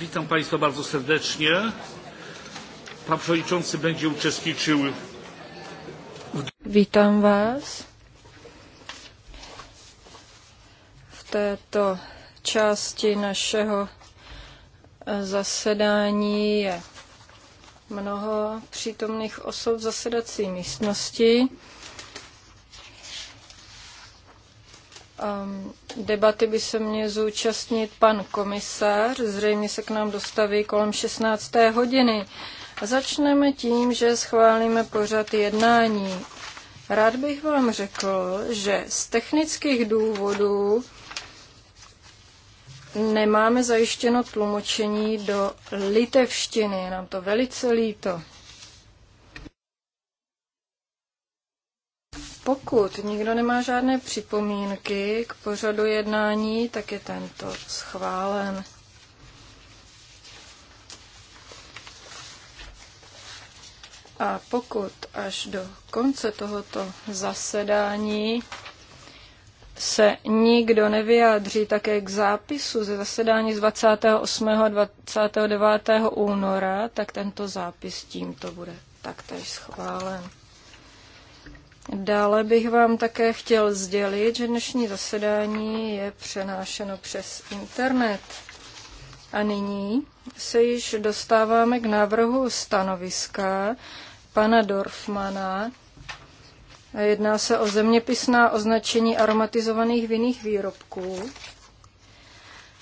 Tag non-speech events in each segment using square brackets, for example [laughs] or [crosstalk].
witam państwa bardzo serdecznie. Pan przewodniczący będzie uczestniczył w... Vítám vás v této části našeho eh, zasedání je mnoho přítomných osob v zasedací místnosti. Um, debaty by se měl zúčastnit pan komisař, zřejmě se k nám dostaví kolem 16. hodiny. Začneme tím, že schválíme pořad jednání. Rád bych vám řekl, že z technických důvodů nemáme zajištěno tlumočení do litevštiny. Je nám to velice líto. Pokud nikdo nemá žádné připomínky k pořadu jednání, tak je tento schválen. A pokud až do konce tohoto zasedání se nikdo nevyjádří také k zápisu ze zasedání z 28. a 29. února, tak tento zápis tímto bude taktéž schválen. Dále bych vám také chtěl sdělit, že dnešní zasedání je přenášeno přes internet. A nyní se již dostáváme k návrhu stanoviska pana Dorfmana. Jedná se o zeměpisná označení aromatizovaných vinných výrobků.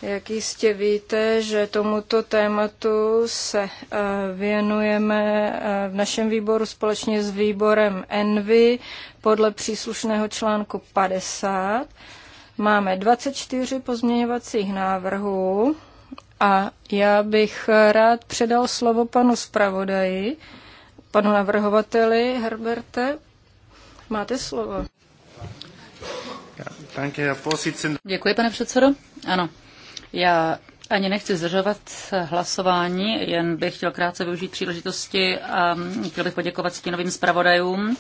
Jak jistě víte, že tomuto tématu se eh, věnujeme eh, v našem výboru společně s výborem Envy podle příslušného článku 50. Máme 24 pozměňovacích návrhů a já bych rád předal slovo panu zpravodaji, panu navrhovateli Herberte. Máte slovo. Děkuji, pane předsedo. Ano, já ani nechci zdržovat hlasování, jen bych chtěl krátce využít příležitosti a chtěl bych poděkovat stínovým zpravodajům.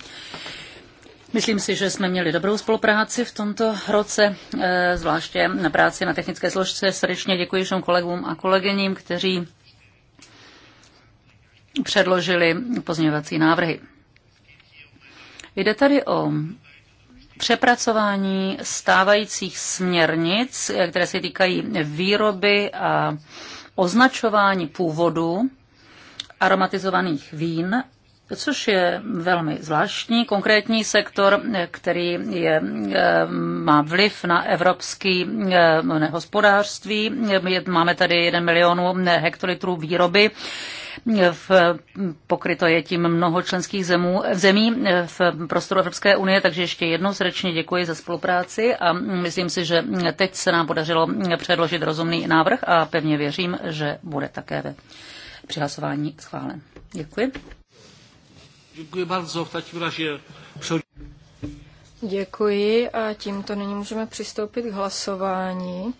Myslím si, že jsme měli dobrou spolupráci v tomto roce, eh, zvláště na práci na technické složce. Srdečně děkuji všem kolegům a kolegyním, kteří předložili pozměňovací návrhy. Jde tady o přepracování stávajících směrnic, které se týkají výroby a označování původu aromatizovaných vín, což je velmi zvláštní, konkrétní sektor, který je, eh, má vliv na evropský eh, hospodářství. Máme tady 1 milionu eh, hektolitrů výroby v, pokryto je tím mnoho členských zemů, zemí v prostoru Evropské unie, takže ještě jednou srdečně děkuji za spolupráci a myslím si, že teď se nám podařilo předložit rozumný návrh a pevně věřím, že bude také ve přihlasování schválen. Děkuji. Děkuji bardzo. V razie Děkuji a tímto nyní můžeme přistoupit k hlasování.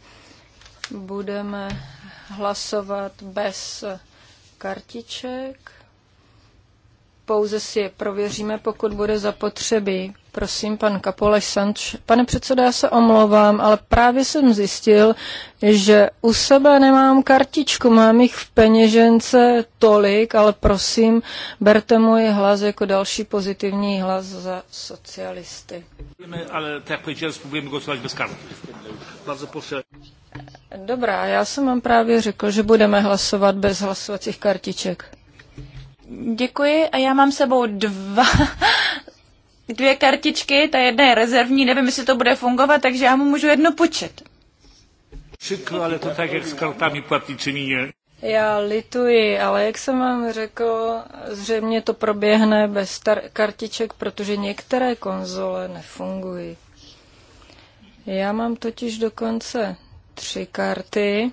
Budeme hlasovat bez kartiček. Pouze si je prověříme, pokud bude zapotřebí. Prosím, pan Kapoleš Sanč. Pane předsedo, já se omlouvám, ale právě jsem zjistil, že u sebe nemám kartičku, mám jich v peněžence tolik, ale prosím, berte můj hlas jako další pozitivní hlas za socialisty. Ale tak budeme hlasovat bez karty. Dobrá, já jsem vám právě řekl, že budeme hlasovat bez hlasovacích kartiček. Děkuji a já mám sebou dva dvě kartičky, ta jedna je rezervní, nevím, jestli to bude fungovat, takže já mu můžu jedno počet. Přikro, ale to tak, jak s kartami platničení je. Já lituji, ale jak jsem vám řekl, zřejmě to proběhne bez kartiček, protože některé konzole nefungují. Já mám totiž dokonce tři karty,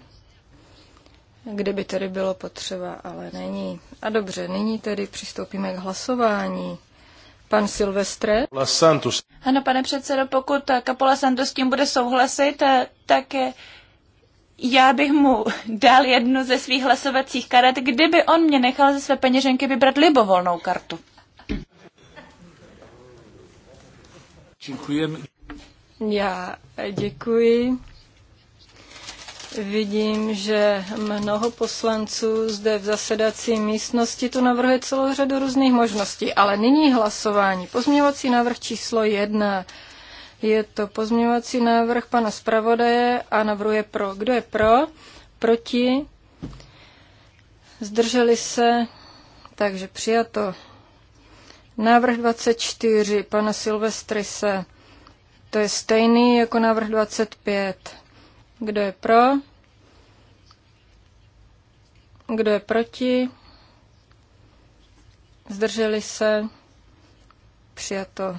kdyby tedy bylo potřeba, ale není. A dobře, nyní tedy přistoupíme k hlasování. Pan Silvestre. Santos. Ano, pane předsedo, pokud Kapola Santos s tím bude souhlasit, eh, tak je, eh, já bych mu [laughs] dal jednu ze svých hlasovacích karet, kdyby on mě nechal ze své peněženky vybrat libovolnou kartu. Děkujeme. Já děkuji. Vidím, že mnoho poslanců zde v zasedací místnosti tu navrhuje celou řadu různých možností, ale nyní hlasování. Pozměňovací návrh číslo jedna. Je to pozměňovací návrh pana zpravodaje a navrhuje pro. Kdo je pro? Proti? Zdrželi se? Takže přijato. Návrh 24 pana Silvestrise. To je stejný jako návrh 25. Kdo je pro? Kdo je proti? Zdrželi se? Přijato.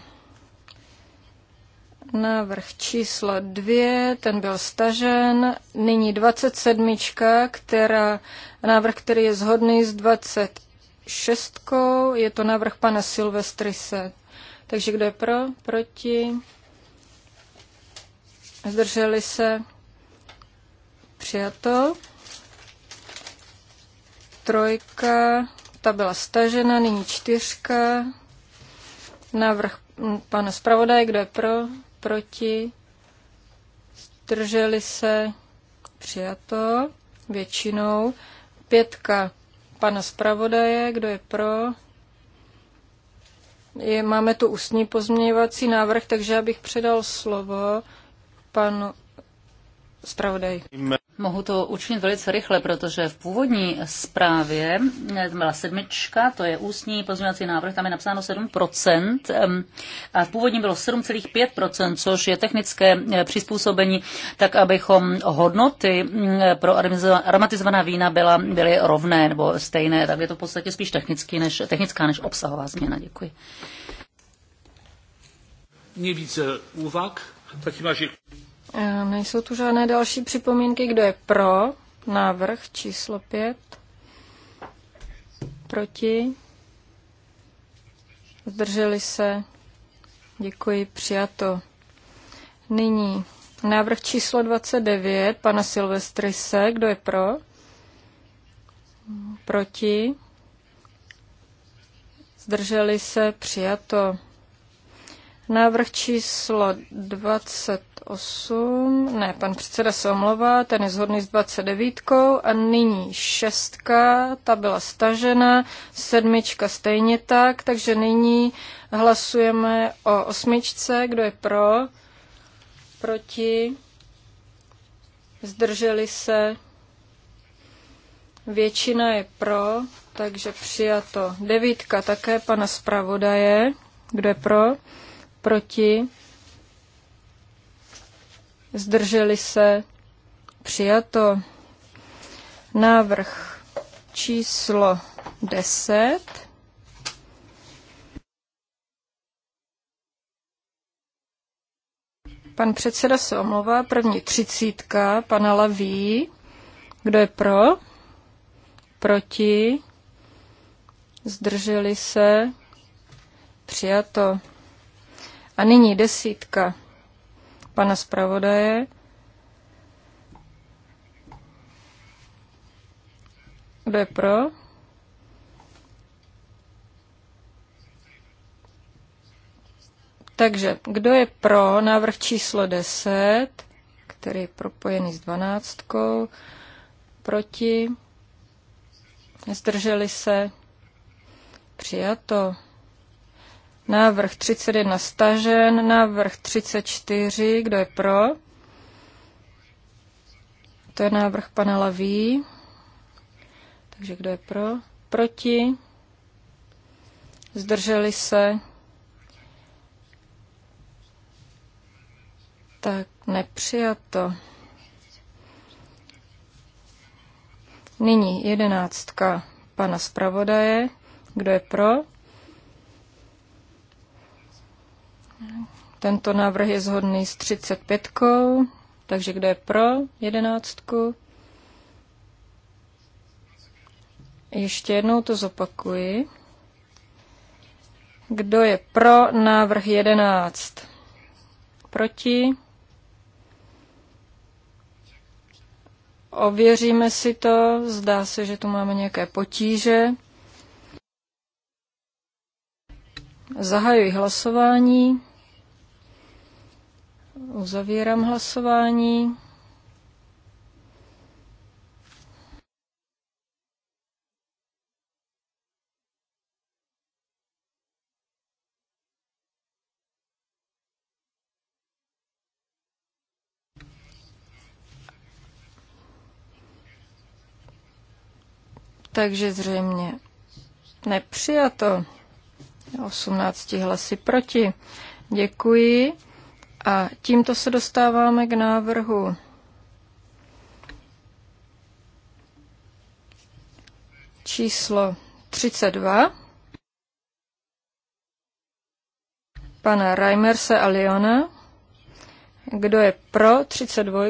Návrh číslo dvě. ten byl stažen. Nyní 27, která, návrh, který je zhodný s 26, je to návrh pana Silvestrise. Takže kdo je pro? Proti? Zdrželi se? přijato. Trojka, ta byla stažena, nyní čtyřka. Návrh pana zpravodaje, kdo je pro, proti, zdrželi se, přijato většinou. Pětka pana zpravodaje, kdo je pro. Je, máme tu ústní pozměňovací návrh, takže já bych předal slovo panu zpravodaj. Mohu to učinit velice rychle, protože v původní zprávě eh, to byla sedmička, to je ústní pozměňovací návrh, tam je napsáno 7% a v původním bylo 7,5%, což je technické eh, přizpůsobení, tak abychom hodnoty mm, pro aromatizovaná vína byla, byly rovné nebo stejné, tak je to v podstatě spíš technický než, technická než obsahová změna. Děkuji. Nevíce úvah. Tak takém Eh, nejsou tu žádné další připomínky. Kdo je pro návrh číslo 5? Proti? Zdrželi se? Děkuji, přijato. Nyní návrh číslo 29 pana Silvestrise. Kdo je pro? Proti? Zdrželi se? Přijato. Návrh číslo 20 28, ne, pan předseda se omlouvá, ten je zhodný s 29 a nyní šestka, ta byla stažena, sedmička stejně tak, takže nyní hlasujeme o osmičce, kdo je pro, proti, zdrželi se, většina je pro, takže přijato. Devítka také pana zpravodaje, kdo je pro, proti, zdrželi se, přijato. Návrh číslo 10. Pan předseda se omlouvá, první třicítka, pana Laví. Kdo je pro? Proti? Zdrželi se? Přijato. A nyní desítka pana zpravodaje. Kdo je pro? Takže kdo je pro návrh číslo 10, který je propojený s 12, proti, zdrželi se, přijato. Návrh 31 stažen, návrh 34, kdo je pro? To je návrh pana Laví. Takže kdo je pro? Proti? Zdrželi se? Tak nepřijato. Nyní jedenáctka pana zpravodaje. Kdo je pro? Tento návrh je zhodný s 35, takže kdo je pro jedenáctku? Ještě jednou to zopakuji. Kdo je pro návrh 11? Proti? Ověříme si to. Zdá se, že tu máme nějaké potíže. Zahajuji hlasování. Uzavírám hlasování. takže zřejmě nepřijato. 18 hlasy proti. Děkuji. A tímto se dostáváme k návrhu číslo 32 pana Reimerse a Leona. Kdo je pro 32?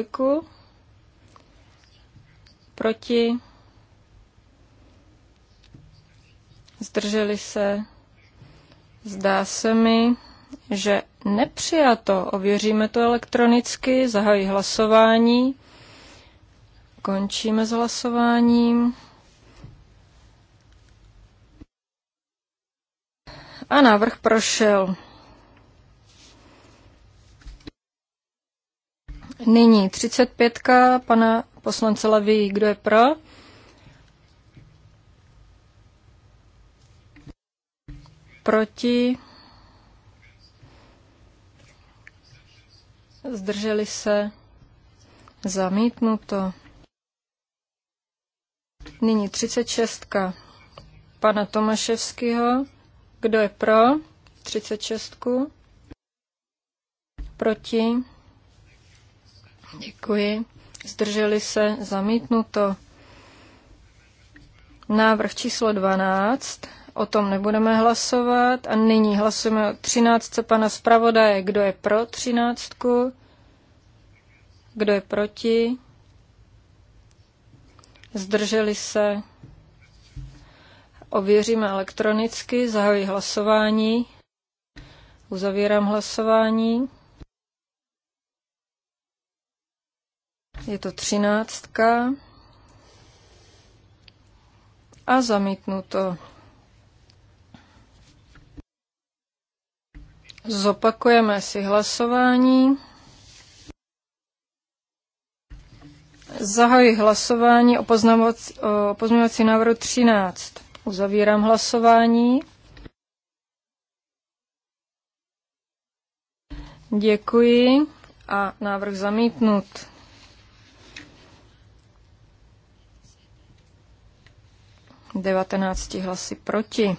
Proti? Zdrželi se? Zdá se mi, že nepřijato. Ověříme to elektronicky, zahají hlasování. Končíme s hlasováním. A návrh prošel. Nyní 35. pana poslance Levy, kdo je pro? Proti? zdrželi se, zamítnuto. Nyní 36. Pana Tomaševského. Kdo je pro? 36. Proti? Děkuji. Zdrželi se, zamítnuto. Návrh číslo 12. O tom nebudeme hlasovat a nyní hlasujeme o třináctce pana zpravodaje. Kdo je pro třináctku? Kdo je proti? Zdrželi se? Ověříme elektronicky, zahajuji hlasování. Uzavírám hlasování. Je to třináctka. A zamítnu to. Zopakujeme si hlasování. Zahajuji hlasování o, poznamoc, o pozměňovací návrhu 13. Uzavírám hlasování. Děkuji a návrh zamítnut. Devatenácti hlasy proti.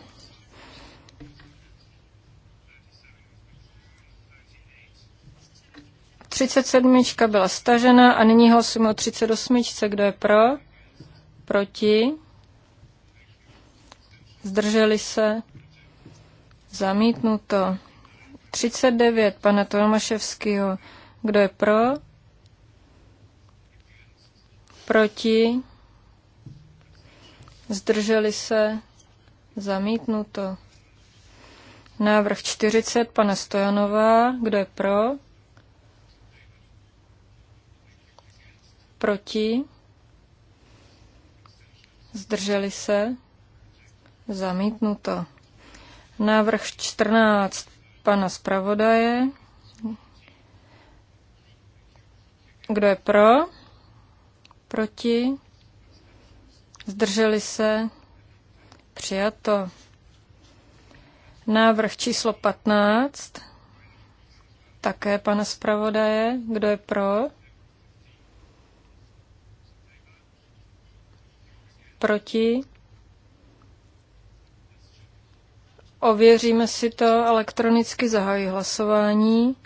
37 byla stažena a nyní hlasujeme o 38. Kdo je pro? Proti? Zdrželi se? Zamítnuto. 39 pana Tomaševského. Kdo je pro? Proti? Zdrželi se? Zamítnuto. Návrh 40 pana Stojanová. Kdo je pro? Proti? Zdrželi se? Zamítnuto. Návrh 14 pana zpravodaje. Kdo je pro? Proti? Zdrželi se? Přijato. Návrh číslo 15. Také pana zpravodaje. Kdo je pro? Proti? Ověříme si to elektronicky, zahají hlasování.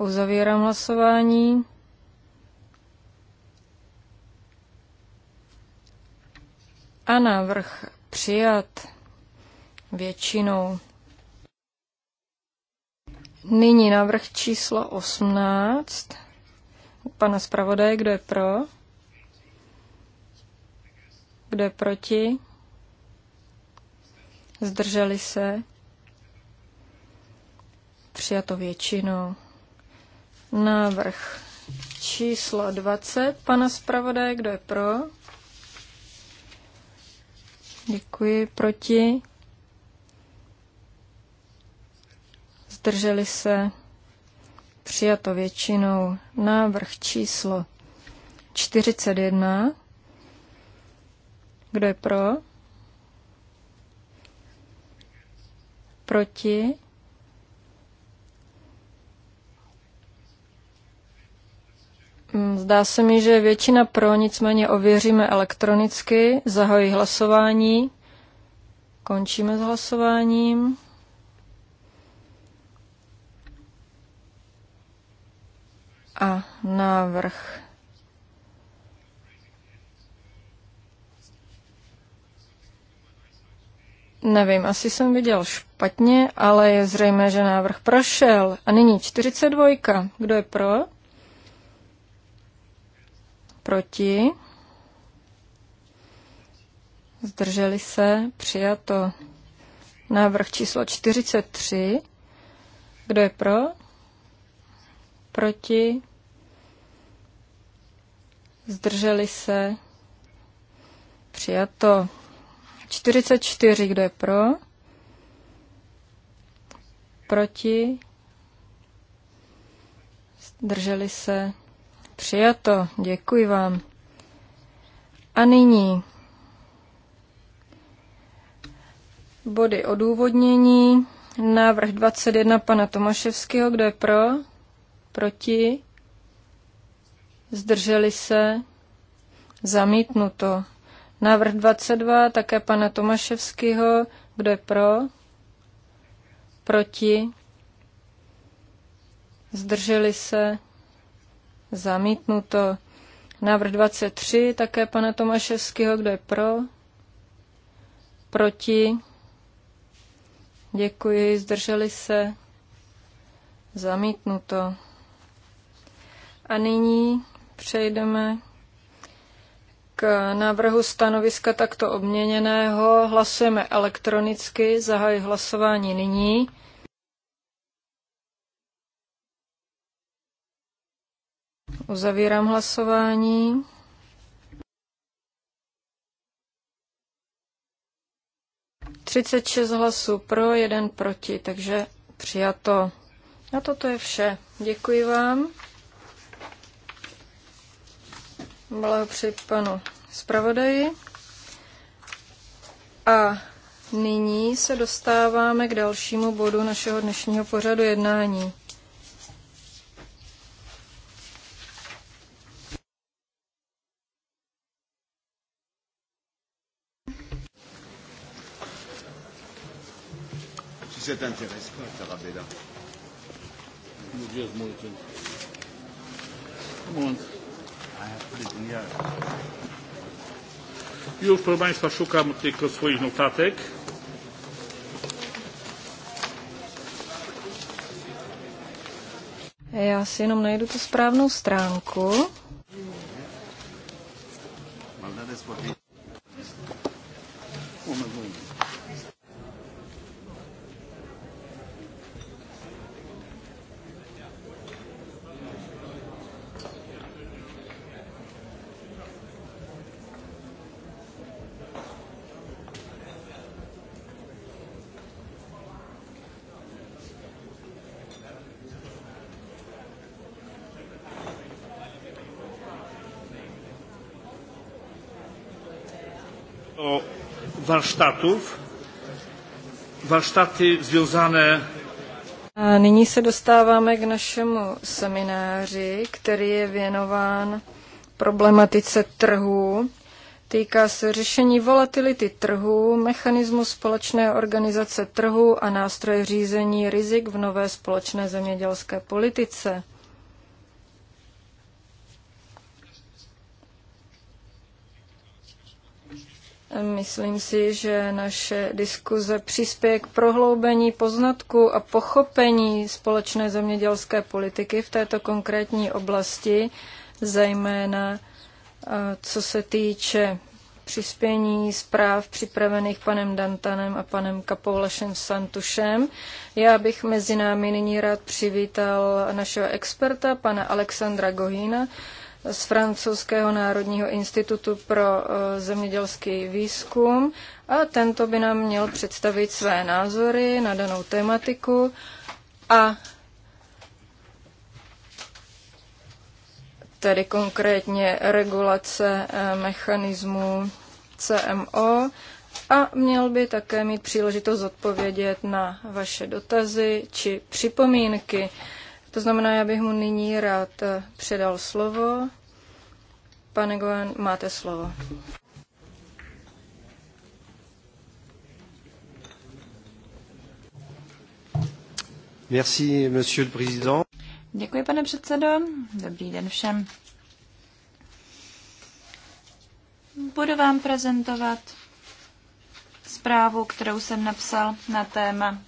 Uzavírám hlasování. A návrh přijat většinou. Nyní návrh číslo 18 pana zpravodaje, kdo je pro, kdo je proti, zdrželi se, přijato většinou. Návrh číslo 20 pana zpravodaje, kdo je pro? Děkuji, proti? Zdrželi se? přijato většinou. Návrh číslo 41. Kdo je pro? Proti? Zdá se mi, že většina pro, nicméně ověříme elektronicky. Zahoji hlasování. Končíme s hlasováním. a návrh Nevím, asi jsem viděl špatně, ale je zřejmé, že návrh prošel. A nyní 42. Kdo je pro? Proti? Zdrželi se? Přijato. Návrh číslo 43. Kdo je pro? Proti? zdrželi se, přijato. 44, kdo je pro, proti, zdrželi se, přijato. Děkuji vám. A nyní body odůvodnění. Návrh 21 pana Tomaševského, kdo je pro? Proti? zdrželi se, zamítnuto. Návrh 22, také pana Tomaševského, kdo je pro, proti, zdrželi se, zamítnuto. Návrh 23, také pana Tomaševského, kdo je pro, proti, děkuji, zdrželi se, zamítnuto. A nyní Přejdeme k návrhu stanoviska takto obměněného. Hlasujeme elektronicky. Zahajuji hlasování nyní. Uzavírám hlasování. Třicet šest hlasů pro, jeden proti, takže přijato. A toto je vše. Děkuji vám. Blahopřeji panu zpravodaji. A nyní se dostáváme k dalšímu bodu našeho dnešního pořadu jednání. ça t'intéresse pas, Tarabella. Buongiorno. Můž. Już, proszę Państwa, szukam tylko swoich notatek. Já si jenom najdu tu správnou stránku. warsztatów. Warsztaty związane a nyní se dostáváme k našemu semináři, který je věnován problematice trhu. Týká se řešení volatility trhu, mechanismu společné organizace trhu a nástroje řízení rizik v nové společné zemědělské politice. Myslím si, že naše diskuze přispěje k prohloubení poznatku a pochopení společné zemědělské politiky v této konkrétní oblasti, zejména eh, co se týče přispění zpráv připravených panem Dantanem a panem Kapoulašem Santušem. Já bych mezi námi nyní rád přivítal našeho experta, pana Alexandra Gohína, z Francouzského národního institutu pro eh, zemědělský výzkum a tento by nám měl představit své názory na danou tematiku a tedy konkrétně regulace eh, mechanismu CMO a měl by také mít příležitost odpovědět na vaše dotazy či připomínky. To znamená, já bych mu nyní rád eh, předal slovo Pane Goen, máte slovo. Merci, monsieur le président. Děkuji, pane předsedo. Dobrý den všem. Budu vám prezentovat zprávu, kterou jsem napsal na téma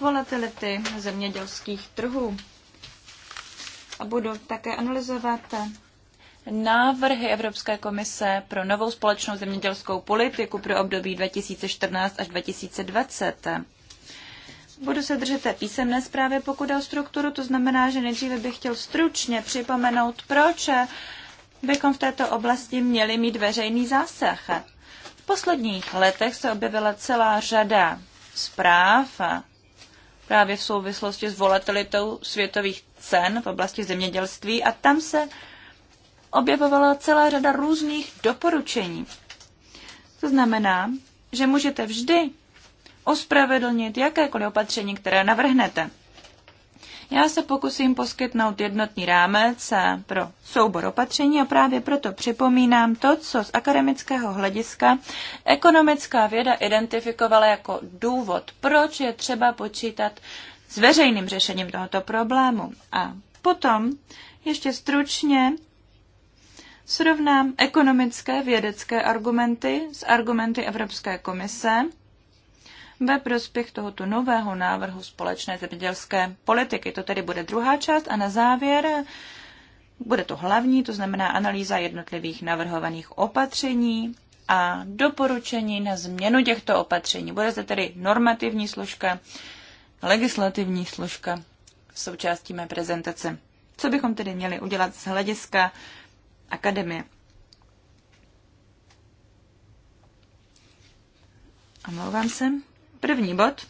volatility zemědělských trhů. A budu také analyzovat návrhy Evropské komise pro novou společnou zemědělskou politiku pro období 2014 až 2020. Budu se držet té písemné zprávy, pokud o strukturu, to znamená, že nejdříve bych chtěl stručně připomenout, proč bychom v této oblasti měli mít veřejný zásah. V posledních letech se objevila celá řada zpráv právě v souvislosti s volatilitou světových cen v oblasti zemědělství a tam se objevovala celá řada různých doporučení. To znamená, že můžete vždy ospravedlnit jakékoliv opatření, které navrhnete. Já se pokusím poskytnout jednotný rámec pro soubor opatření a právě proto připomínám to, co z akademického hlediska ekonomická věda identifikovala jako důvod, proč je třeba počítat s veřejným řešením tohoto problému. A potom ještě stručně srovnám ekonomické vědecké argumenty s argumenty Evropské komise ve prospěch tohoto nového návrhu společné zemědělské politiky. To tedy bude druhá část a na závěr bude to hlavní, to znamená analýza jednotlivých navrhovaných opatření a doporučení na změnu těchto opatření. Bude zde tedy normativní složka, legislativní složka součástí mé prezentace. Co bychom tedy měli udělat z hlediska akademie. Omlouvám se. První bod.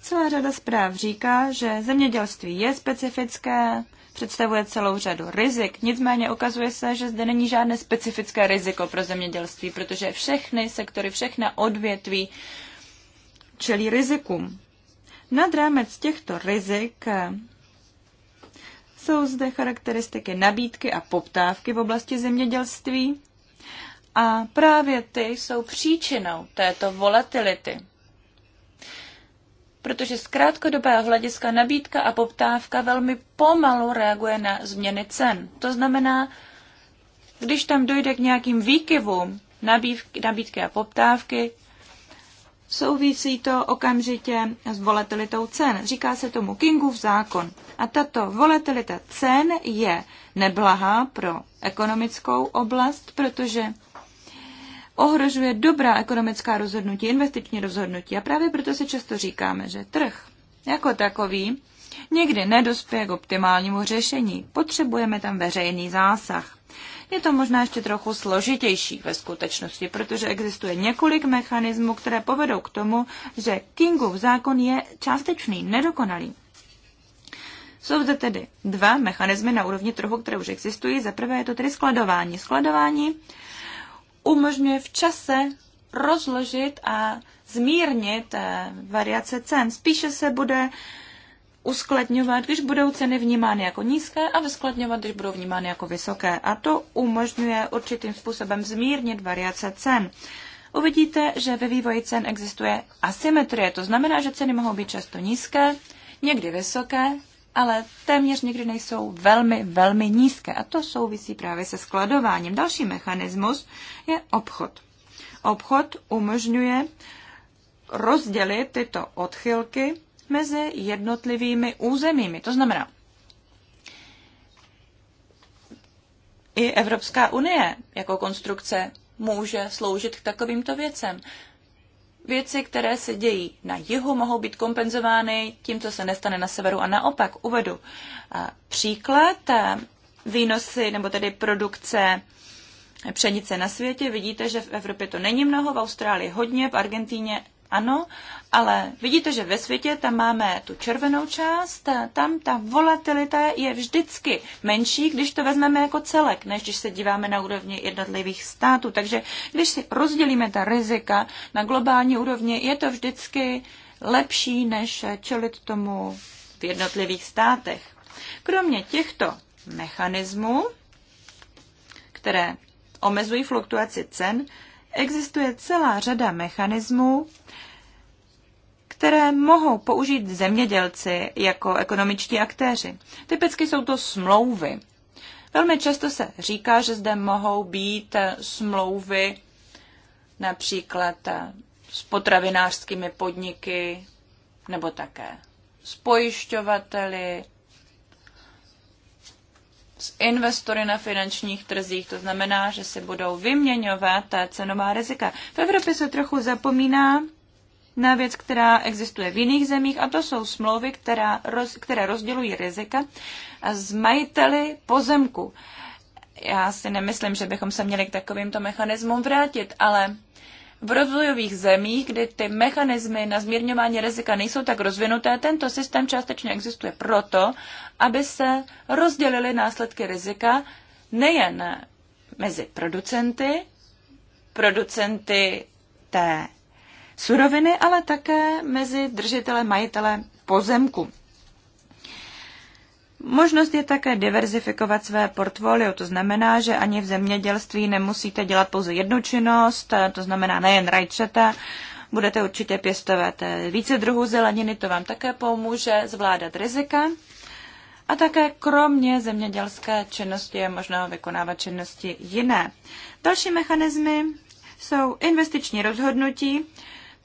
Celá řada zpráv říká, že zemědělství je specifické, představuje celou řadu rizik. Nicméně ukazuje se, že zde není žádné specifické riziko pro zemědělství, protože všechny sektory, všechna odvětví čelí rizikům. Nad rámec těchto rizik jsou zde charakteristiky nabídky a poptávky v oblasti zemědělství a právě ty jsou příčinou této volatility. Protože z krátkodobého hlediska nabídka a poptávka velmi pomalu reaguje na změny cen. To znamená, když tam dojde k nějakým výkyvům nabídky a poptávky, Souvisí to okamžitě s volatilitou cen. Říká se tomu Kingův zákon. A tato volatilita cen je neblahá pro ekonomickou oblast, protože ohrožuje dobrá ekonomická rozhodnutí, investiční rozhodnutí. A právě proto se často říkáme, že trh jako takový někdy nedospěje k optimálnímu řešení. Potřebujeme tam veřejný zásah. Je to možná ještě trochu složitější ve skutečnosti, protože existuje několik mechanismů, které povedou k tomu, že Kingův zákon je částečný, nedokonalý. Jsou zde tedy dva mechanismy na úrovni trhu, které už existují. Za prvé je to tedy skladování. Skladování umožňuje v čase rozložit a zmírnit eh, variace cen. Spíše se bude uh, uskladňovat, když budou ceny vnímány jako nízké a vyskladňovat, když budou vnímány jako vysoké. A to umožňuje určitým způsobem zmírnit variace cen. Uvidíte, že ve vývoji cen existuje asymetrie, to znamená, že ceny mohou být často nízké, někdy vysoké, ale téměř nikdy nejsou velmi, velmi nízké. A to souvisí právě se skladováním. Další mechanismus je obchod. Obchod umožňuje rozdělit tyto odchylky mezi jednotlivými územími. To znamená, i Evropská unie jako konstrukce může sloužit k takovýmto věcem. Věci, které se dějí na jihu, mohou být kompenzovány tím, co se nestane na severu a naopak. Uvedu eh, příklad eh, výnosy nebo tedy produkce pšenice na světě. Vidíte, že v Evropě to není mnoho, v Austrálii hodně, v Argentíně ano, ale vidíte, že ve světě tam máme tu červenou část, tam ta volatilita je vždycky menší, když to vezmeme jako celek, než když se díváme na úrovni jednotlivých států. Takže když si rozdělíme ta rizika na globální úrovni, je to vždycky lepší, než čelit tomu v jednotlivých státech. Kromě těchto mechanismů, které omezují fluktuaci cen, existuje celá řada mechanismů, které mohou použít zemědělci jako ekonomičtí aktéři. Typicky jsou to smlouvy. Velmi často se říká, že zde mohou být smlouvy například s potravinářskými podniky nebo také s pojišťovateli, s investory na finančních trzích. To znamená, že si budou vyměňovat ta cenová rizika. V Evropě se trochu zapomíná na věc, která existuje v jiných zemích, a to jsou smlouvy, která roz, které rozdělují rizika s majiteli pozemku. Já si nemyslím, že bychom se měli k takovýmto mechanismům vrátit, ale v rozvojových zemích, kdy ty mechanismy na zmírňování rizika nejsou tak rozvinuté, tento systém částečně existuje proto, aby se rozdělily následky rizika nejen mezi producenty, producenty té suroviny, ale také mezi držitele majitele pozemku. Možnost je také diverzifikovat své portfolio, to znamená, že ani v zemědělství nemusíte dělat pouze jednu činnost, to znamená nejen rajčata, budete určitě pěstovat eh, více druhů zeleniny, to vám také pomůže zvládat rizika. A také kromě zemědělské činnosti je možno vykonávat činnosti jiné. Další mechanismy jsou investiční rozhodnutí,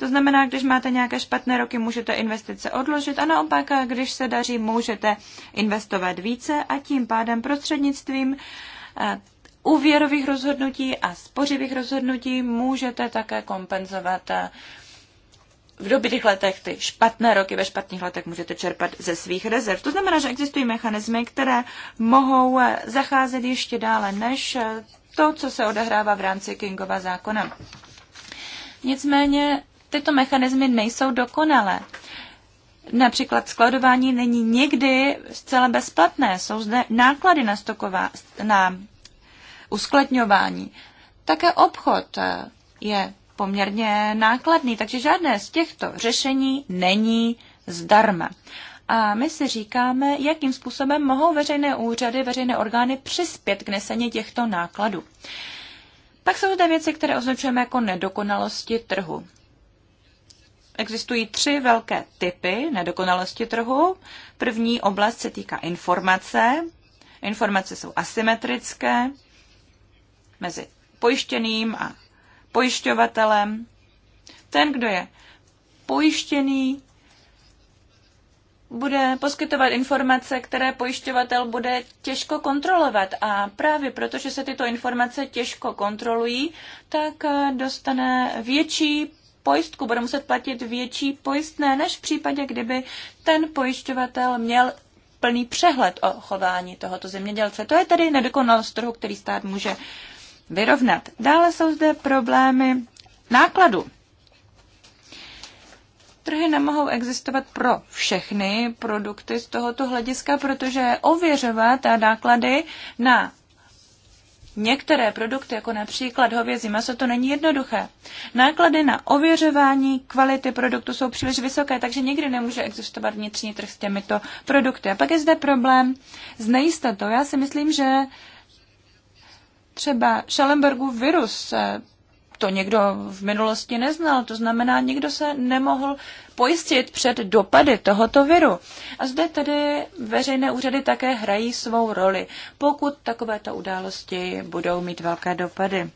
to znamená, když máte nějaké špatné roky, můžete investice odložit a naopak, když se daří, můžete investovat více a tím pádem prostřednictvím eh, úvěrových rozhodnutí a spořivých rozhodnutí můžete také kompenzovat eh, v dobrých letech ty špatné roky, ve špatných letech můžete čerpat ze svých rezerv. To znamená, že existují mechanismy, které mohou eh, zacházet ještě dále než to, co se odehrává v rámci Kingova zákona. Nicméně tyto mechanismy nejsou dokonalé. Například skladování není někdy zcela bezplatné. Jsou zde náklady na, stoková, na uskladňování. Také obchod je poměrně nákladný, takže žádné z těchto řešení není zdarma. A my si říkáme, jakým způsobem mohou veřejné úřady, veřejné orgány přispět k nesení těchto nákladů. Pak jsou zde věci, které označujeme jako nedokonalosti trhu. Existují tři velké typy nedokonalosti trhu. První oblast se týká informace. Informace jsou asymetrické mezi pojištěným a pojišťovatelem. Ten, kdo je pojištěný, bude poskytovat informace, které pojišťovatel bude těžko kontrolovat. A právě protože se tyto informace těžko kontrolují, tak eh, dostane větší pojistku, bude muset platit větší pojistné, než v případě, kdyby ten pojišťovatel měl plný přehled o chování tohoto zemědělce. To je tedy nedokonalost trhu, který stát může vyrovnat. Dále jsou zde problémy nákladu. Trhy nemohou existovat pro všechny produkty z tohoto hlediska, protože ověřovat náklady na některé produkty, jako například hovězí maso, to není jednoduché. Náklady na ověřování kvality produktu jsou příliš vysoké, takže nikdy nemůže existovat vnitřní trh s těmito produkty. A pak je zde problém s nejistotou. Já si myslím, že třeba Schellenbergův virus eh, to někdo v minulosti neznal, to znamená, nikdo se nemohl pojistit před dopady tohoto viru. A zde tedy veřejné úřady také hrají svou roli, pokud takovéto události budou mít velké dopady.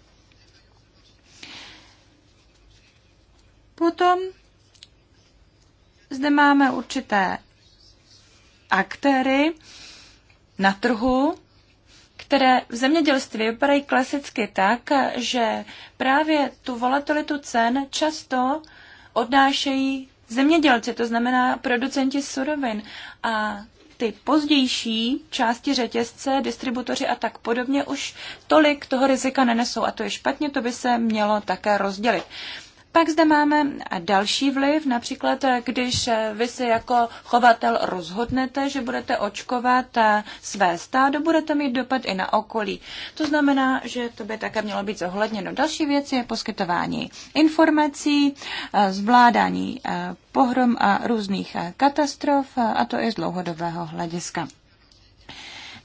Potom zde máme určité aktéry na trhu, které v zemědělství vypadají klasicky tak, že právě tu volatilitu cen často odnášejí zemědělci, to znamená producenti surovin. A ty pozdější části řetězce, distributoři a tak podobně už tolik toho rizika nenesou. A to je špatně, to by se mělo také rozdělit. Pak zde máme další vliv, například když vy si jako chovatel rozhodnete, že budete očkovat eh, své stádo, bude to mít dopad i na okolí. To znamená, že to by také mělo být zohledněno. Další věc je poskytování informací, eh, zvládání eh, pohrom a různých katastrof, a to i z dlouhodobého hlediska.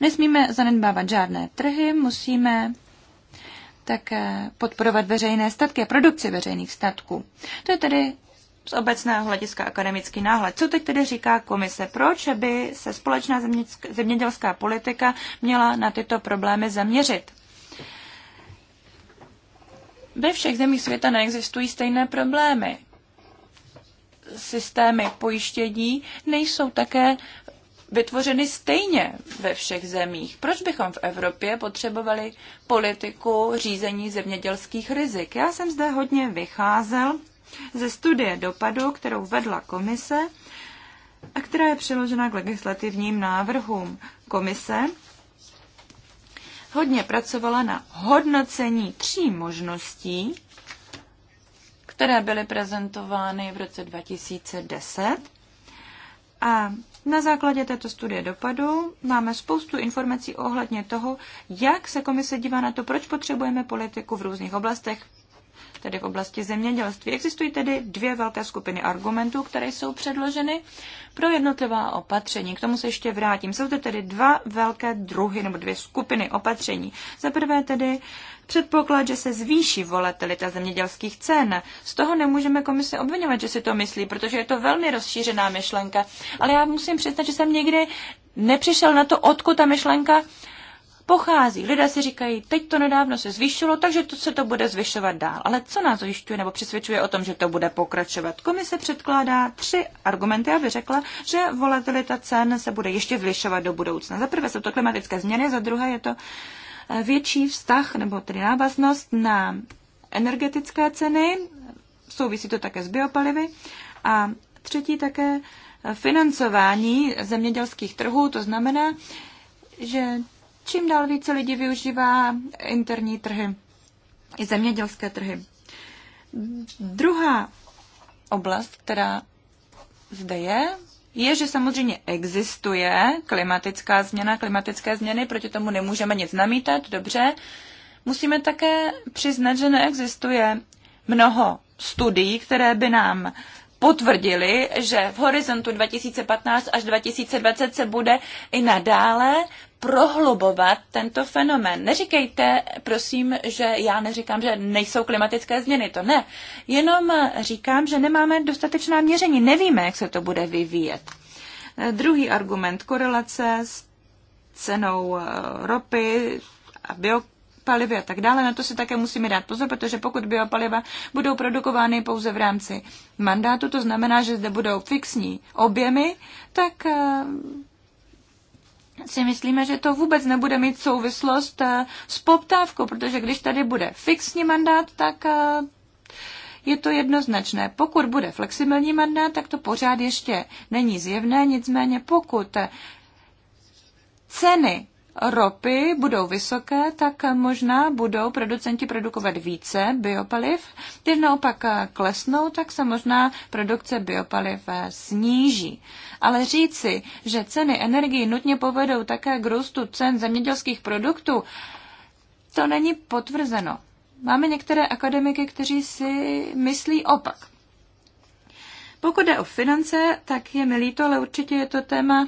Nesmíme zanedbávat žádné trhy, musíme také podporovat veřejné statky a produkci veřejných statků. To je tedy z obecného hlediska akademický náhled. Co teď tedy říká komise? Proč by se společná zemědělská politika měla na tyto problémy zaměřit? Ve všech zemích světa neexistují stejné problémy. Systémy pojištění nejsou také vytvořeny stejně ve všech zemích. Proč bychom v Evropě potřebovali politiku řízení zemědělských rizik? Já jsem zde hodně vycházel ze studie dopadu, kterou vedla komise a která je přiložena k legislativním návrhům komise. Hodně pracovala na hodnocení tří možností, které byly prezentovány v roce 2010 a na základě této studie dopadu máme spoustu informací ohledně toho, jak se komise dívá na to, proč potřebujeme politiku v různých oblastech, tedy v oblasti zemědělství. Existují tedy dvě velké skupiny argumentů, které jsou předloženy pro jednotlivá opatření. K tomu se ještě vrátím. Jsou to tedy dva velké druhy nebo dvě skupiny opatření. Za prvé tedy předpoklad, že se zvýší volatilita zemědělských cen. Z toho nemůžeme komise obvinovat, že si to myslí, protože je to velmi rozšířená myšlenka. Ale já musím přiznat, že jsem někdy nepřišel na to, odkud ta myšlenka pochází. Lidé si říkají, teď to nedávno se zvýšilo, takže to se to bude zvyšovat dál. Ale co nás zjišťuje nebo přesvědčuje o tom, že to bude pokračovat? Komise předkládá tři argumenty, aby řekla, že volatilita cen se bude ještě zvyšovat do budoucna. Za prvé jsou to klimatické změny, za druhé je to eh, větší vztah nebo tedy návaznost na energetické ceny, souvisí to také s biopalivy a třetí také eh, financování zemědělských trhů, to znamená, že Čím dál více lidí využívá interní trhy i zemědělské trhy. Druhá oblast, která zde je, je, že samozřejmě existuje klimatická změna, klimatické změny, proti tomu nemůžeme nic namítat, dobře. Musíme také přiznat, že neexistuje mnoho studií, které by nám potvrdili, že v horizontu 2015 až 2020 se bude i nadále prohlubovat tento fenomén. Neříkejte, prosím, že já neříkám, že nejsou klimatické změny, to ne. Jenom říkám, že nemáme dostatečná měření, nevíme, jak se to bude vyvíjet. Druhý argument, korelace s cenou ropy a bio biopalivy a tak dále. Na to si také musíme dát pozor, protože pokud biopaliva budou produkovány pouze v rámci mandátu, to znamená, že zde budou fixní objemy, tak eh, si myslíme, že to vůbec nebude mít souvislost eh, s poptávkou, protože když tady bude fixní mandát, tak eh, je to jednoznačné. Pokud bude flexibilní mandát, tak to pořád ještě není zjevné, nicméně pokud ceny ropy budou vysoké, tak možná budou producenti produkovat více biopaliv. Když naopak klesnou, tak se možná produkce biopaliv sníží. Ale říci, že ceny energii nutně povedou také k růstu cen zemědělských produktů, to není potvrzeno. Máme některé akademiky, kteří si myslí opak. Pokud jde o finance, tak je mi líto, ale určitě je to téma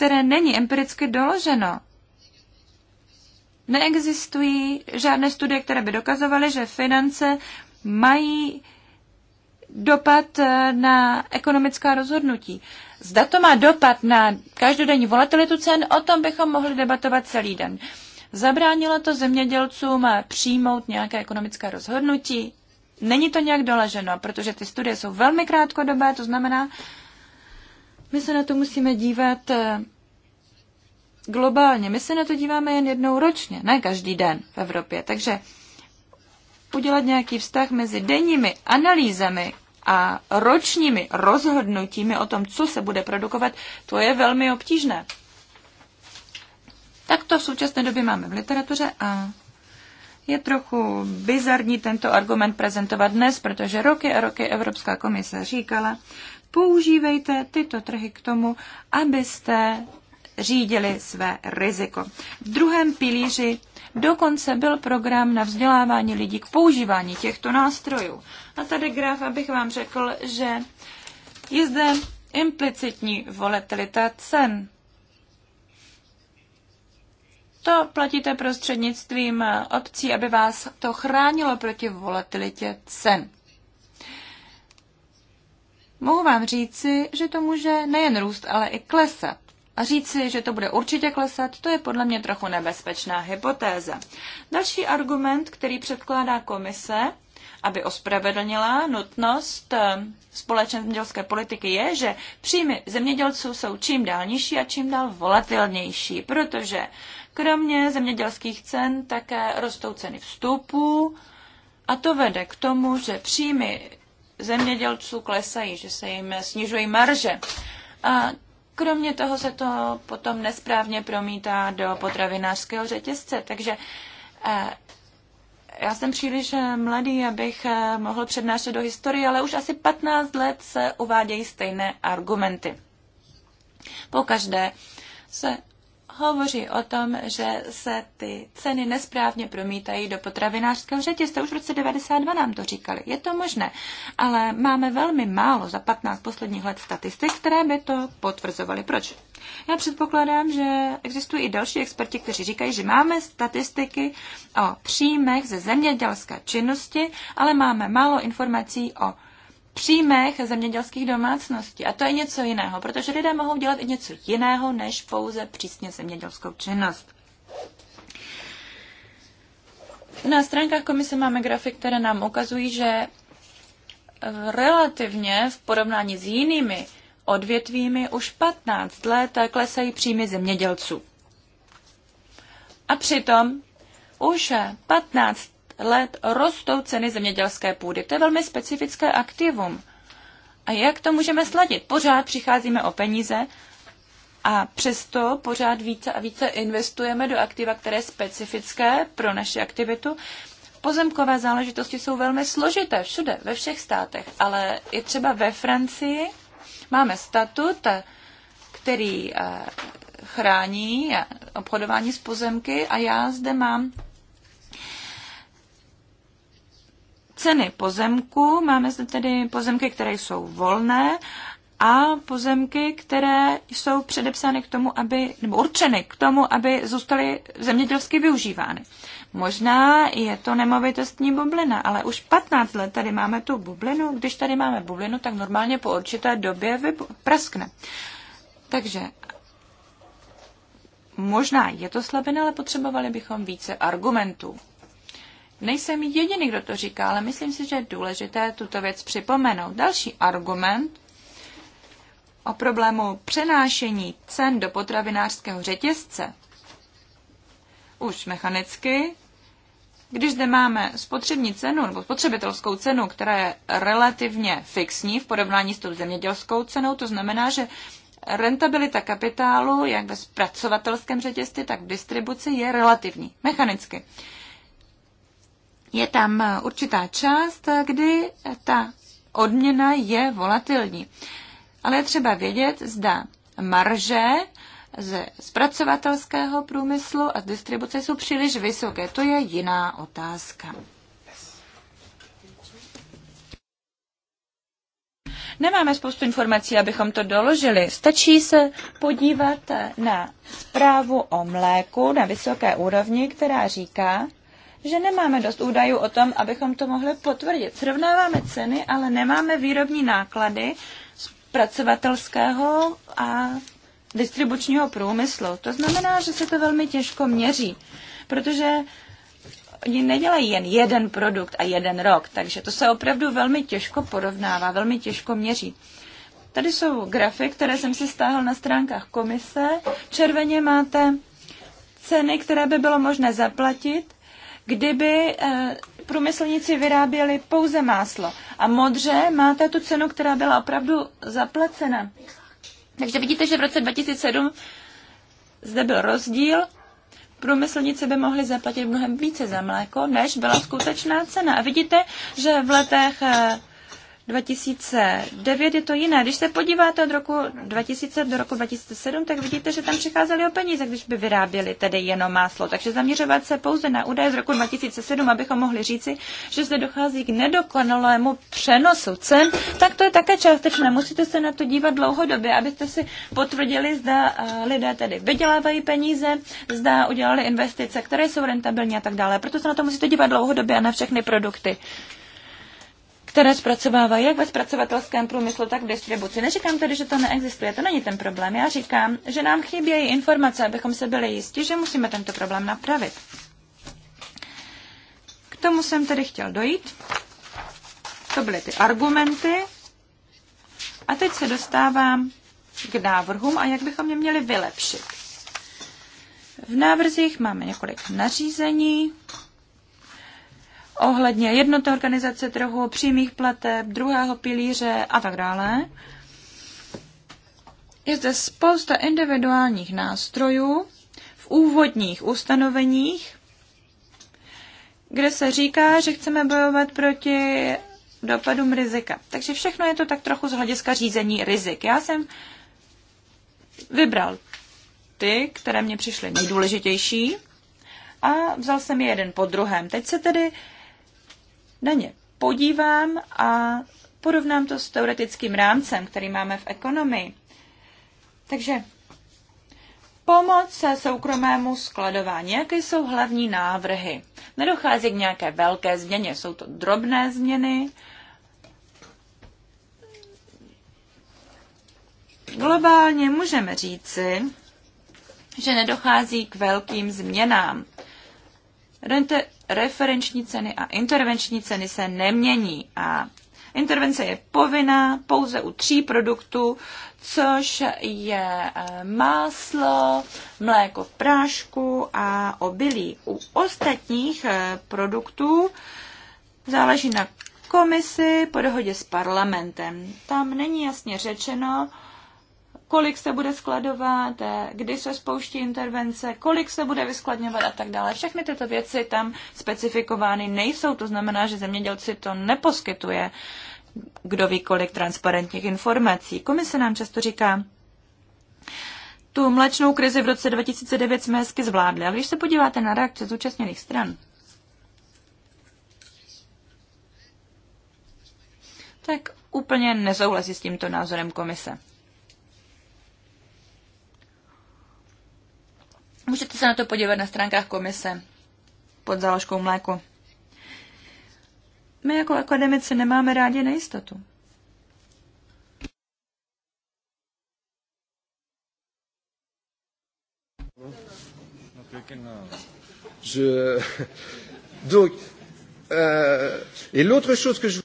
které není empiricky doloženo. Neexistují žádné studie, které by dokazovaly, že finance mají dopad eh, na ekonomická rozhodnutí. Zda to má dopad na každodenní volatilitu cen, o tom bychom mohli debatovat celý den. Zabránilo to zemědělcům přijmout nějaké ekonomické rozhodnutí? Není to nějak doleženo, protože ty studie jsou velmi krátkodobé, to znamená, my se na to musíme dívat eh, globálně. My se na to díváme jen jednou ročně, ne každý den v Evropě. Takže udělat nějaký vztah mezi denními analýzami a ročními rozhodnutími o tom, co se bude produkovat, to je velmi obtížné. Tak to v současné době máme v literatuře a je trochu bizarní tento argument prezentovat dnes, protože roky a roky Evropská komise říkala, používejte tyto trhy k tomu, abyste řídili své riziko. V druhém pilíři dokonce byl program na vzdělávání lidí k používání těchto nástrojů. A tady graf, abych vám řekl, že je zde implicitní volatilita cen. To platíte prostřednictvím obcí, aby vás to chránilo proti volatilitě cen. Mohu vám říci, že to může nejen růst, ale i klesat. A říci, že to bude určitě klesat, to je podle mě trochu nebezpečná hypotéza. Další argument, který předkládá komise, aby ospravedlnila nutnost eh, společné zemědělské politiky, je, že příjmy zemědělců jsou čím dál nižší a čím dál volatilnější, protože kromě zemědělských cen také rostou ceny vstupů a to vede k tomu, že příjmy zemědělců klesají, že se jim snižují marže. A kromě toho se to potom nesprávně promítá do potravinářského řetězce. Takže eh, já jsem příliš eh, mladý, abych eh, mohl přednášet do historie, ale už asi 15 let se uvádějí stejné argumenty. Po každé se hovoří o tom, že se ty ceny nesprávně promítají do potravinářského řetězce. Už v roce 92 nám to říkali. Je to možné, ale máme velmi málo za 15 posledních let statistik, které by to potvrzovaly. Proč? Já předpokládám, že existují i další experti, kteří říkají, že máme statistiky o příjmech ze zemědělské činnosti, ale máme málo informací o příjmech zemědělských domácností. A to je něco jiného, protože lidé mohou dělat i něco jiného, než pouze přísně zemědělskou činnost. Na stránkách komise máme grafy, které nám ukazují, že relativně v porovnání s jinými odvětvími už 15 let klesají příjmy zemědělců. A přitom už 15 let rostou ceny zemědělské půdy. To je velmi specifické aktivum. A jak to můžeme sladit? Pořád přicházíme o peníze a přesto pořád více a více investujeme do aktiva, které je specifické pro naši aktivitu. Pozemkové záležitosti jsou velmi složité všude, ve všech státech, ale i třeba ve Francii máme statut, který eh, chrání eh, obchodování s pozemky a já zde mám ceny pozemku. Máme zde tedy pozemky, které jsou volné a pozemky, které jsou předepsány k tomu, aby, nebo určeny k tomu, aby zůstaly zemědělsky využívány. Možná je to nemovitostní bublina, ale už 15 let tady máme tu bublinu. Když tady máme bublinu, tak normálně po určité době praskne. Takže možná je to slabina, ale potřebovali bychom více argumentů. Nejsem jediný, kdo to říká, ale myslím si, že je důležité tuto věc připomenout. Další argument o problému přenášení cen do potravinářského řetězce. Už mechanicky, když zde máme spotřební cenu nebo spotřebitelskou cenu, která je relativně fixní v porovnání s tou zemědělskou cenou, to znamená, že rentabilita kapitálu jak ve zpracovatelském řetězci, tak v distribuci je relativní, mechanicky je tam určitá část, kdy ta odměna je volatilní. Ale je třeba vědět, zda marže ze zpracovatelského průmyslu a z distribuce jsou příliš vysoké. To je jiná otázka. Nemáme spoustu informací, abychom to doložili. Stačí se podívat na zprávu o mléku na vysoké úrovni, která říká, že nemáme dost údajů o tom, abychom to mohli potvrdit. Srovnáváme ceny, ale nemáme výrobní náklady pracovatelského a distribučního průmyslu. To znamená, že se to velmi těžko měří, protože oni nedělají jen jeden produkt a jeden rok, takže to se opravdu velmi těžko porovnává, velmi těžko měří. Tady jsou grafy, které jsem si stáhl na stránkách komise. Červeně máte ceny, které by bylo možné zaplatit kdyby eh, průmyslníci vyráběli pouze máslo. A modře máte tu cenu, která byla opravdu zaplacena. Takže vidíte, že v roce 2007 zde byl rozdíl. Průmyslníci by mohli zaplatit mnohem více za mléko, než byla skutečná cena. A vidíte, že v letech eh, 2009 je to jiné. Když se podíváte od roku 2000 do roku 2007, tak vidíte, že tam přicházeli o peníze, když by vyráběli tedy jenom máslo. Takže zaměřovat se pouze na údaje z roku 2007, abychom mohli říci, že zde dochází k nedokonalému přenosu cen, tak to je také částečné. Musíte se na to dívat dlouhodobě, abyste si potvrdili, zda eh, lidé tedy vydělávají peníze, zda udělali investice, které jsou rentabilní a tak dále. Proto se na to musíte dívat dlouhodobě a na všechny produkty které zpracovávají jak ve zpracovatelském průmyslu, tak v distribuci. Neříkám tedy, že to neexistuje, to není ten problém. Já říkám, že nám chybějí informace, abychom se byli jistí, že musíme tento problém napravit. K tomu jsem tedy chtěl dojít. To byly ty argumenty. A teď se dostávám k návrhům a jak bychom je měli vylepšit. V návrzích máme několik nařízení, ohledně jednoty organizace trhu, přímých plateb, druhého pilíře a tak dále. Je zde spousta individuálních nástrojů v úvodních ustanoveních, kde se říká, že chceme bojovat proti dopadům rizika. Takže všechno je to tak trochu z hlediska řízení rizik. Já jsem vybral ty, které mě přišly nejdůležitější a vzal jsem je jeden po druhém. Teď se tedy na ně podívám a porovnám to s teoretickým rámcem, který máme v ekonomii. Takže pomoc se soukromému skladování. Jaké jsou hlavní návrhy? Nedochází k nějaké velké změně, jsou to drobné změny. Globálně můžeme říci, že nedochází k velkým změnám. Rente, referenční ceny a intervenční ceny se nemění a intervence je povinná pouze u tří produktů, což je eh, máslo, mléko v prášku a obilí. U ostatních eh, produktů záleží na komisi po dohodě s parlamentem. Tam není jasně řečeno, kolik se bude skladovat, eh, kdy se spouští intervence, kolik se bude vyskladňovat a tak dále. Všechny tyto věci tam specifikovány nejsou, to znamená, že zemědělci to neposkytuje kdo ví kolik transparentních informací. Komise nám často říká, tu mlečnou krizi v roce 2009 jsme hezky zvládli, ale když se podíváte na reakce zúčastněných stran, tak úplně nesouhlasí s tímto názorem komise. Můžete se na to podívat na stránkách komise pod záložkou mléko. My jako akademici nemáme rádi nejistotu. Je... Donc, euh, et l'autre chose que je...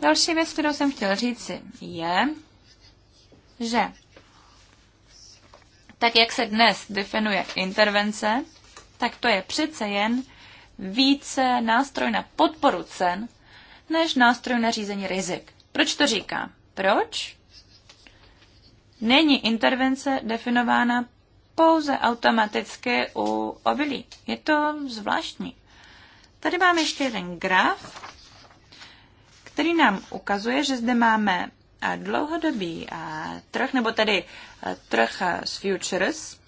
Další věc, kterou jsem chtěl říci, je, že tak jak se dnes definuje intervence, tak to je přece jen více nástroj na podporu cen, než nástroj na řízení rizik. Proč to říkám? Proč? Není intervence definována pouze automaticky u obilí. Je to zvláštní. Tady máme ještě jeden graf, který nám ukazuje, že zde máme dlouhodobý trh, nebo tedy e, trh e, s futures,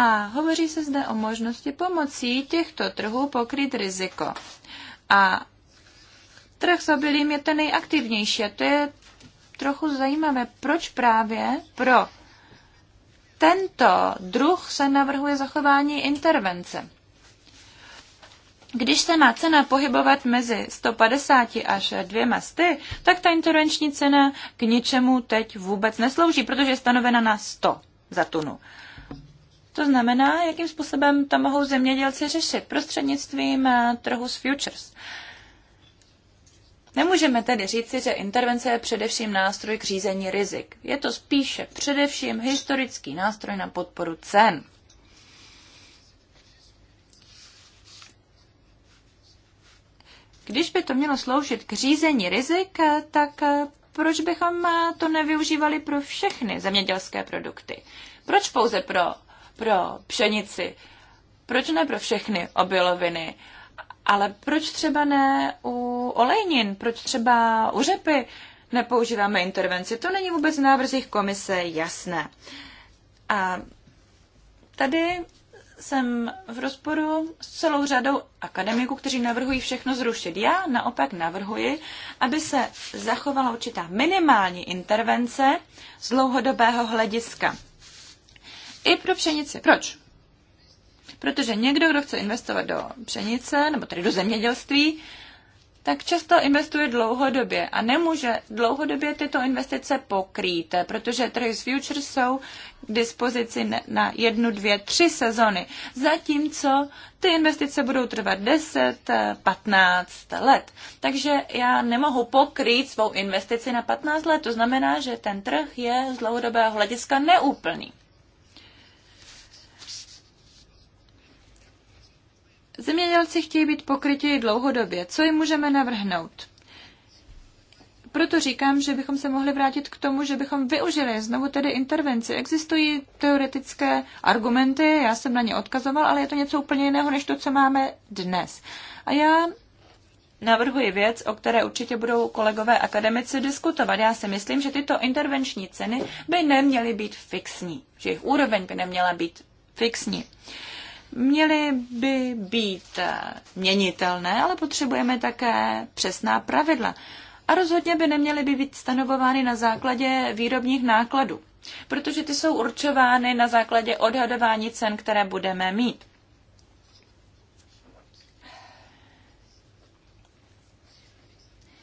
A hovoří se zde o možnosti pomocí těchto trhů pokryt riziko. A trh s obilím je ten nejaktivnější a to je trochu zajímavé, proč právě pro tento druh se navrhuje zachování intervence. Když se má cena pohybovat mezi 150 až 200, tak ta intervenční cena k ničemu teď vůbec neslouží, protože je stanovena na 100 za tunu. To znamená, jakým způsobem to mohou zemědělci řešit prostřednictvím eh, trhu s futures. Nemůžeme tedy říci, že intervence je především nástroj k řízení rizik. Je to spíše především historický nástroj na podporu cen. Když by to mělo sloužit k řízení rizik, tak eh, proč bychom eh, to nevyužívali pro všechny zemědělské produkty? Proč pouze pro, pro pšenici? Proč ne pro všechny obiloviny? Ale proč třeba ne u olejnin? Proč třeba u řepy nepoužíváme intervenci? To není vůbec v návrzích komise jasné. A tady jsem v rozporu s celou řadou akademiků, kteří navrhují všechno zrušit. Já naopak navrhuji, aby se zachovala určitá minimální intervence z dlouhodobého hlediska. I pro pšenici. Proč? Protože někdo, kdo chce investovat do pšenice, nebo tedy do zemědělství, tak často investuje dlouhodobě a nemůže dlouhodobě tyto investice pokrýt, protože trhy s futures jsou k dispozici na jednu, dvě, tři sezony, zatímco ty investice budou trvat 10, 15 let. Takže já nemohu pokrýt svou investici na 15 let, to znamená, že ten trh je z dlouhodobého hlediska neúplný. Zemědělci chtějí být pokrytěji dlouhodobě. Co jim můžeme navrhnout? Proto říkám, že bychom se mohli vrátit k tomu, že bychom využili znovu tedy intervenci. Existují teoretické argumenty, já jsem na ně odkazoval, ale je to něco úplně jiného, než to, co máme dnes. A já navrhuji věc, o které určitě budou kolegové akademici diskutovat. Já si myslím, že tyto intervenční ceny by neměly být fixní, že jejich úroveň by neměla být fixní. Uh, měly by být eh, měnitelné, ale potřebujeme také přesná pravidla. A rozhodně by neměly by být stanovovány na základě výrobních nákladů, protože ty jsou určovány na základě odhadování cen, které budeme mít.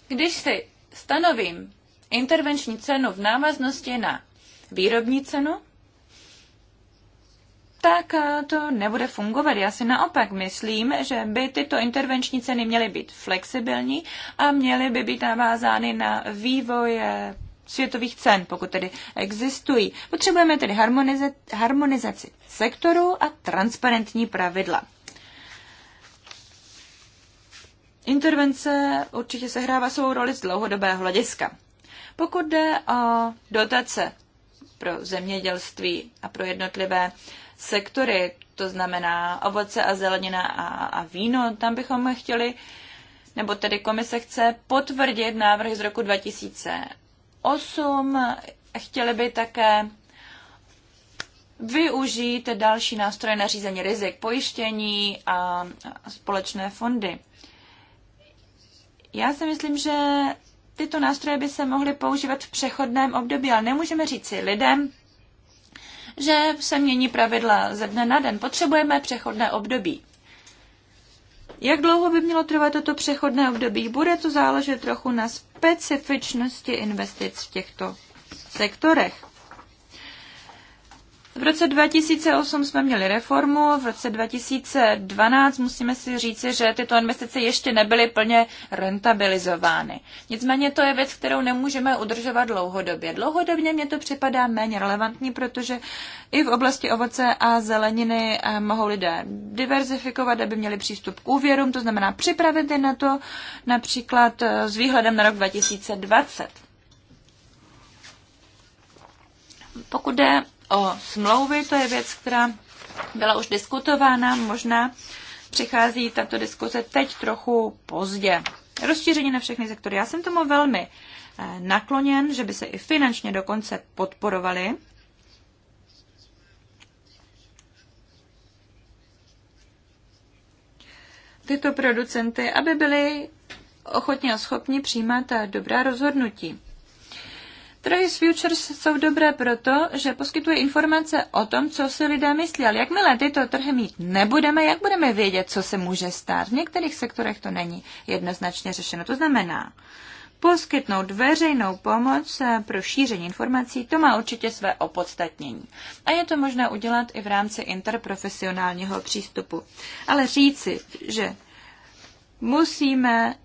Když si stanovím intervenční cenu v návaznosti na výrobní cenu, tak eh, to nebude fungovat. Já si naopak myslím, že by tyto intervenční ceny měly být flexibilní a měly by být navázány na vývoj eh, světových cen, pokud tedy existují. Potřebujeme tedy harmonizaci sektoru a transparentní pravidla. Intervence určitě sehrává svou roli z dlouhodobého hlediska. Pokud jde o dotace pro zemědělství a pro jednotlivé uh, sektory, to znamená ovoce a zelenina a, a víno, tam bychom chtěli, nebo tedy komise chce potvrdit návrh z roku 2008, chtěli by také využít další nástroje na řízení rizik, pojištění a společné fondy. Já si myslím, že tyto nástroje by se mohly používat v přechodném období, ale nemůžeme říct si lidem, že se mění pravidla ze dne na den. Potřebujeme přechodné období. Jak dlouho by mělo trvat toto přechodné období? Bude to záležet trochu na specifičnosti investic v těchto sektorech. V roce 2008 jsme měli reformu, v roce 2012 musíme si říci, že tyto investice ještě nebyly plně rentabilizovány. Nicméně to je věc, kterou nemůžeme udržovat dlouhodobě. Dlouhodobně mě to připadá méně relevantní, protože i v oblasti ovoce a zeleniny eh, mohou lidé diverzifikovat, aby měli přístup k úvěrům, to znamená připravit je na to například eh, s výhledem na rok 2020. Pokud jde o smlouvy, to je věc, která byla už diskutována, možná přichází tato diskuze teď trochu pozdě. Rozšíření na všechny sektory. Já jsem tomu velmi eh, nakloněn, že by se i finančně dokonce podporovali. tyto producenty, aby byli ochotně a schopni přijímat eh, dobrá rozhodnutí. Trhy futures jsou dobré proto, že poskytuje informace o tom, co si lidé myslí, ale jakmile tyto trhy mít nebudeme, jak budeme vědět, co se může stát? V některých sektorech to není jednoznačně řešeno. To znamená, poskytnout veřejnou pomoc eh, pro šíření informací, to má určitě své opodstatnění. A je to možné udělat i v rámci interprofesionálního přístupu. Ale říci, že musíme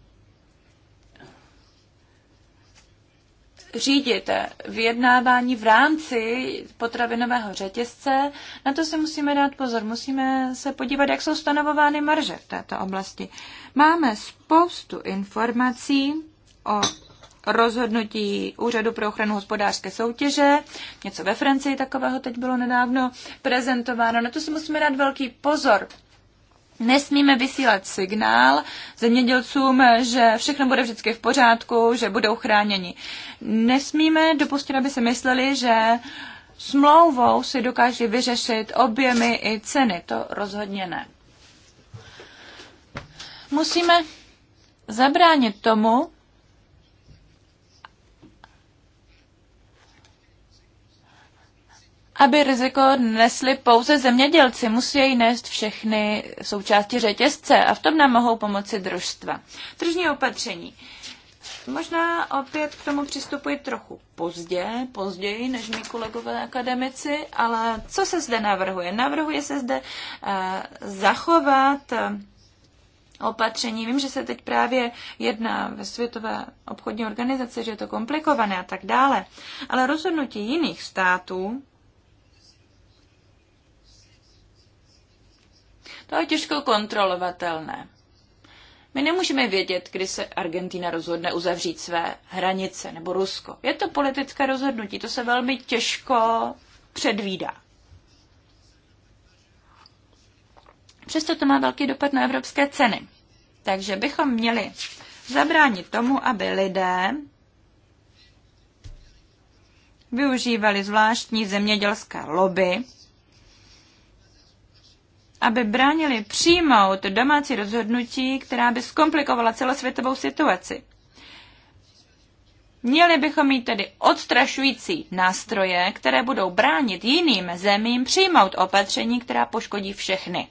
řídit vyjednávání v rámci potravinového řetězce, na to si musíme dát pozor. Musíme se podívat, jak jsou stanovovány marže v této oblasti. Máme spoustu informací o rozhodnutí Úřadu pro ochranu hospodářské soutěže. Něco ve Francii takového teď bylo nedávno prezentováno. Na to si musíme dát velký pozor. Nesmíme vysílat signál zemědělcům, že všechno bude vždycky v pořádku, že budou chráněni. Nesmíme dopustit, aby se mysleli, že smlouvou si dokáží vyřešit objemy i ceny. To rozhodně ne. Musíme zabránit tomu, aby riziko nesli pouze zemědělci, musí nést všechny součásti řetězce a v tom nám mohou pomoci družstva. Tržní opatření. Možná opět k tomu přistupuji trochu pozdě, později než mi kolegové akademici, ale co se zde navrhuje? Navrhuje se zde eh, zachovat eh, opatření. Vím, že se teď právě jedná ve Světové obchodní organizaci, že je to komplikované a tak dále, ale rozhodnutí jiných států To je těžko kontrolovatelné. My nemůžeme vědět, kdy se Argentina rozhodne uzavřít své hranice nebo Rusko. Je to politické rozhodnutí, to se velmi těžko předvídá. Přesto to má velký dopad na evropské ceny. Takže bychom měli zabránit tomu, aby lidé využívali zvláštní zemědělské lobby aby bránili přijmout domácí rozhodnutí, která by zkomplikovala celosvětovou situaci. Měli bychom mít tedy odstrašující nástroje, které budou bránit jiným zemím přijmout opatření, která poškodí všechny.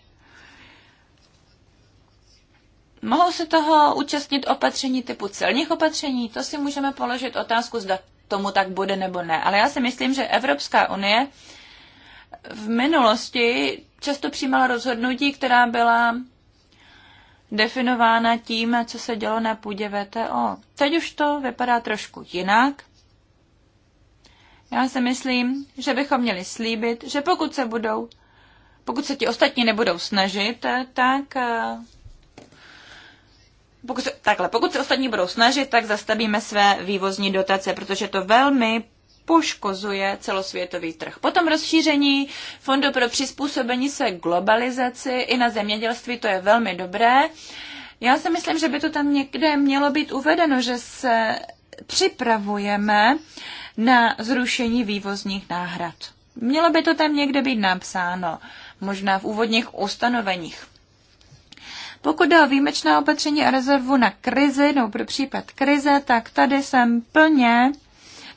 Mohou se toho účastnit opatření typu celních opatření? To si můžeme položit otázku, zda tomu tak bude nebo ne. Ale já si myslím, že Evropská unie v minulosti často přijímala rozhodnutí, která byla definována tím, co se dělo na půdě VTO. Teď už to vypadá trošku jinak. Já si myslím, že bychom měli slíbit, že pokud se budou, pokud se ti ostatní nebudou snažit, tak eh, pokud se, takhle, pokud se ostatní budou snažit, tak zastavíme své vývozní dotace, protože to velmi poškozuje celosvětový trh. Potom rozšíření Fondu pro přizpůsobení se globalizaci i na zemědělství, to je velmi dobré. Já si myslím, že by to tam někde mělo být uvedeno, že se připravujeme na zrušení vývozních náhrad. Mělo by to tam někde být napsáno, možná v úvodních ustanoveních. Pokud jde o výjimečná opatření a rezervu na krizi nebo pro případ krize, tak tady jsem plně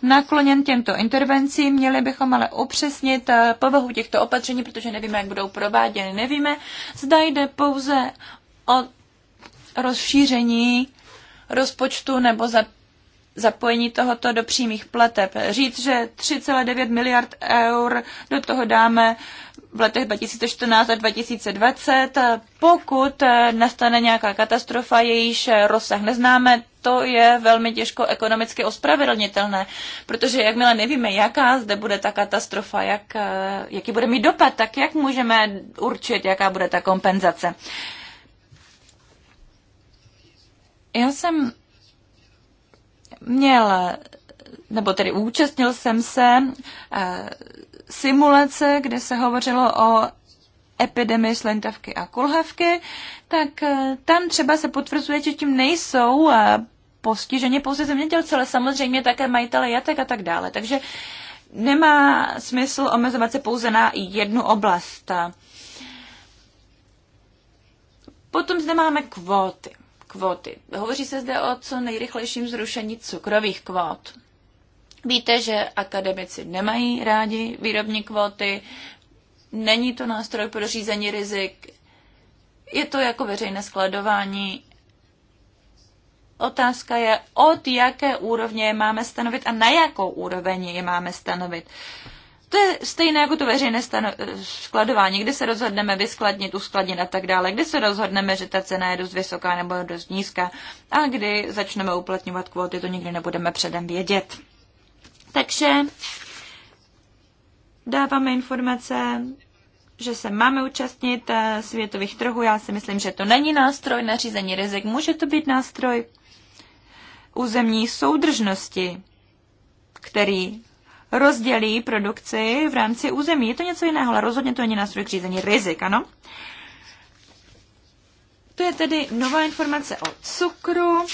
nakloněn těmto intervencím. Měli bychom ale upřesnit eh, povahu těchto opatření, protože nevíme, jak budou prováděny. Nevíme, zda jde pouze o rozšíření rozpočtu nebo za zapojení tohoto do přímých plateb. Říct, že 3,9 miliard eur do toho dáme v letech 2014 a 2020. Pokud eh, nastane nějaká katastrofa, jejíž eh, rozsah neznáme, to je velmi těžko ekonomicky ospravedlnitelné, protože jakmile nevíme, jaká zde bude ta katastrofa, jak, eh, jaký bude mít dopad, tak jak můžeme určit, jaká bude ta kompenzace. Já jsem měl nebo tedy účastnil jsem se simulace, kde se hovořilo o epidemii slintavky a kulhavky, tak eh, tam třeba se potvrzuje, že tím nejsou eh, postiženi pouze zemědělci, ale samozřejmě také majitele jatek a tak dále. Takže nemá smysl omezovat se pouze na jednu oblast. Potom zde máme kvóty. kvóty. Hovoří se zde o co nejrychlejším zrušení cukrových kvót. Víte, že akademici nemají rádi výrobní kvóty, není to nástroj pro řízení rizik, je to jako veřejné skladování. Otázka je, od jaké úrovně je máme stanovit a na jakou úroveň je máme stanovit. To je stejné jako to veřejné stano- skladování, kde se rozhodneme vyskladnit, uskladnit a tak dále, kde se rozhodneme, že ta cena je dost vysoká nebo dost nízká a kdy začneme uplatňovat kvóty, to nikdy nebudeme předem vědět. Takže dáváme informace, že se máme účastnit eh, světových trhů. Já si myslím, že to není nástroj na řízení rizik. Může to být nástroj územní soudržnosti, který rozdělí produkci v rámci území. Je to něco jiného, ale rozhodně to není nástroj k řízení rizik, ano? To je tedy nová informace o cukru.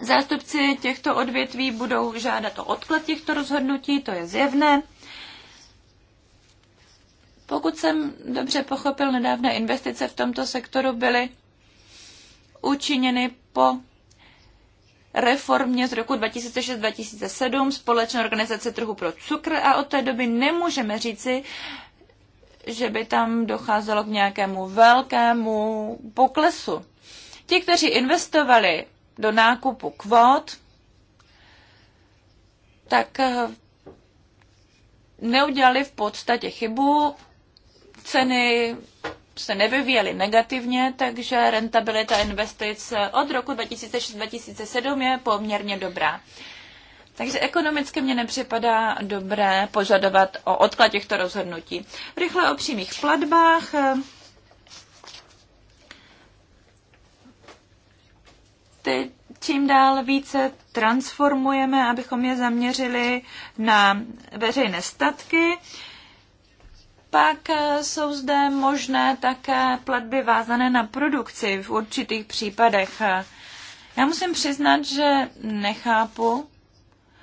Zástupci těchto odvětví budou žádat o odklad těchto rozhodnutí, to je zjevné. Pokud jsem dobře pochopil, nedávné investice v tomto sektoru byly učiněny po reformě z roku 2006-2007 společné organizace trhu pro cukr a od té doby nemůžeme říci, že by tam docházelo k nějakému velkému poklesu. Ti, kteří investovali do nákupu kvót, tak eh, neudělali v podstatě chybu, ceny se nevyvíjely negativně, takže rentabilita investic od roku 2006-2007 je poměrně dobrá. Takže ekonomicky mě nepřipadá dobré požadovat o odklad těchto rozhodnutí. Rychle o přímých platbách. ty čím dál více transformujeme, abychom je zaměřili na veřejné statky. Pak eh, jsou zde možné také platby vázané na produkci v určitých případech. Já musím přiznat, že nechápu,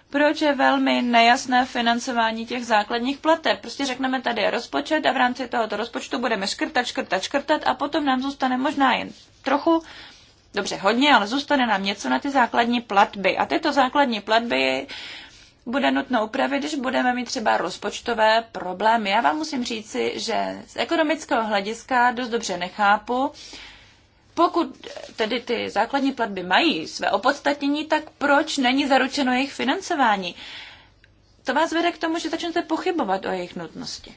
proč je velmi nejasné financování těch základních plateb. Prostě řekneme, tady je rozpočet a v rámci tohoto rozpočtu budeme škrtat, škrtat, škrtat a potom nám zůstane možná jen trochu dobře hodně, ale zůstane nám něco na ty základní platby. A tyto základní platby bude nutno upravit, když budeme mít třeba rozpočtové problémy. Já vám musím říci, že z ekonomického hlediska dost dobře nechápu, pokud tedy ty základní platby mají své opodstatnění, tak proč není zaručeno jejich financování? To vás vede k tomu, že začnete pochybovat o jejich nutnosti.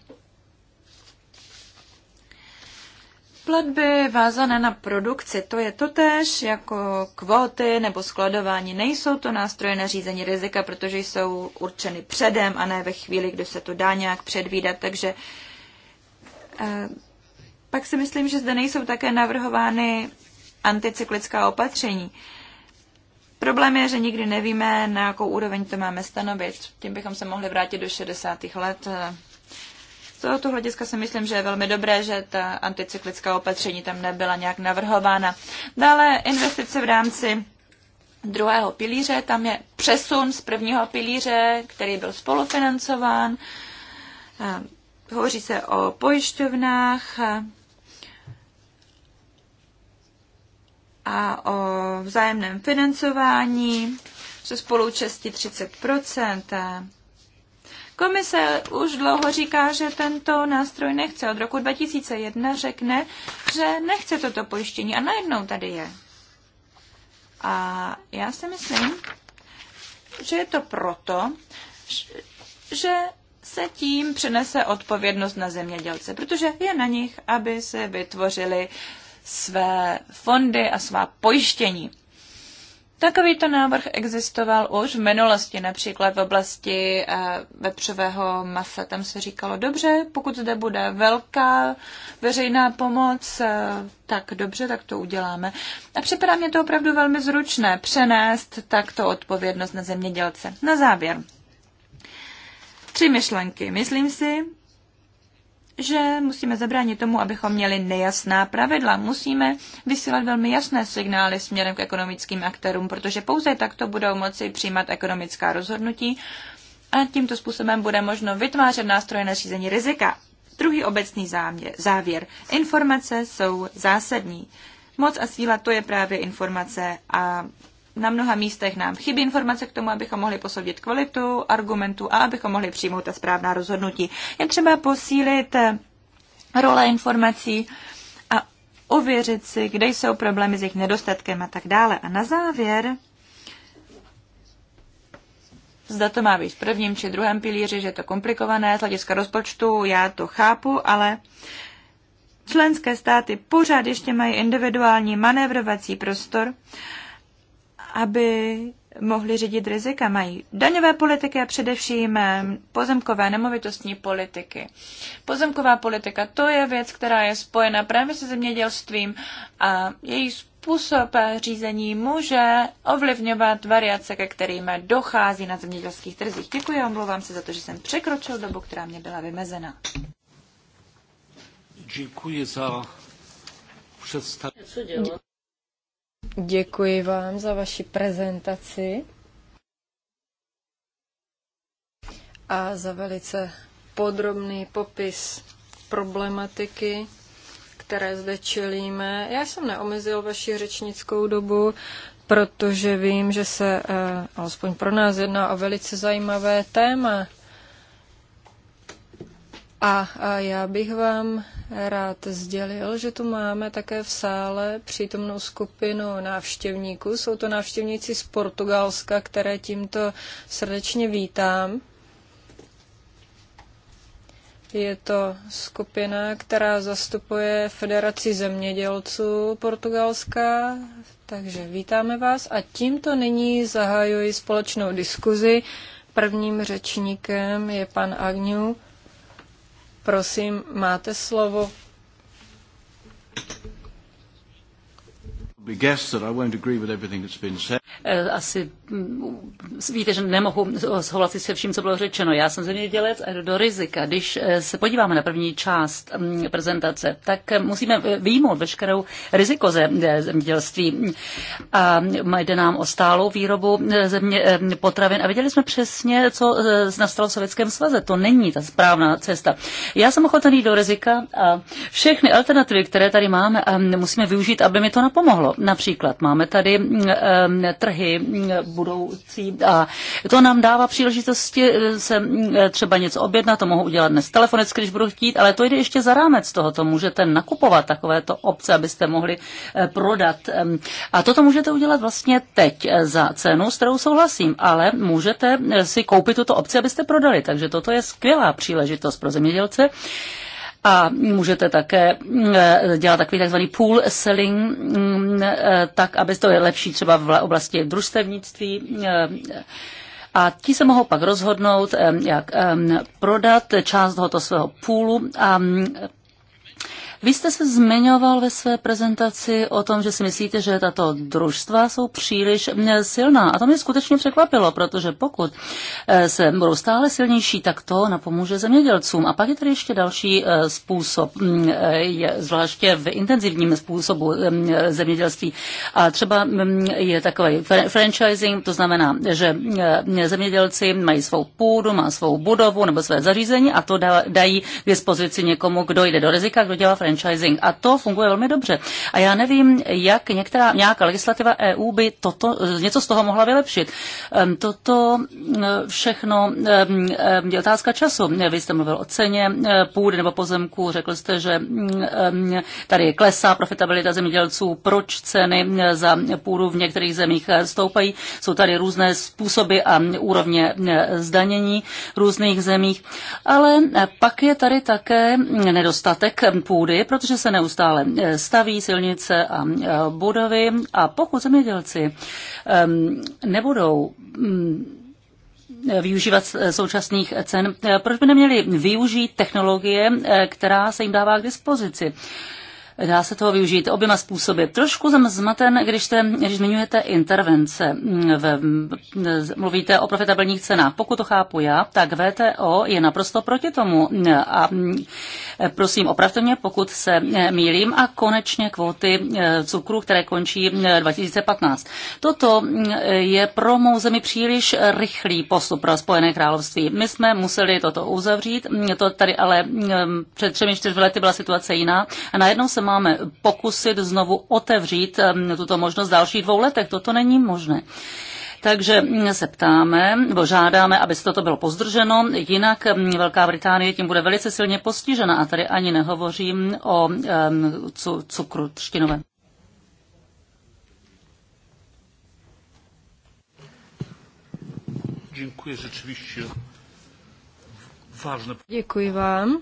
Platby vázané na produkci, to je totéž jako kvóty nebo skladování. Nejsou to nástroje na řízení rizika, protože jsou určeny předem a ne ve chvíli, kdy se to dá nějak předvídat. Takže eh, pak si myslím, že zde nejsou také navrhovány anticyklická opatření. Problém je, že nikdy nevíme, na jakou úroveň to máme stanovit. Tím bychom se mohli vrátit do 60. let eh, z tohoto hlediska si myslím, že je velmi dobré, že ta anticyklická opatření tam nebyla nějak navrhována. Dále investice v rámci druhého pilíře, tam je přesun z prvního pilíře, který byl spolufinancován. Hovoří se o pojišťovnách a o vzájemném financování se spoluúčastí 30 Komise už dlouho říká, že tento nástroj nechce. Od roku 2001 řekne, že nechce toto pojištění a najednou tady je. A já si myslím, že je to proto, že se tím přenese odpovědnost na zemědělce, protože je na nich, aby se vytvořili své fondy a svá pojištění. Takovýto návrh existoval už v minulosti, například v oblasti eh, vepřového masa. Tam se říkalo, dobře, pokud zde bude velká veřejná pomoc, eh, tak dobře, tak to uděláme. A připadá mě to opravdu velmi zručné přenést takto odpovědnost na zemědělce. Na závěr. Tři myšlenky. Myslím si, že musíme zabránit tomu, abychom měli nejasná pravidla. Musíme vysílat velmi jasné signály směrem k ekonomickým aktérům, protože pouze takto budou moci přijímat ekonomická rozhodnutí a tímto způsobem bude možno vytvářet nástroje na řízení rizika. Druhý obecný záměr, závěr. Informace jsou zásadní. Moc a síla to je právě informace a na mnoha místech nám chybí informace k tomu, abychom mohli posoudit kvalitu argumentů a abychom mohli přijmout ta správná rozhodnutí. Je třeba posílit eh, role informací a ověřit si, kde jsou problémy s jejich nedostatkem a tak dále. A na závěr, zda to má být v prvním či druhém pilíři, že je to komplikované, z hlediska rozpočtu já to chápu, ale členské státy pořád ještě mají individuální manévrovací prostor, aby mohli řídit rizika. Mají daňové politiky a především eh, pozemkové nemovitostní politiky. Pozemková politika to je věc, která je spojena právě se zemědělstvím a její způsob řízení může ovlivňovat variace, ke kterým dochází na zemědělských trzích. Děkuji a omlouvám se za to, že jsem překročil dobu, která mě byla vymezena. Děkuji za představení. Děkuji vám za vaši prezentaci a za velice podrobný popis problematiky, které zde čelíme. Já jsem neomezil vaši řečnickou dobu, protože vím, že se, eh, alespoň pro nás, jedná o velice zajímavé téma. A já bych vám rád sdělil, že tu máme také v sále přítomnou skupinu návštěvníků. Jsou to návštěvníci z Portugalska, které tímto srdečně vítám. Je to skupina, která zastupuje Federaci zemědělců Portugalska. Takže vítáme vás a tímto nyní zahajuji společnou diskuzi. Prvním řečníkem je pan Agňu Prosím, máte slovo. Eh, asi Mm, víte, že nemohu souhlasit se vším, co bylo řečeno. Já jsem zemědělec a do rizika. Když eh, se podíváme na první část mm, prezentace, tak eh, musíme výjmout veškerou riziko ze zemědělství. A jde nám o stálou výrobu eh, země, potravin. A viděli jsme přesně, co nastalo v Sovětském svaze. To není ta správná cesta. Já jsem ochotný do rizika a všechny alternativy, které tady máme, musíme využít, aby mi to napomohlo. Například máme tady mm, trhy budoucí. A to nám dává příležitosti eh, se mm, eh, třeba něco objednat, to mohu udělat dnes telefonicky, když budu chtít, ale to jde ještě za rámec toho, to Můžete nakupovat takovéto obce, abyste mohli eh, prodat. A toto můžete udělat vlastně teď za cenu, s kterou souhlasím, ale můžete si koupit tuto obci, abyste prodali. Takže toto je skvělá příležitost pro zemědělce a můžete také eh, dělat takový takzvaný pool selling, mm, eh, tak aby to je lepší třeba v oblasti družstevnictví. Eh, a ti se mohou pak rozhodnout, jak prodat část tohoto svého půlu a vy jste se zmiňoval ve své prezentaci o tom, že si myslíte, že tato družstva jsou příliš eh, silná. A to mě skutečně překvapilo, protože pokud eh, se budou stále silnější, tak to napomůže zemědělcům. A pak je tady ještě další eh, způsob, mm, zvláště v intenzivním způsobu mm, zemědělství. A třeba mm, je takový franchising, to znamená, že zemědělci mají svou půdu, má svou budovu nebo své zařízení a to dají k dispozici někomu, kdo jde do rizika, kdo dělá franchising franchising a to funguje velmi dobře. A já nevím, jak některá, nějaká legislativa EU by toto, něco z toho mohla vylepšit. Ehm, toto ehm, všechno ehm, je otázka času. Vy jste mluvil o ceně e, půdy nebo pozemku, řekl jste, že tady klesá profitabilita zemědělců, proč ceny e, za půdu v některých zemích e, stoupají. Jsou tady různé způsoby a úrovně zdanění v různých zemích. Ale pak je tady také nedostatek půdy je, protože se neustále eh, staví silnice a eh, budovy a pokud zemědělci ehm, nebudou mm, využívat eh, současných cen, proč by neměli využít technologie, která se jim dává k dispozici? Dá se toho využít oběma způsoby. Trošku jsem zmaten, když, jste, když zmiňujete intervence. Mm, v, mm, mluvíte o profitabilních cenách. Pokud to chápu já, tak VTO je naprosto proti tomu. A mm, prosím, opravdu mě, pokud se mílím. A konečně kvóty cukru, které končí 2015. Toto je pro mou zemi příliš rychlý postup pro Spojené království. My jsme museli toto uzavřít, to tady ale před třemi čtyřmi lety byla situace jiná. A najednou jsem máme pokusit znovu otevřít tuto možnost v dalších dvou letech. Toto není možné. Takže mm, se ptáme, nebo žádáme, aby se toto bylo pozdrženo, jinak Velká Británie tím bude velice silně postižena a tady ani nehovořím o cukru třtinovém. Děkuji, Děkuji vám.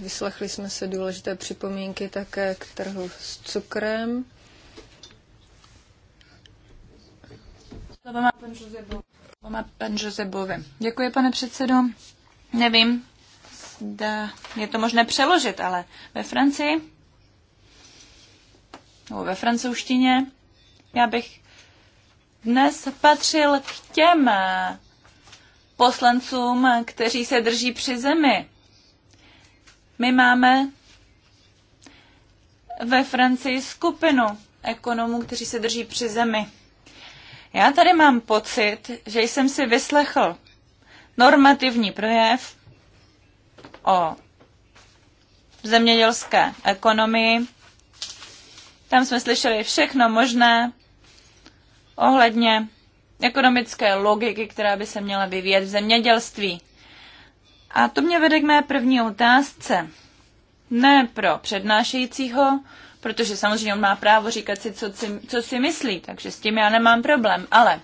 Vyslechli jsme se důležité připomínky také k trhu s cukrem. Slovo má pan Josebo. Má pan Děkuji, pane předsedo. Nevím, zda je to možné přeložit, ale ve Francii nebo ve francouzštině, já bych dnes patřil k těm poslancům, kteří se drží při zemi. My máme ve Francii skupinu ekonomů, kteří se drží při zemi. Já tady mám pocit, že jsem si vyslechl normativní projev o zemědělské ekonomii. Tam jsme slyšeli všechno možné ohledně ekonomické logiky, která by se měla vyvíjet v zemědělství. A to mě vede k mé první otázce. Ne pro přednášejícího, protože samozřejmě on má právo říkat si, co si, co si myslí, takže s tím já nemám problém. Ale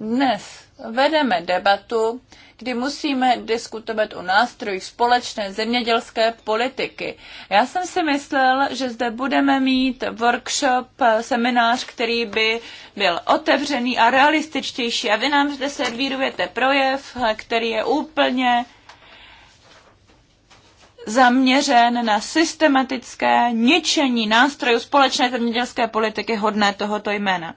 dnes vedeme debatu, kdy musíme diskutovat o nástrojích společné zemědělské politiky. Já jsem si myslel, že zde budeme mít workshop, seminář, který by byl otevřený a realističtější. A vy nám zde servírujete projev, který je úplně zaměřen na systematické ničení nástrojů společné zemědělské politiky hodné tohoto jména.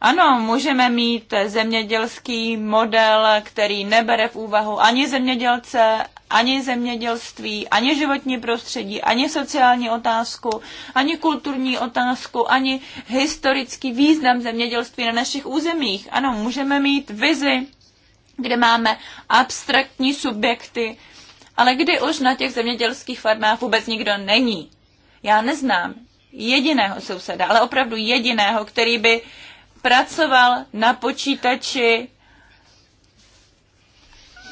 Ano, můžeme mít zemědělský model, který nebere v úvahu ani zemědělce, ani zemědělství, ani životní prostředí, ani sociální otázku, ani kulturní otázku, ani historický význam zemědělství na našich územích. Ano, můžeme mít vizi, kde máme abstraktní subjekty, ale kdy už na těch zemědělských farmách vůbec nikdo není. Já neznám jediného souseda, ale opravdu jediného, který by pracoval na počítači,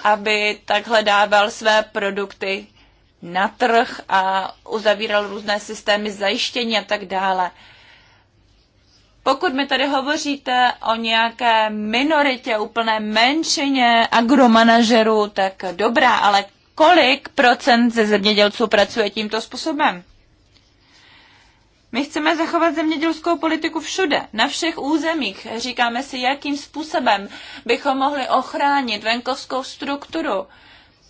aby takhle dával své produkty na trh a uzavíral různé systémy zajištění a tak dále. Pokud mi tady hovoříte o nějaké minoritě, úplné menšině agromanažerů, tak dobrá, ale kolik procent ze zemědělců pracuje tímto způsobem. My chceme zachovat zemědělskou politiku všude, na všech územích. Říkáme si, jakým způsobem bychom mohli ochránit venkovskou strukturu.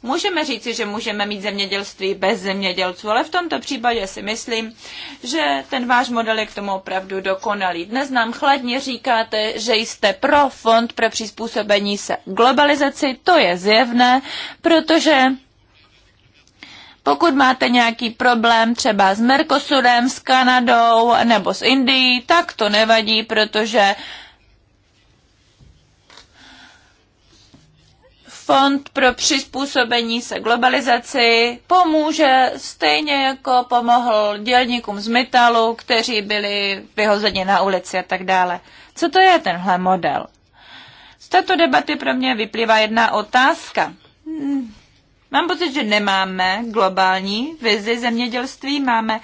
Můžeme říci, že můžeme mít zemědělství bez zemědělců, ale v tomto případě si myslím, že ten váš model je k tomu opravdu dokonalý. Dnes nám chladně říkáte, že jste pro fond pro přizpůsobení se globalizaci. To je zjevné, protože pokud máte nějaký problém třeba s Mercosurem, s Kanadou nebo s Indií, tak to nevadí, protože Fond pro přizpůsobení se globalizaci pomůže stejně jako pomohl dělníkům z Metalu, kteří byli vyhozeni na ulici a tak dále. Co to je tenhle model? Z této debaty pro mě vyplývá jedna otázka. Hmm. Mám pocit, že nemáme globální vizi zemědělství, máme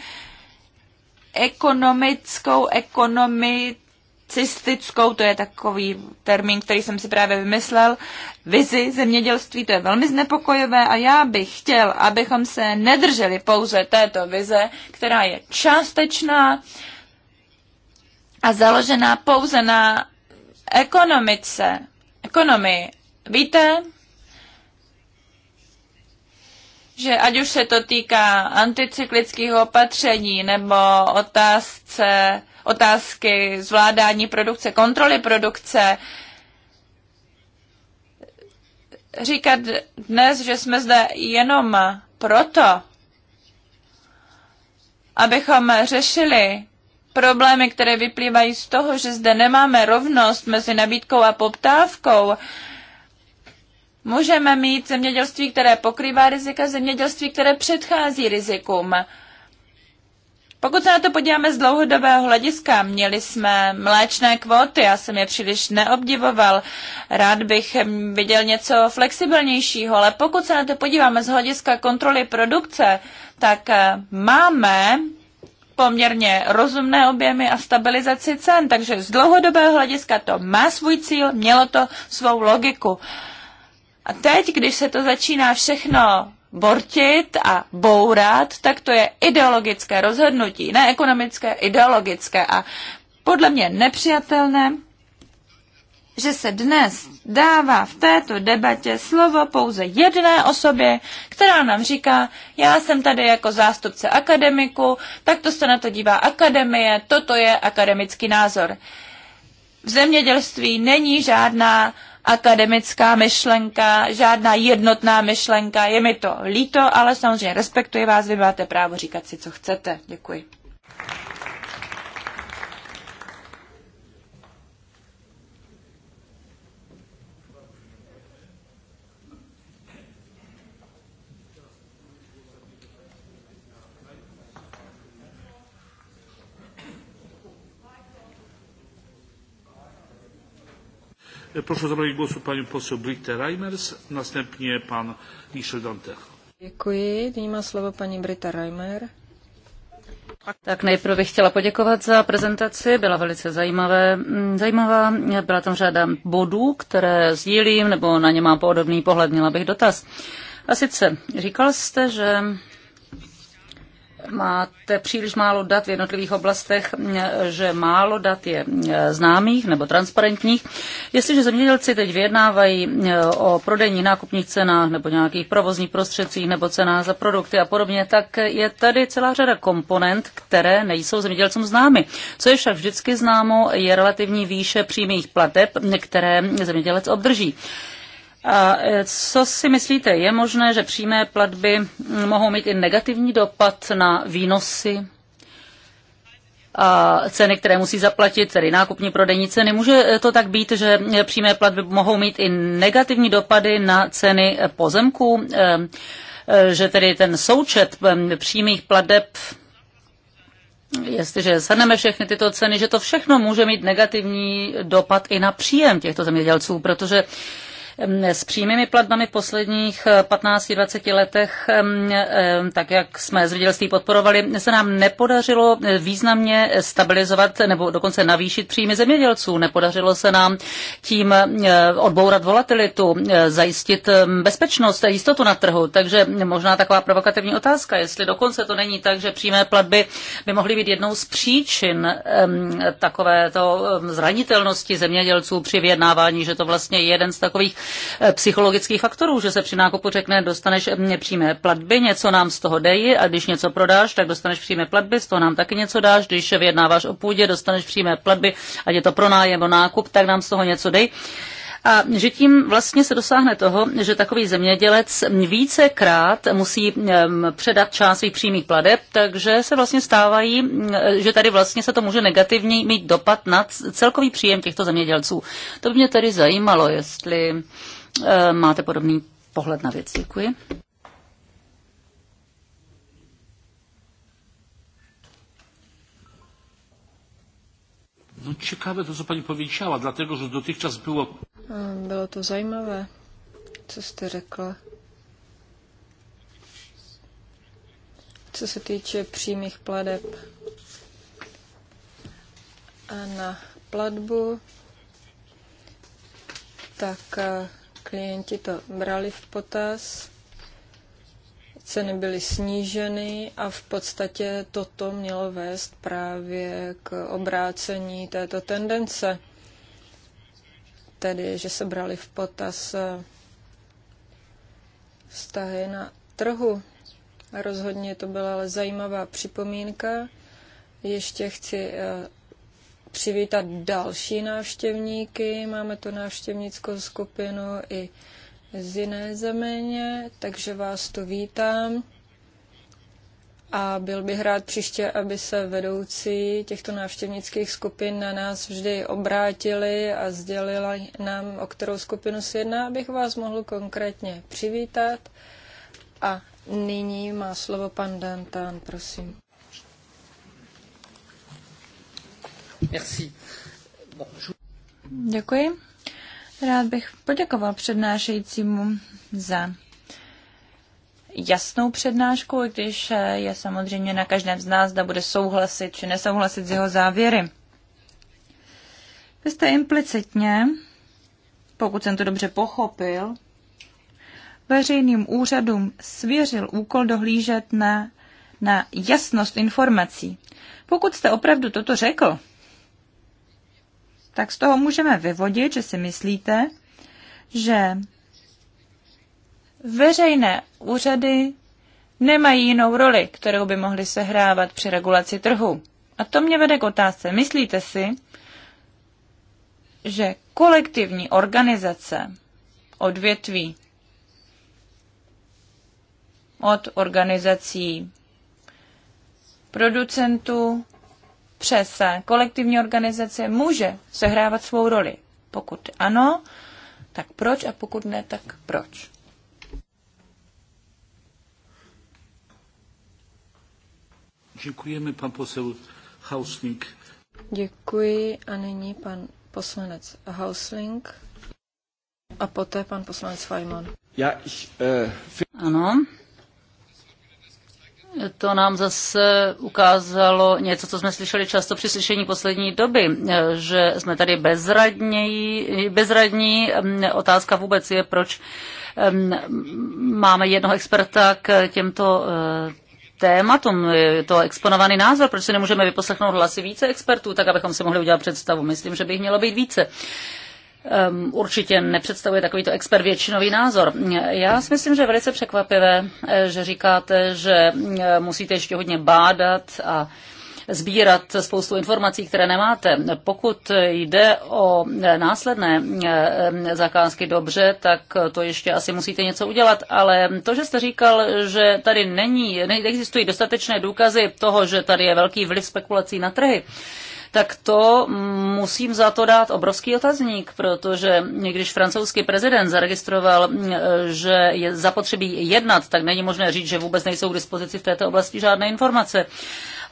ekonomickou, ekonomicistickou, to je takový termín, který jsem si právě vymyslel, vizi zemědělství, to je velmi znepokojivé a já bych chtěl, abychom se nedrželi pouze této vize, která je částečná a založená pouze na ekonomice, ekonomii. Víte, že ať už se to týká anticyklických opatření nebo otázce, otázky zvládání produkce, kontroly produkce, říkat dnes, že jsme zde jenom proto, abychom řešili problémy, které vyplývají z toho, že zde nemáme rovnost mezi nabídkou a poptávkou, Můžeme mít zemědělství, které pokrývá rizika, zemědělství, které předchází rizikům. Pokud se na to podíváme z dlouhodobého hlediska, měli jsme mléčné kvóty, já jsem je příliš neobdivoval, rád bych viděl něco flexibilnějšího, ale pokud se na to podíváme z hlediska kontroly produkce, tak eh, máme poměrně rozumné objemy a stabilizaci cen, takže z dlouhodobého hlediska to má svůj cíl, mělo to svou logiku. A teď, když se to začíná všechno bortit a bourat, tak to je ideologické rozhodnutí, ne ekonomické, ideologické a podle mě nepřijatelné, že se dnes dává v této debatě slovo pouze jedné osobě, která nám říká, já jsem tady jako zástupce akademiku, tak to se na to dívá akademie, toto je akademický názor. V zemědělství není žádná akademická myšlenka, žádná jednotná myšlenka. Je mi to líto, ale samozřejmě respektuji vás, vy máte právo říkat si, co chcete. Děkuji. E, proszę o zabranie głosu panią poseł Britę Reimers, następnie pan Michel Dantech. Děkuji. Nyní má slovo paní Brita Reimer. Tak nejprve bych chtěla poděkovat za prezentaci, byla velice zajímavé, mm, zajímavá. Byla tam řada bodů, které sdílím, nebo na ně mám podobný pohled, měla bych dotaz. A sice, říkal jste, že máte příliš málo dat v jednotlivých oblastech, že málo dat je eh, známých nebo transparentních. Jestliže zemědělci teď vyjednávají eh, o prodejních nákupních cenách nebo nějakých provozních prostředcích nebo cenách za produkty a podobně, tak je tady celá řada komponent, které nejsou zemědělcům známy. Co je však vždycky známo, je relativní výše přímých plateb, které zemědělec obdrží. A e, co si myslíte, je možné, že přímé platby mm, mohou mít i negativní dopad na výnosy a ceny, které musí zaplatit, tedy nákupní prodejní ceny. Může e, to tak být, že e, přímé platby mohou mít i negativní dopady na ceny pozemků, že tedy ten součet přímých plateb jestliže shrneme všechny tyto ceny, že to všechno může mít negativní dopad i na příjem těchto zemědělců, protože uh, s přímými platbami v posledních 15-20 eh, letech, tak jak jsme zemědělství podporovali, se nám nepodařilo eh, významně stabilizovat nebo dokonce navýšit příjmy zemědělců. Nepodařilo se nám tím eh, odbourat volatilitu, zajistit bezpečnost a jistotu na trhu. Takže možná taková provokativní otázka, jestli dokonce to není tak, že přímé platby by mohly být jednou z příčin takovéto zranitelnosti zemědělců při vyjednávání, že to vlastně je jeden z takových Eh, psychologických faktorů, že se při nákupu řekne, dostaneš mě eh, přímé platby, něco nám z toho dej a když něco prodáš, tak dostaneš přímé platby, z toho nám taky něco dáš, když vyjednáváš o půdě, dostaneš přímé platby, ať je to pronájem nebo nákup, tak nám z toho něco dej a že tím vlastně se dosáhne toho, že takový zemědělec vícekrát musí předat část svých přímých pladeb, takže se vlastně stávají, že tady vlastně se to může negativně mít dopad na celkový příjem těchto zemědělců. To by mě tedy zajímalo, jestli máte podobný pohled na věc. Děkuji. No ciekawe to, co pani powiedziała, dlatego, że dotychczas było... Mm, było to zajmowe, co jste rekla. Co se týče přímých pladeb a na platbu, tak eh, klienti to brali v potaz ceny byly sníženy a v podstatě toto mělo vést právě k obrácení této tendence. Tedy, že se brali v potaz eh, vztahy na trhu. a Rozhodně to byla ale zajímavá připomínka. Ještě chci eh, přivítat další návštěvníky. Máme tu návštěvnickou skupinu i z jiné země, takže vás tu vítám. A byl bych rád příště, aby se vedoucí těchto návštěvnických skupin na nás vždy obrátili a sdělili nám, o kterou skupinu se jedná, abych vás mohl konkrétně přivítat. A nyní má slovo pan Dantán, prosím. Děkuji. Rád bych poděkoval přednášejícímu za jasnou přednášku, i když je samozřejmě na každém z nás, zda bude souhlasit či nesouhlasit s jeho závěry. Vy jste implicitně, pokud jsem to dobře pochopil, veřejným úřadům svěřil úkol dohlížet na, na jasnost informací. Pokud jste opravdu toto řekl, tak z toho můžeme vyvodit, že si myslíte, že veřejné úřady nemají jinou roli, kterou by mohly sehrávat při regulaci trhu. A to mě vede k otázce. Myslíte si, že kolektivní organizace odvětví od organizací producentů přes kolektivní organizace může sehrávat svou roli? Pokud ano, tak proč a pokud ne, tak proč? Děkujeme, pan posel Hausling. Děkuji a nyní pan poslanec Hausling a poté pan poslanec Fajman. Ja, ich, äh, Ano, to nám zase ukázalo něco, co jsme slyšeli často při slyšení poslední doby, že jsme tady bezradní. bezradní. Otázka vůbec je, proč máme jednoho experta k těmto eh, tématům, je to exponovaný názor, proč si nemůžeme vyposlechnout hlasy více expertů, tak abychom si mohli udělat představu. Myslím, že by jich mělo být více. Ehm, určitě nepředstavuje takovýto expert většinový názor. Já si myslím, že je velice překvapivé, eh, že říkáte, že eh, musíte ještě hodně bádat a sbírat spoustu informací, které nemáte. Pokud jde o eh, následné zakázky dobře, tak to ještě asi musíte něco udělat, ale to, že jste říkal, že tady není, neexistují dostatečné důkazy toho, že tady je velký vliv spekulací na trhy, tak to musím za to dát obrovský otazník, protože když francouzský prezident zaregistroval, eh, že je zapotřebí jednat, tak není možné říct, že vůbec nejsou k dispozici v této oblasti žádné informace.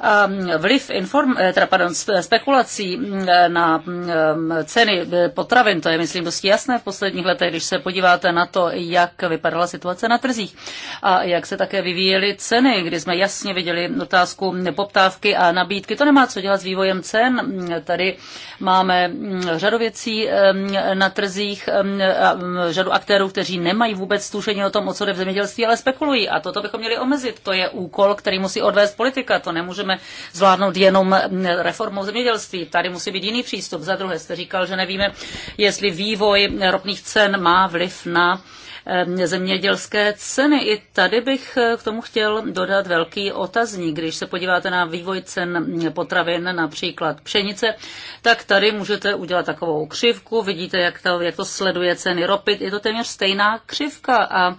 Ehm, vliv inform, eh, teda, pardon, spekulací mm, na mm, ehm, ceny eh, potravin, to je myslím dosti jasné v posledních letech, když se podíváte na to, jak vypadala situace na trzích a jak se také vyvíjely ceny, kdy jsme jasně viděli otázku poptávky a nabídky. To nemá co dělat s vývojem cen. Mm, tady máme řadu věcí ehm, na trzích, řadu aktérů, kteří nemají vůbec tušení o tom, o co jde v zemědělství, ale spekulují. A toto bychom měli omezit. To je úkol, který musí odvést politika. To nemůžeme nemůžeme zvládnout jenom reformou zemědělství. Tady musí být jiný přístup. Za druhé jste říkal, že nevíme, jestli vývoj ropných cen má vliv na zemědělské ceny. I tady bych e, k tomu chtěl dodat velký otazník. Když se podíváte na vývoj cen potravin, například pšenice, tak tady můžete udělat takovou křivku. Vidíte, jak to, jak to sleduje ceny ropy. Je to téměř stejná křivka a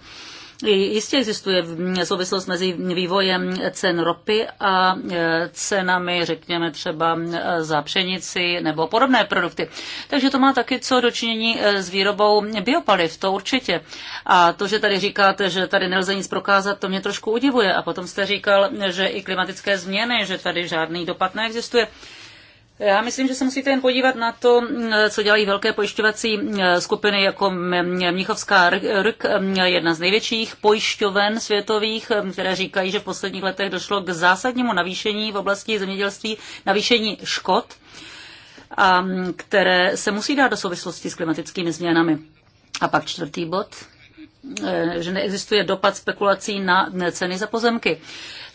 Jistě existuje souvislost mezi vývojem cen ropy a e, cenami, řekněme třeba e, za pšenici nebo podobné produkty. Takže to má taky co dočinění e, s výrobou biopaliv, to určitě. A to, že tady říkáte, že tady nelze nic prokázat, to mě trošku udivuje. A potom jste říkal, že i klimatické změny, že tady žádný dopad neexistuje. Já myslím, že se musíte jen podívat na to, co dělají velké pojišťovací eh, skupiny jako mm, eh, Mnichovská RK, eh, jedna z největších pojišťoven světových, které říkají, že v posledních letech došlo k zásadnímu navýšení v oblasti zemědělství, navýšení škod, a mm, které se musí dát do souvislosti s klimatickými změnami. A pak čtvrtý bod že neexistuje dopad spekulací na ceny za pozemky.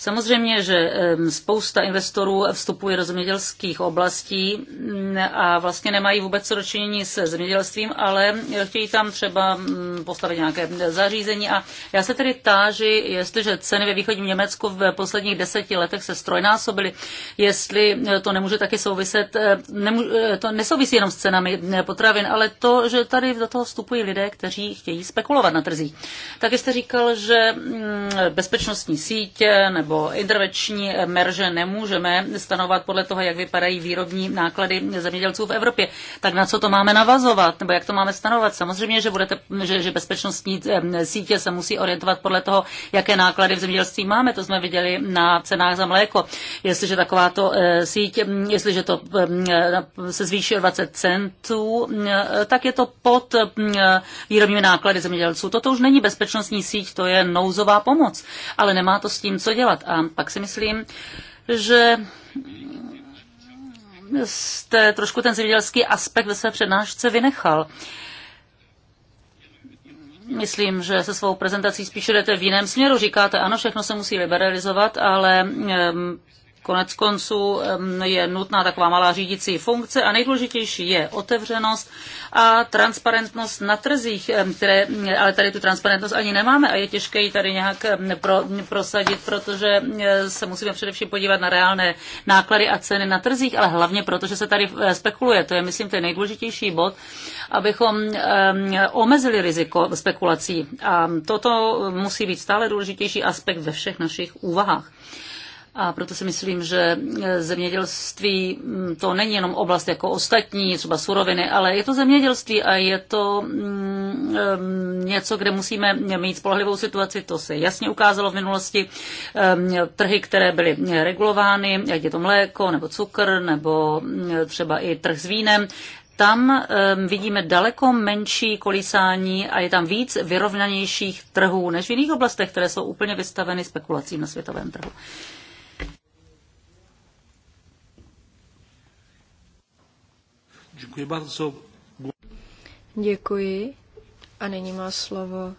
Samozřejmě, že spousta investorů vstupuje do zemědělských oblastí mm, a vlastně nemají vůbec co dočinění se zemědělstvím, ale chtějí tam třeba mm, postavit nějaké zařízení. A já se tedy táži, jestliže ceny ve východním Německu v posledních deseti letech se strojnásobily, jestli to nemůže taky souviset, eh, nemůže, eh, to nesouvisí jenom s cenami eh, potravin, ale to, že tady do toho vstupují lidé, kteří chtějí spekulovat na trzích. Taky jste říkal, že mm, bezpečnostní sítě nebo nebo intervenční merže nemůžeme stanovat podle toho, jak vypadají výrobní náklady zemědělců v Evropě. Tak na co to máme navazovat, nebo jak to máme stanovat? Samozřejmě, že, budete, že, že bezpečnostní sítě se musí orientovat podle toho, jaké náklady v zemědělství máme. To jsme viděli na cenách za mléko. Jestliže takováto eh, síť, jestliže to se zvýší o 20 centů, tak je to pod výrobními náklady zemědělců. Toto už není bezpečnostní síť, to je nouzová pomoc, ale nemá to s tím co dělat a pak si myslím, že jste trošku ten zemědělský aspekt ve své přednášce vynechal. Myslím, že se svou prezentací spíše jdete v jiném směru. Říkáte, ano, všechno se musí liberalizovat, ale Konec konců je nutná taková malá řídící funkce a nejdůležitější je otevřenost a transparentnost na trzích, které, ale tady tu transparentnost ani nemáme a je těžké ji tady nějak pro, prosadit, protože e, se musíme především podívat na reálné náklady a ceny na trzích, ale hlavně proto, že se tady e, spekuluje. To je, myslím, ten nejdůležitější bod, abychom omezili riziko spekulací. A toto musí být stále důležitější aspekt ve všech našich úvahách. A proto si myslím, že e, zemědělství to není jenom oblast jako ostatní, třeba suroviny, ale je to zemědělství a je to e, něco, kde musíme mít spolehlivou situaci. To se jasně ukázalo v minulosti. Trhy, které byly e, regulovány, jak je to mléko nebo cukr nebo třeba i trh s vínem, tam um, vidíme daleko menší kolísání a je tam víc vyrovnanějších trhů než v jiných oblastech, které jsou úplně vystaveny spekulacím na světovém trhu. Uh, Děkuji bardzo. Děkuji. A nyní má slovo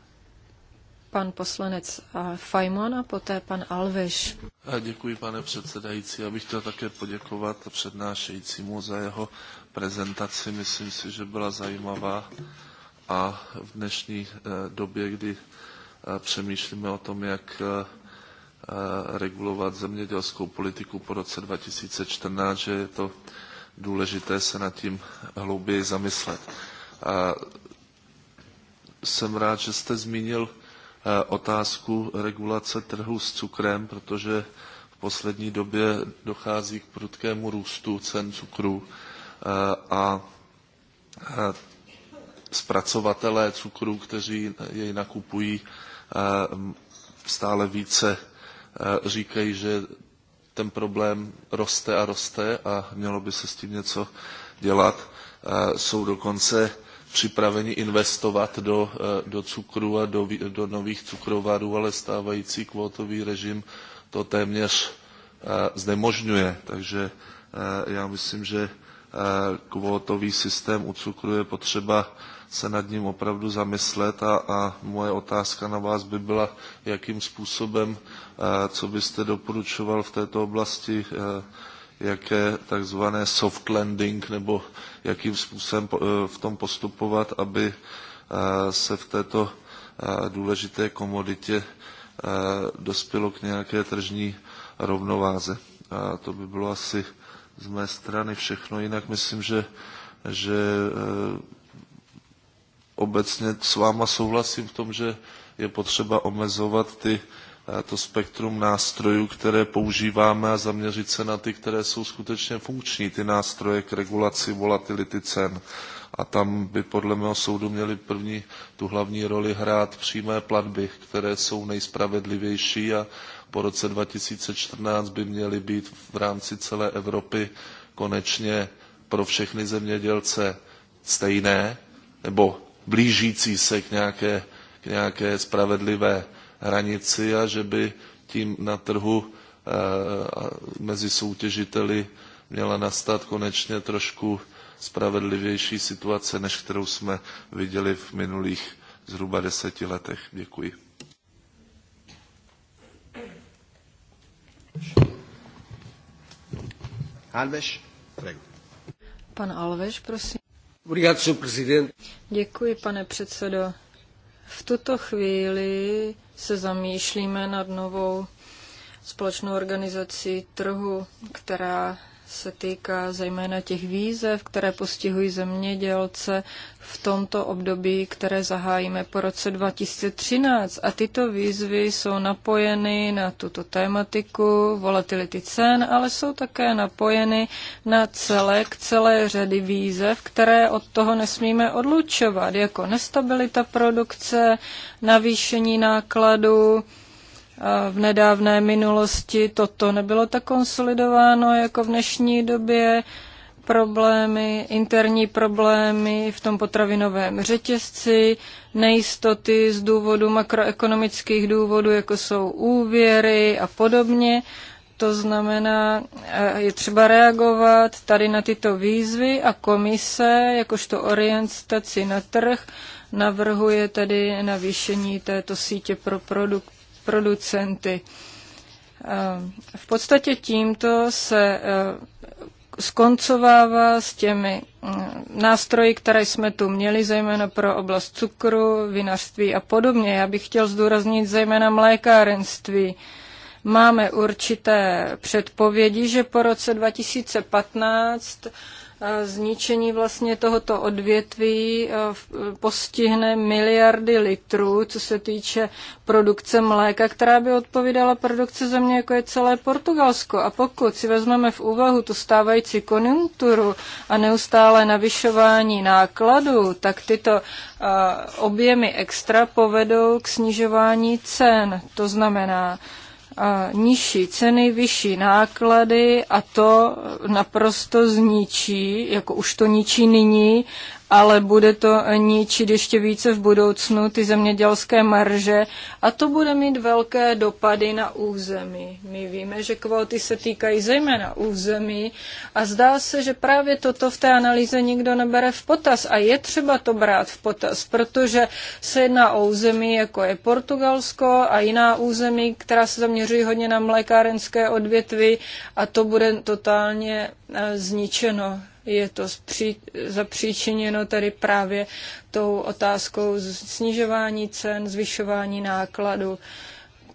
pan poslanec Fajmon a poté pan Alveš. Děkuji, pane předsedající. Já bych chtěl také poděkovat přednášejícímu za jeho prezentaci. Myslím si, že byla zajímavá a v dnešní e, době, kdy e, přemýšlíme o tom, jak e, regulovat zemědělskou politiku po roce 2014, že je to důležité se nad tím hlouběji zamyslet. A jsem rád, že jste zmínil e, otázku regulace trhu s cukrem, protože v poslední době dochází k prudkému růstu cen cukru e, a e, zpracovatelé cukru, kteří jej nakupují, stále více říkají, že ten problém roste a roste a mělo by se s tím něco dělat. E, jsou dokonce připraveni investovat do, e, do cukru a do, do nových cukrovarů, ale stávající kvótový režim to téměř e, znemožňuje. Takže já myslím, že kvótový systém u cukru je potřeba se nad ním opravdu zamyslet a, a moje otázka na vás by byla, jakým způsobem, eh, co byste doporučoval v této oblasti, eh, jaké takzvané soft landing nebo jakým způsobem eh, v tom postupovat, aby se v této důležité komoditě dospělo k nějaké tržní rovnováze. A to by bylo asi z mé strany všechno. Jinak myslím, že, že obecně s váma souhlasím v tom, že je potřeba omezovat ty, eh, to spektrum nástrojů, které používáme a zaměřit se na ty, které jsou skutečně funkční, ty nástroje k regulaci volatility cen. A tam by podle mého soudu měly první tu hlavní roli hrát přímé platby, které jsou nejspravedlivější a po roce 2014 by měly být v rámci celé Evropy konečně pro všechny zemědělce stejné, nebo blížící se k nějaké, k nějaké spravedlivé hranici a že by tím na trhu eh, mezi soutěžiteli měla nastat konečně trošku spravedlivější situace, než kterou jsme viděli v minulých zhruba deseti letech. Děkuji. Alves, Pan Alves, prosím. Děkuji, pane předsedo. V tuto chvíli se zamýšlíme nad novou společnou organizací trhu, která se týká zejména těch výzev, které postihují zemědělce v tomto období, které zahájíme po roce 2013. A tyto výzvy jsou napojeny na tuto tématiku volatility cen, ale jsou také napojeny na celek celé řady výzev, které od toho nesmíme odlučovat, jako nestabilita produkce, navýšení nákladů, v nedávné minulosti toto nebylo tak konsolidováno jako v dnešní době. Problémy, interní problémy v tom potravinovém řetězci, nejistoty z důvodu makroekonomických důvodů, jako jsou úvěry a podobně. To znamená, je třeba reagovat tady na tyto výzvy a komise, jakožto orientaci na trh, navrhuje tedy navýšení této sítě pro produkt producenty. Eh, v podstatě tímto se eh, skoncovává s těmi eh, nástroji, které jsme tu měli, zejména pro oblast cukru, vinařství a podobně. Já bych chtěl zdůraznit zejména mlékárenství. Máme určité předpovědi, že po roce 2015 zničení vlastně tohoto odvětví eh, eh, postihne miliardy litrů, co se týče produkce mléka, která by odpovídala produkce země, jako je celé Portugalsko. A pokud si vezmeme v úvahu tu stávající konjunkturu a neustále navyšování nákladů, tak tyto eh, objemy extra povedou k snižování cen. To znamená, nižší ceny, vyšší náklady a to naprosto zničí, jako už to ničí nyní, ale bude to ničit ještě více v budoucnu ty zemědělské marže a to bude mít velké dopady na území. My víme, že kvóty se týkají zejména území a zdá se, že právě toto v té analýze nikdo nebere v potaz a je třeba to brát v potaz, protože se jedná o území, jako je Portugalsko a jiná území, která se zaměřují hodně na mlékárenské odvětví a to bude totálně eh, zničeno je to zapříčiněno tady právě tou otázkou snižování cen, zvyšování nákladu.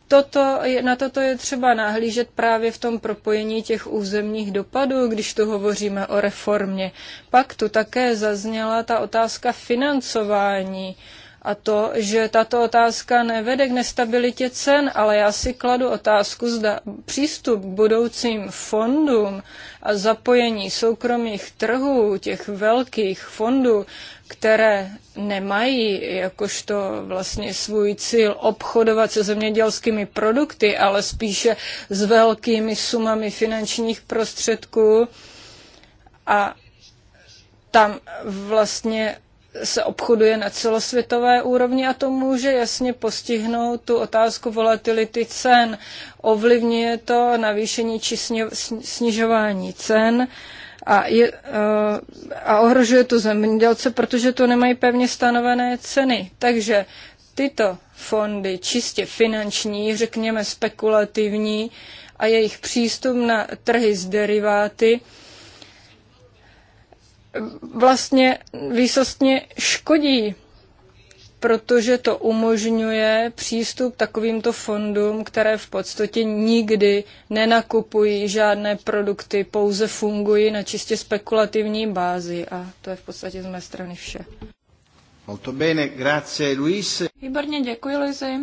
Toto, na toto je třeba nahlížet právě v tom propojení těch územních dopadů, když tu hovoříme o reformě. Pak tu také zazněla ta otázka financování a to, že tato otázka nevede k nestabilitě cen, ale já si kladu otázku, zda přístup k budoucím fondům a zapojení soukromých trhů, těch velkých fondů, které nemají jakožto vlastně svůj cíl obchodovat se zemědělskými produkty, ale spíše s velkými sumami finančních prostředků a tam vlastně se obchoduje na celosvětové úrovni a to může jasně postihnout tu otázku volatility cen. Ovlivňuje to navýšení či snižování cen a, je, eh, a ohrožuje to zemědělce, protože to nemají pevně stanovené ceny. Takže tyto fondy čistě finanční, řekněme spekulativní, a jejich přístup na trhy s deriváty vlastně výsostně škodí, protože to umožňuje přístup takovýmto fondům, které v podstatě nikdy nenakupují žádné produkty, pouze fungují na čistě spekulativní bázi. A to je v podstatě z mé strany vše. Molto bene, grazie Luis. Výborně, děkuji Luisi.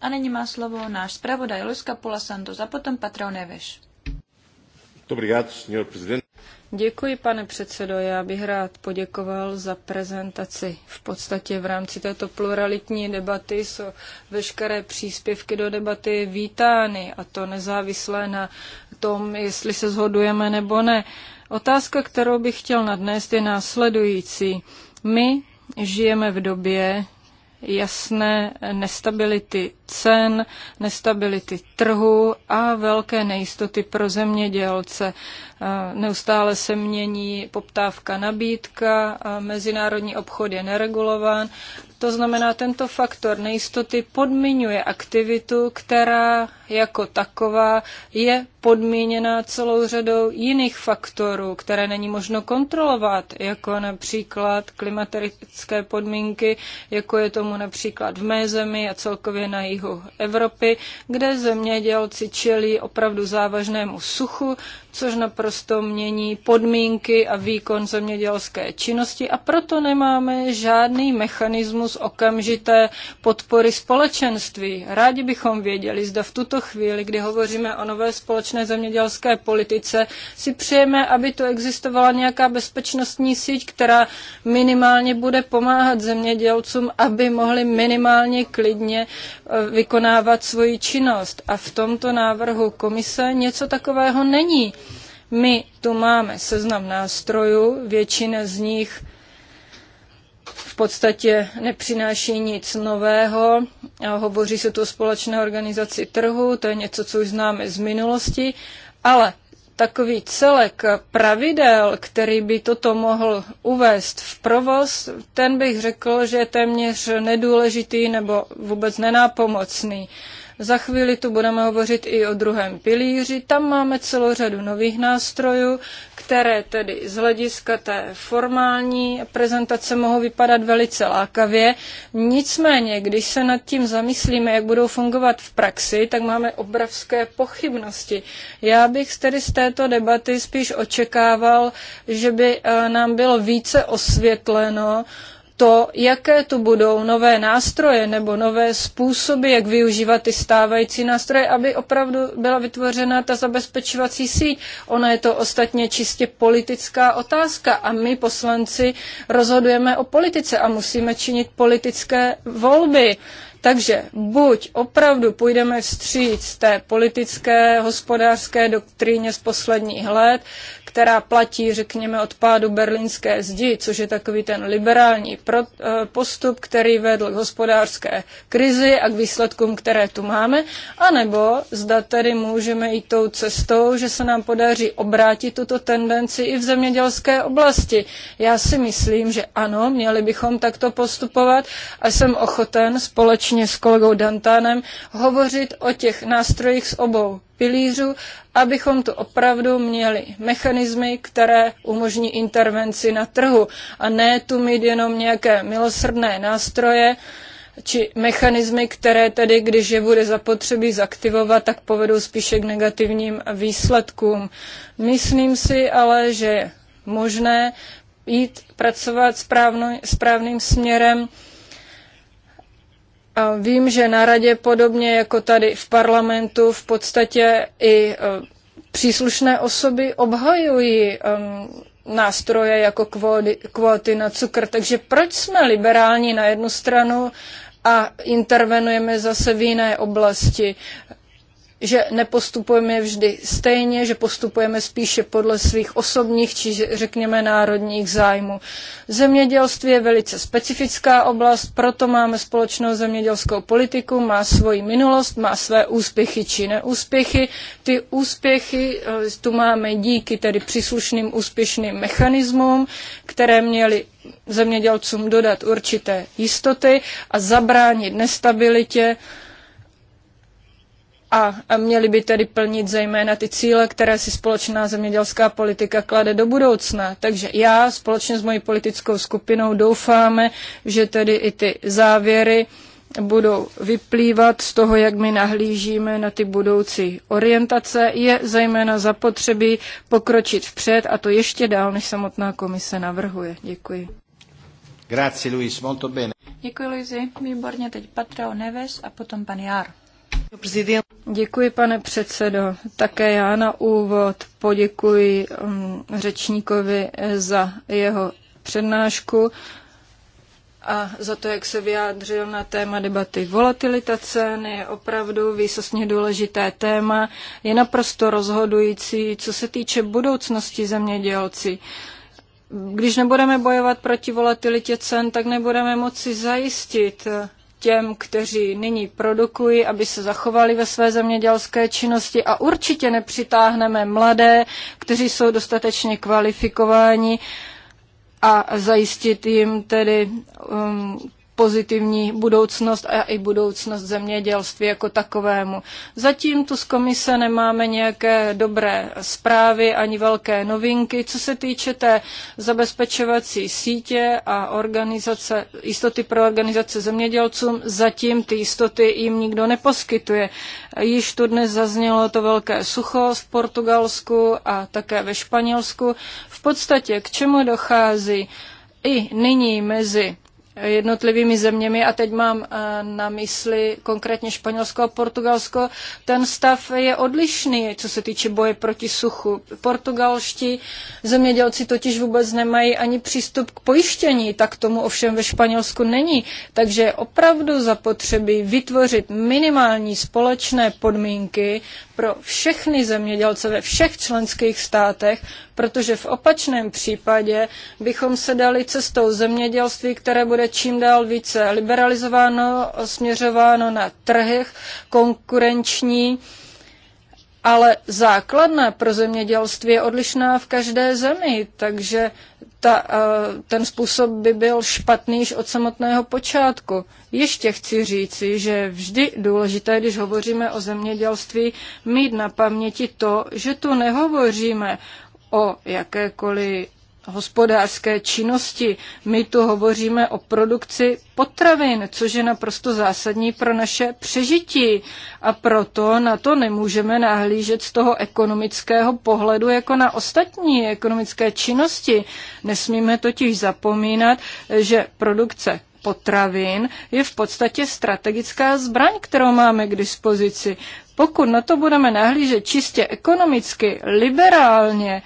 A nyní má slovo náš zpravodaj Luis Capula Santos a potom Patrón Neves. Obrigado, senhor presidente. Děkuji, pane předsedo. Já bych rád poděkoval za prezentaci. V podstatě v rámci této pluralitní debaty jsou veškeré příspěvky do debaty vítány, a to nezávisle na tom, jestli se shodujeme nebo ne. Otázka, kterou bych chtěl nadnést, je následující. My žijeme v době, jasné nestability cen, nestability trhu a velké nejistoty pro zemědělce. Neustále se mění poptávka, nabídka, mezinárodní obchod je neregulován. To znamená, tento faktor nejistoty podmiňuje aktivitu, která jako taková je podmíněna celou řadou jiných faktorů, které není možno kontrolovat, jako například klimatické podmínky, jako je tomu například v mé zemi a celkově na jihu Evropy, kde zemědělci čelí opravdu závažnému suchu, což naprosto mění podmínky a výkon zemědělské činnosti a proto nemáme žádný mechanismus okamžité podpory společenství. Rádi bychom věděli, zda v tuto chvíli, kdy hovoříme o nové společenství, společné zemědělské politice, si přejeme, aby tu existovala nějaká bezpečnostní síť, která minimálně bude pomáhat zemědělcům, aby mohli minimálně klidně eh, vykonávat svoji činnost. A v tomto návrhu komise něco takového není. My tu máme seznam nástrojů, většina z nich v podstatě nepřináší nic nového. A hovoří se tu o společné organizaci trhu, to je něco, co už známe z minulosti, ale takový celek pravidel, který by toto mohl uvést v provoz, ten bych řekl, že je téměř nedůležitý nebo vůbec nenápomocný. Za chvíli tu budeme hovořit i o druhém pilíři. Tam máme celou řadu nových nástrojů, které tedy z hlediska té formální prezentace mohou vypadat velice lákavě. Nicméně, když se nad tím zamyslíme, jak budou fungovat v praxi, tak máme obrovské pochybnosti. Já bych tedy z této debaty spíš očekával, že by eh, nám bylo více osvětleno, to, jaké to budou nové nástroje nebo nové způsoby, jak využívat ty stávající nástroje, aby opravdu byla vytvořena ta zabezpečovací síť. Ona je to ostatně čistě politická otázka a my poslanci rozhodujeme o politice a musíme činit politické volby. Takže buď opravdu půjdeme vstříc té politické, hospodářské doktríně z posledních let, která platí, řekněme, od pádu berlínské zdi, což je takový ten liberální eh, postup, který vedl k hospodářské krizi a k výsledkům, které tu máme, anebo zda tedy můžeme jít tou cestou, že se nám podaří obrátit tuto tendenci i v zemědělské oblasti. Já si myslím, že ano, měli bychom takto postupovat a jsem ochoten společně s kolegou Dantánem hovořit o těch nástrojích z obou pilířů, abychom tu opravdu měli mechanismy, které umožní intervenci na trhu a ne tu mít jenom nějaké milosrdné nástroje, či mechanismy, které tedy, když je bude zapotřebí zaktivovat, tak povedou spíše k negativním výsledkům. Myslím si ale, že je možné jít pracovat správným směrem vím, že na radě podobně jako tady v parlamentu v podstatě i e, příslušné osoby obhajují e, nástroje jako kvóty, kvóty na cukr. Takže proč jsme liberální na jednu stranu a intervenujeme zase v jiné oblasti? že nepostupujeme vždy stejně, že postupujeme spíše podle svých osobních či řekněme národních zájmů. Zemědělství je velice specifická oblast, proto máme společnou zemědělskou politiku, má svoji minulost, má své úspěchy či neúspěchy. Ty úspěchy eh, tu máme díky tedy příslušným úspěšným mechanismům, které měly zemědělcům dodat určité jistoty a zabránit nestabilitě, a měli by tedy plnit zejména ty cíle, které si společná zemědělská politika klade do budoucna. Takže já společně s mojí politickou skupinou doufáme, že tedy i ty závěry budou vyplývat z toho, jak my nahlížíme na ty budoucí orientace, je zejména zapotřebí pokročit vpřed a to ještě dál, než samotná komise navrhuje. Děkuji. Grazie, Luis. Molto bene. Děkuji, Luisi. Výborně, teď Patrao Neves a potom pan Jár. Děkuji, pane předsedo. Také já na úvod poděkuji um, řečníkovi za jeho přednášku a za to, jak se vyjádřil na téma debaty. Volatilita cen je opravdu výsostně důležité téma, je naprosto rozhodující, co se týče budoucnosti zemědělci. Když nebudeme bojovat proti volatilitě cen, tak nebudeme moci zajistit těm, kteří nyní produkují, aby se zachovali ve své zemědělské činnosti a určitě nepřitáhneme mladé, kteří jsou dostatečně kvalifikováni a zajistit jim tedy um, pozitivní budoucnost a i budoucnost zemědělství jako takovému. Zatím tu z komise nemáme nějaké dobré zprávy ani velké novinky. Co se týče té zabezpečovací sítě a organizace, jistoty pro organizace zemědělcům, zatím ty jistoty jim nikdo neposkytuje. Již tu dnes zaznělo to velké sucho v Portugalsku a také ve Španělsku. V podstatě k čemu dochází i nyní mezi jednotlivými zeměmi a teď mám eh, na mysli konkrétně Španělsko a Portugalsko. Ten stav je odlišný, co se týče boje proti suchu. Portugalští zemědělci totiž vůbec nemají ani přístup k pojištění, tak tomu ovšem ve Španělsku není. Takže opravdu zapotřebí vytvořit minimální společné podmínky pro všechny zemědělce ve všech členských státech, protože v opačném případě bychom se dali cestou zemědělství, které bude čím dál více liberalizováno, směřováno na trhech konkurenční, ale základna pro zemědělství je odlišná v každé zemi, takže ta, eh, ten způsob by byl špatný již od samotného počátku. Ještě chci říci, že vždy důležité, když hovoříme o zemědělství, mít na paměti to, že tu nehovoříme o jakékoliv hospodářské činnosti. My tu hovoříme o produkci potravin, což je naprosto zásadní pro naše přežití. A proto na to nemůžeme nahlížet z toho ekonomického pohledu jako na ostatní ekonomické činnosti. Nesmíme totiž zapomínat, že produkce potravin je v podstatě strategická zbraň, kterou máme k dispozici. Pokud na to budeme nahlížet čistě ekonomicky, liberálně,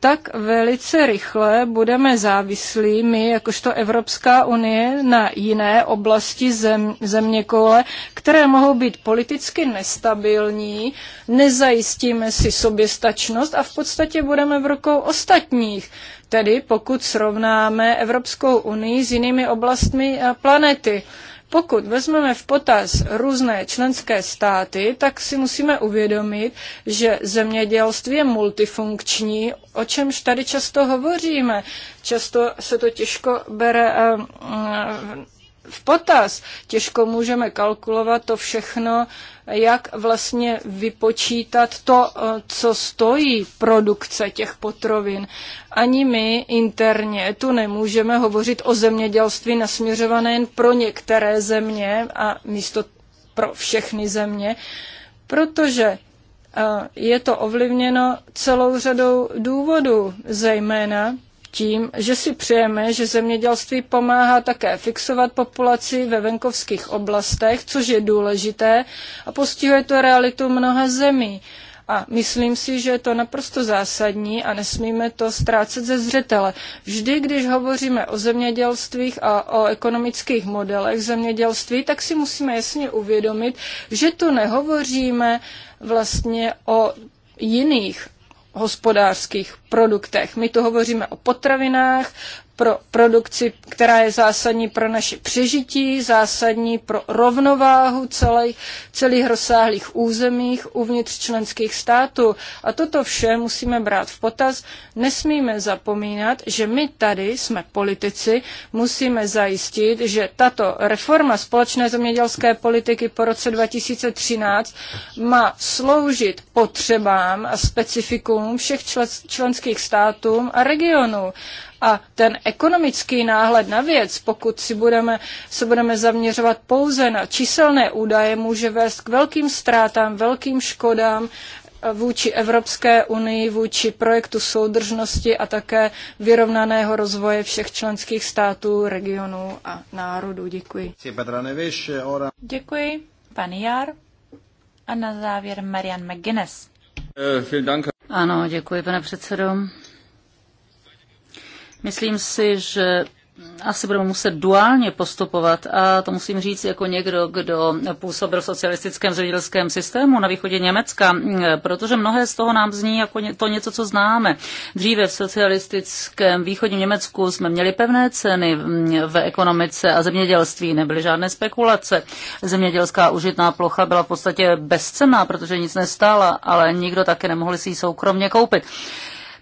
tak velice rychle budeme závislí my, jakožto Evropská unie, na jiné oblasti zem, zeměkoule, které mohou být politicky nestabilní, nezajistíme si soběstačnost a v podstatě budeme v rukou ostatních. Tedy pokud srovnáme Evropskou unii s jinými oblastmi planety. Pokud vezmeme v potaz různé členské státy, tak si musíme uvědomit, že zemědělství je multifunkční, o čemž tady často hovoříme. Často se to těžko bere eh, mm, v potaz. Těžko můžeme kalkulovat to všechno jak vlastně vypočítat to, eh, co stojí produkce těch potrovin. Ani my interně tu nemůžeme hovořit o zemědělství nasměřované jen pro některé země a místo pro všechny země, protože eh, je to ovlivněno celou řadou důvodů, zejména tím, že si přejeme, že zemědělství pomáhá také fixovat populaci ve venkovských oblastech, což je důležité a postihuje to realitu mnoha zemí. A myslím si, že je to naprosto zásadní a nesmíme to ztrácet ze zřetele. Vždy, když hovoříme o zemědělstvích a o ekonomických modelech zemědělství, tak si musíme jasně uvědomit, že tu nehovoříme vlastně o jiných hospodářských produktech. My tu hovoříme o potravinách, pro produkci, která je zásadní pro naše přežití, zásadní pro rovnováhu celých, celých rozsáhlých územích uvnitř členských států. A toto vše musíme brát v potaz. Nesmíme zapomínat, že my tady jsme politici, musíme zajistit, že tato reforma společné zemědělské politiky po roce 2013 má sloužit potřebám a specifikům všech členských členských států a regionů. A ten ekonomický náhled na věc, pokud si budeme, se budeme zaměřovat pouze na číselné údaje, může vést k velkým ztrátám, velkým škodám eh, vůči Evropské unii, vůči projektu soudržnosti a také vyrovnaného rozvoje všech členských států, regionů a národů. Děkuji. Děkuji, pan Jar. A na závěr Marian McGuinness. Uh, ano, děkuji, pane předsedo. Myslím si, že asi budeme muset duálně postupovat a to musím říct jako někdo, kdo působil v socialistickém zemědělském systému na východě Německa, protože mnohé z toho nám zní jako to něco, co známe. Dříve v socialistickém východním Německu jsme měli pevné ceny v ekonomice a zemědělství, nebyly žádné spekulace. Zemědělská užitná plocha byla v podstatě bezcená, protože nic nestála, ale nikdo také nemohl si ji soukromně koupit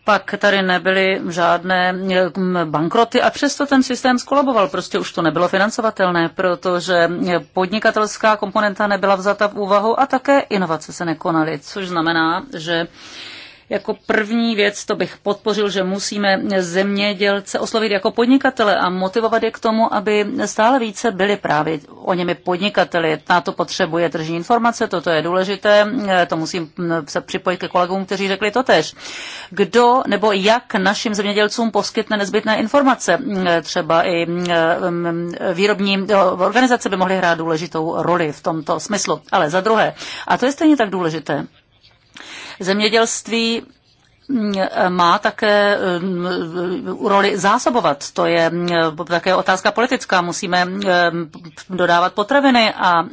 pak tady nebyly žádné mm, bankroty a přesto ten systém skolaboval. Prostě už to nebylo financovatelné, protože podnikatelská komponenta nebyla vzata v úvahu a také inovace se nekonaly, což znamená, že jako první věc to bych podpořil, že musíme zemědělce oslovit jako podnikatele a motivovat je k tomu, aby stále více byli právě o němi podnikateli. Na to potřebuje tržní informace, toto je důležité, to musím se připojit ke kolegům, kteří řekli to tež. Kdo nebo jak našim zemědělcům poskytne nezbytné informace, třeba i mm, výrobní organizace by mohly hrát důležitou roli v tomto smyslu. Ale za druhé, a to je stejně tak důležité, Zemědělství mm, má také mm, roli zásobovat. To je mm, také otázka politická. Musíme dodávat potraviny a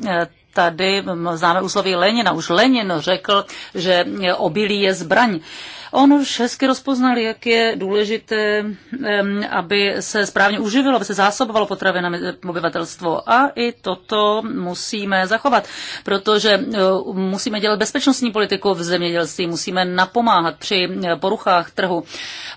tady známe úsloví Lenina. Už Lenin řekl, že obilí je zbraň. On už hezky rozpoznal, jak je důležité, aby se správně uživilo, aby se zásobovalo potravinami eh, obyvatelstvo. A i toto musíme zachovat, protože eh, musíme dělat bezpečnostní politiku v zemědělství, musíme napomáhat při eh, poruchách trhu.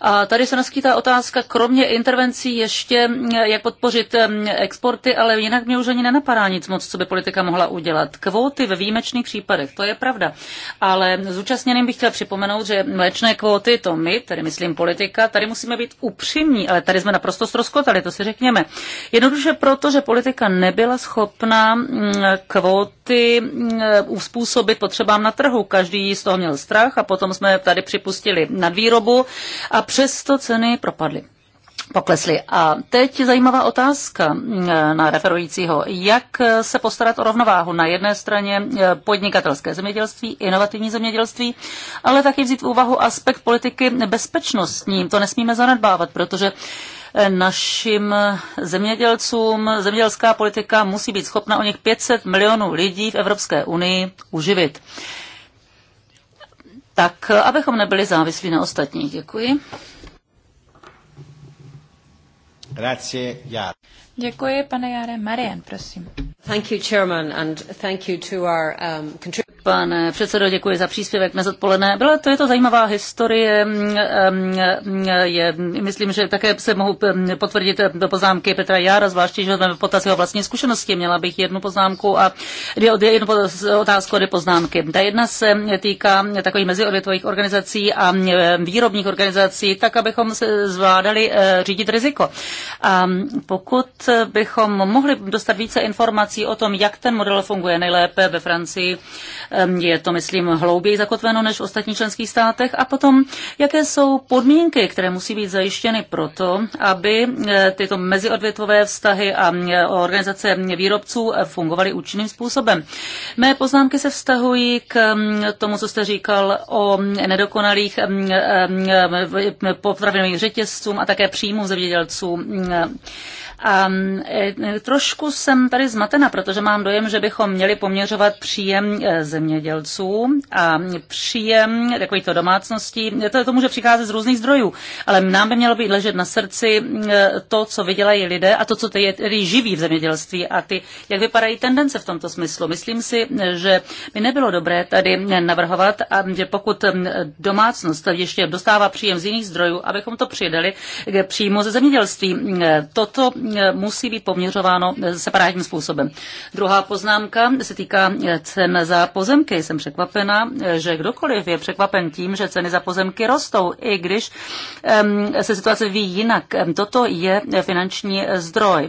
A tady se naskýtá otázka, kromě intervencí ještě, jak podpořit exporty, ale jinak mě už ani nenapadá nic moc, co by politika mohla udělat. Kvóty ve výjimečných případech, to je pravda. Ale zúčastněným bych chtěla připomenout, že mléčné příslušné kvóty, to my, tady myslím politika, tady musíme být upřímní, ale tady jsme naprosto ztroskotali, to si řekněme. Jednoduše proto, že politika nebyla schopná mm, kvóty mm, uspůsobit potřebám na trhu. Každý z toho měl strach a potom jsme tady připustili nadvýrobu a přesto ceny propadly poklesly. A teď zajímavá otázka mm, na referujícího. Jak se postarat o rovnováhu? Na jedné straně eh, podnikatelské zemědělství, inovativní zemědělství, ale taky vzít v úvahu aspekt politiky bezpečnostní. To nesmíme zanedbávat, protože eh, našim zemědělcům zemědělská politika musí být schopna o nich 500 milionů lidí v Evropské unii uživit. Tak, eh, abychom nebyli závislí na ostatních. Děkuji. Grazie, Jar. Děkuji, pane Jare. Marian, prosím. Thank you, Chairman, and thank you to our um, Pane předsedo, děkuji za příspěvek dnes odpoledne. Byla to, je to zajímavá historie. Mm, mm, je, myslím, že také se mohu mm, potvrdit do eh, poznámky Petra Jára, zvláště, že jsme potaz jeho vlastní zkušenosti. Měla bych jednu poznámku a dvě, jednu otázku a dvě poznámky. Ta jedna se týká takových meziodvětových organizací a eh, výrobních organizací, tak abychom se zvládali eh, řídit riziko. A pokud bychom mohli dostat více informací o tom, jak ten model funguje nejlépe ve Francii, Ehm, je to, myslím, hlouběji zakotveno než v ostatních členských státech. A potom, jaké jsou podmínky, které musí být zajištěny proto, aby eh, tyto meziodvětvové vztahy a eh, organizace výrobců eh, fungovaly účinným způsobem. Mé poznámky se vztahují k ehm, tomu, co jste říkal o nedokonalých ehm, potravinových řetězcům a také příjmu zemědělců. A ehm, e, trošku jsem tady zmatena, protože mám dojem, že bychom měli poměřovat příjem e, zemědělců a příjem takovýchto domácností. To, to může přicházet z různých zdrojů, ale nám by mělo být ležet na srdci e, to, co vydělají lidé a to, co tedy živí v zemědělství a ty, jak vypadají tendence v tomto smyslu. Myslím si, že by nebylo dobré tady navrhovat, že pokud domácnost ještě dostává příjem z jiných zdrojů, abychom to přidali k příjmu ze zemědělství. Toto musí být poměřováno separátním způsobem. Druhá poznámka se týká cen za pozemky. Jsem překvapena, že kdokoliv je překvapen tím, že ceny za pozemky rostou, i když se situace ví jinak. Toto je finanční zdroj.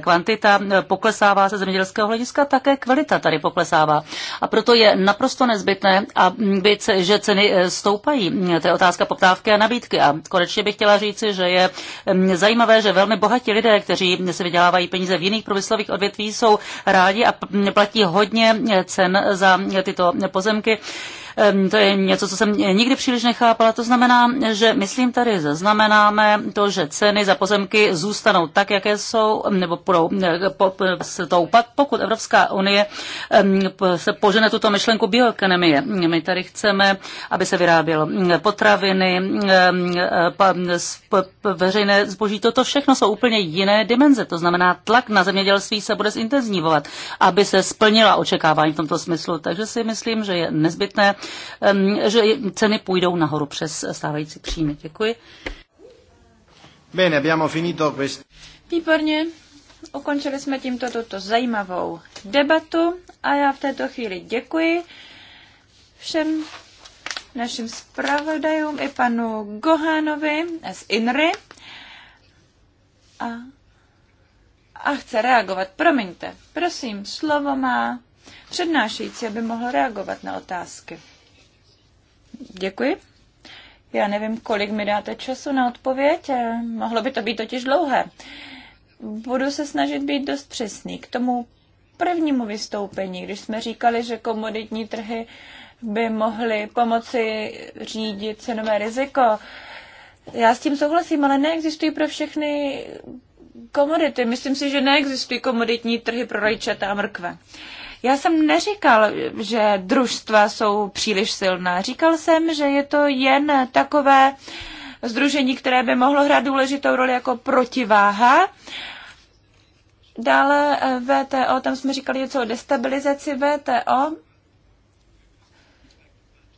Kvantita poklesává se zemědělského hlediska, také kvalita tady poklesává. A proto je naprosto nezbytné, aby, že ceny stoupají. To je otázka poptávky a nabídky. A konečně bych chtěla říci, že je zajímavé, že velmi bohatí lidé kteří se vydělávají peníze v jiných průmyslových odvětví, jsou rádi a platí hodně cen za tyto pozemky. To je něco, co jsem nikdy příliš nechápala. To znamená, že myslím tady zaznamenáme to, že ceny za pozemky zůstanou tak, jaké jsou, nebo budou stoupat, pokud Evropská unie se požene tuto myšlenku bioekonomie. My tady chceme, aby se vyrábělo potraviny, veřejné zboží. Toto všechno jsou úplně jiné dimenze. To znamená, tlak na zemědělství se bude zintenzivovat, aby se splnila očekávání v tomto smyslu. Takže si myslím, že je nezbytné, že ceny půjdou nahoru přes stávající příjmy. Děkuji. Bene, abbiamo finito questo. Výborně. Ukončili jsme tímto tuto zajímavou debatu a já v této chvíli děkuji všem našim zpravodajům i panu Gohánovi z INRY. A, a chce reagovat. Promiňte, prosím, slovo má přednášející, aby mohl reagovat na otázky. Děkuji. Já nevím, kolik mi dáte času na odpověď. Eh, Mohlo by to být totiž dlouhé. Budu se snažit být dost přesný. K tomu prvnímu vystoupení, když jsme říkali, že komoditní trhy by mohly pomoci řídit cenové riziko. Já s tím souhlasím, ale neexistují pro všechny komodity. Myslím si, že neexistují komoditní trhy pro rajčata a mrkve. Uh, já jsem neříkal, že družstva jsou příliš silná. Říkal jsem, že je to jen takové združení, které by mohlo hrát důležitou roli jako protiváha. Dále eh, VTO, tam jsme říkali něco o destabilizaci VTO.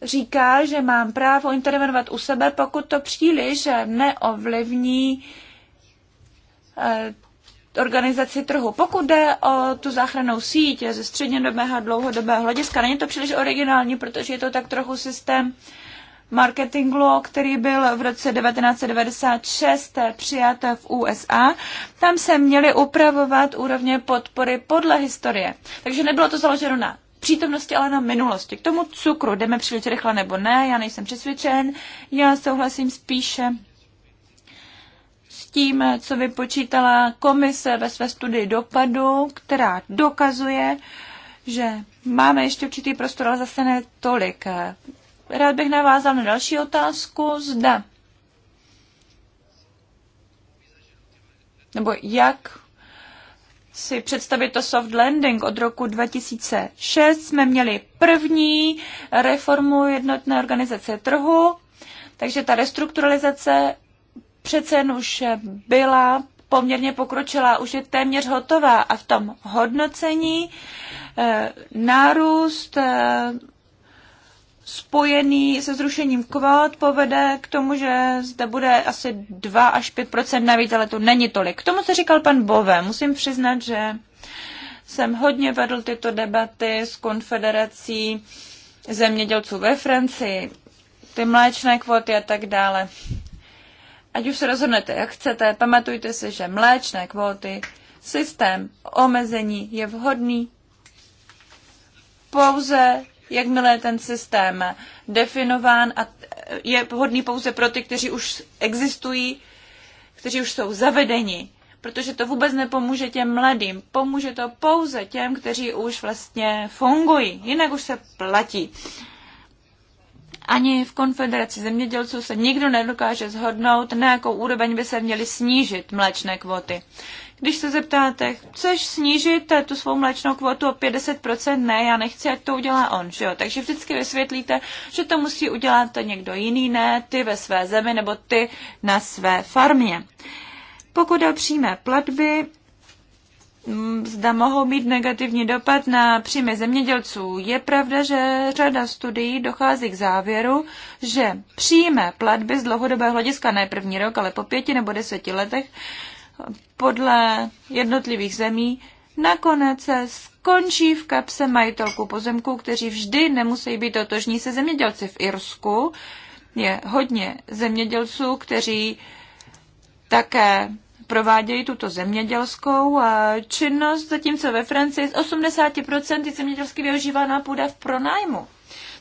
Říká, že mám právo intervenovat u sebe, pokud to příliš neovlivní eh, organizaci trhu. Pokud jde o tu záchranou síť ze střednědobého a dlouhodobého hlediska, není to příliš originální, protože je to tak trochu systém marketing law, který byl v roce 1996 přijat v USA. Tam se měly upravovat úrovně podpory podle historie. Takže nebylo to založeno na přítomnosti, ale na minulosti. K tomu cukru jdeme příliš rychle nebo ne, já nejsem přesvědčen. Já souhlasím spíše tím, co vypočítala komise ve své studii dopadu, která dokazuje, že máme ještě určitý prostor, ale zase ne tolik. Rád bych navázal na další otázku. Zda. Nebo jak si představit to soft landing od roku 2006 jsme měli první reformu jednotné organizace trhu, takže ta restrukturalizace přece jen už byla poměrně pokročila, už je téměř hotová a v tom hodnocení eh, nárůst eh, spojený se zrušením kvót povede k tomu, že zde bude asi 2 až 5 navíc, ale to není tolik. K tomu, co říkal pan Bové, musím přiznat, že jsem hodně vedl tyto debaty s konfederací zemědělců ve Francii, ty mléčné kvóty a tak dále ať už se rozhodnete, jak chcete, pamatujte si, že mléčné kvóty, systém omezení je vhodný pouze, jakmile je ten systém definován a je vhodný pouze pro ty, kteří už existují, kteří už jsou zavedeni, protože to vůbec nepomůže těm mladým. Pomůže to pouze těm, kteří už vlastně fungují, jinak už se platí. Ani v konfederaci zemědělců se nikdo nedokáže zhodnout, na jakou úroveň by se měly snížit mléčné kvoty. Když se zeptáte, chceš snížit tu svou mléčnou kvotu o 50%? Ne, já nechci, jak to udělá on, že jo? Takže vždycky vysvětlíte, že to musí udělat někdo jiný, ne ty ve své zemi nebo ty na své farmě. Pokud o přímé platby, zda mohou mít negativní dopad na příjmy zemědělců. Je pravda, že řada studií dochází k závěru, že příjme platby z dlouhodobého hlediska ne první rok, ale po pěti nebo deseti letech podle jednotlivých zemí nakonec se skončí v kapse majitelků pozemků, kteří vždy nemusí být totožní se zemědělci v Irsku. Je hodně zemědělců, kteří také provádějí tuto zemědělskou eh, činnost, zatímco ve Francii z 80% zemědělsky využívaná půda v pronájmu.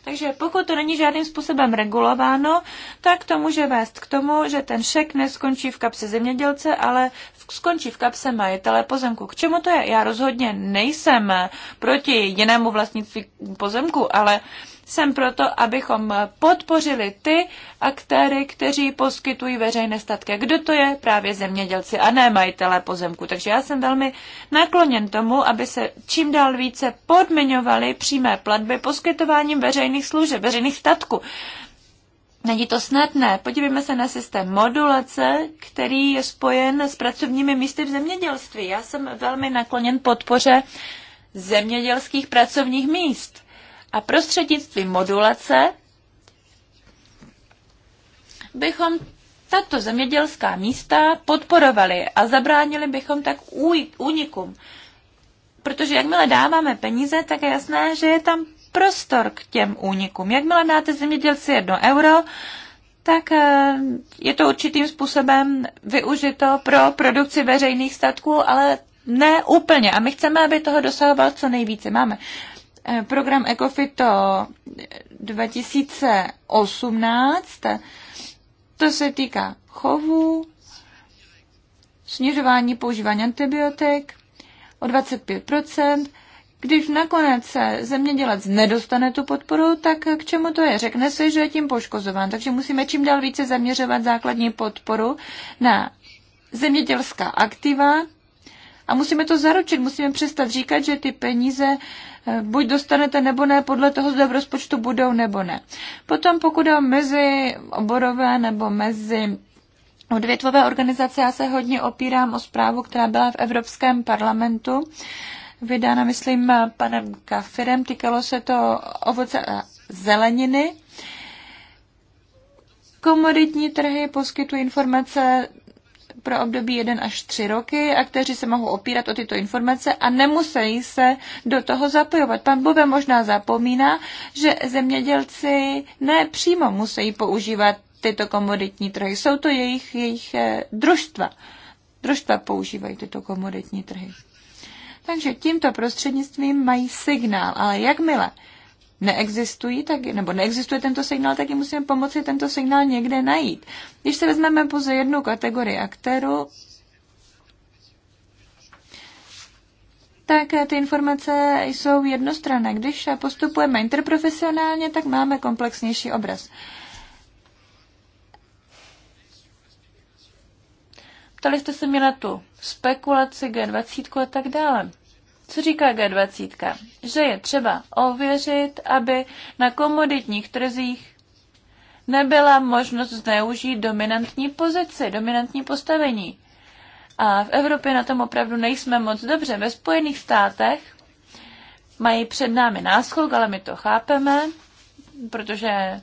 Takže pokud to není žádným způsobem regulováno, tak to může vést k tomu, že ten šek neskončí v kapse zemědělce, ale skončí v kapse majitele pozemku. K čemu to je? Já rozhodně nejsem eh, proti jinému vlastnictví pozemku, ale uh, jsem proto, abychom podpořili ty aktéry, kteří poskytují veřejné statky. Kdo to je? Právě zemědělci a ne majitelé pozemku. Takže já jsem velmi nakloněn tomu, aby se čím dál více podmiňovaly přímé platby poskytováním veřejných služeb, veřejných statků. Není to snadné. Podívejme se na systém modulace, který je spojen s pracovními místy v zemědělství. Já jsem velmi nakloněn podpoře zemědělských pracovních míst. A prostřednictvím modulace bychom tato zemědělská místa podporovali a zabránili bychom tak únikům. Protože jakmile dáváme peníze, tak je jasné, že je tam prostor k těm únikům. Jakmile dáte zemědělci jedno euro, tak eh, je to určitým způsobem využito pro produkci veřejných statků, ale ne úplně. A my chceme, aby toho dosahoval co nejvíce. Máme Eh, program Ecofito 2018, eh, to se týká chovu snižování používání antibiotik o 25 když nakonec se zemědělec nedostane tu podporu, tak k čemu to je? Řekne si, že je tím poškozován. Takže musíme čím dál více zaměřovat základní podporu na zemědělská aktiva a musíme to zaručit. Musíme přestat říkat, že ty peníze buď dostanete nebo ne, podle toho zde v rozpočtu budou nebo ne. Potom pokud je mezi oborové nebo mezi odvětvové organizace, já se hodně opírám o zprávu, která byla v Evropském parlamentu, vydána, myslím, panem Kafirem, týkalo se to ovoce a zeleniny. Komoditní trhy poskytují informace pro období 1 až 3 roky a kteří se mohou opírat o tyto informace a nemusí se do toho zapojovat. Pan Bube možná zapomíná, že zemědělci nepřímo musí používat tyto komoditní trhy. Jsou to jejich, jejich eh, družstva. Družstva používají tyto komoditní trhy. Takže tímto prostřednictvím mají signál, ale jakmile neexistují, tak, nebo neexistuje tento signál, tak jim musíme pomoci tento signál někde najít. Když se vezmeme pouze jednu kategorii aktérů, tak ty informace jsou jednostranné. Když postupujeme interprofesionálně, tak máme komplexnější obraz. Ptali jste se mě na tu spekulaci G20 a tak dále. Co říká G20? Že je třeba ověřit, aby na komoditních trzích nebyla možnost zneužít dominantní pozici, dominantní postavení. A v Evropě na tom opravdu nejsme moc dobře. Ve Spojených státech mají před námi náskok, ale my to chápeme, protože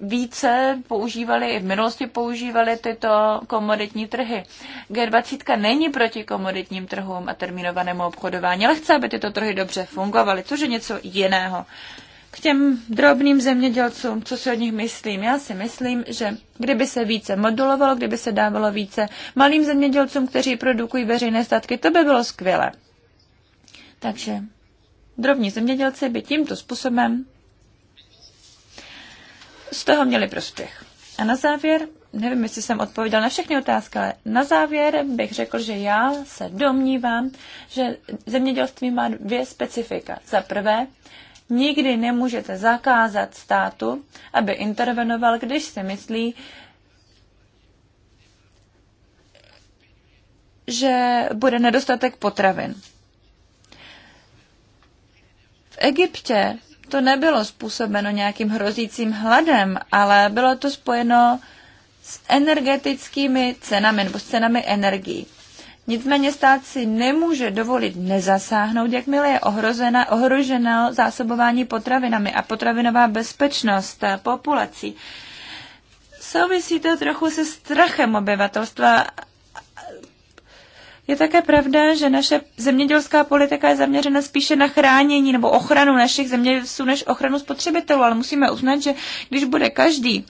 více používali, i v minulosti používali tyto komoditní trhy. G20 není proti komoditním trhům a termínovanému obchodování, ale chce, aby tyto trhy dobře fungovaly, což je něco jiného. K těm drobným zemědělcům, co si o nich myslím? Já si myslím, že kdyby se více modulovalo, kdyby se dávalo více malým zemědělcům, kteří produkují veřejné statky, to by bylo skvělé. Takže drobní zemědělci by tímto způsobem z toho měli prospěch. A na závěr, nevím, jestli jsem odpověděl na všechny otázky, ale na závěr bych řekl, že já se domnívám, že zemědělství má dvě specifika. Za prvé, nikdy nemůžete zakázat státu, aby intervenoval, když si myslí, že bude nedostatek potravin. V Egyptě to nebylo způsobeno nějakým hrozícím hladem, ale bylo to spojeno s energetickými cenami nebo s cenami energií. Nicméně stát si nemůže dovolit nezasáhnout, jakmile je ohrozena, ohroženo zásobování potravinami a potravinová bezpečnost populací. Souvisí to trochu se strachem obyvatelstva je také pravda, že naše zemědělská politika je zaměřena spíše na chránění nebo ochranu našich zemědělců než ochranu spotřebitelů, ale musíme uznat, že když bude každý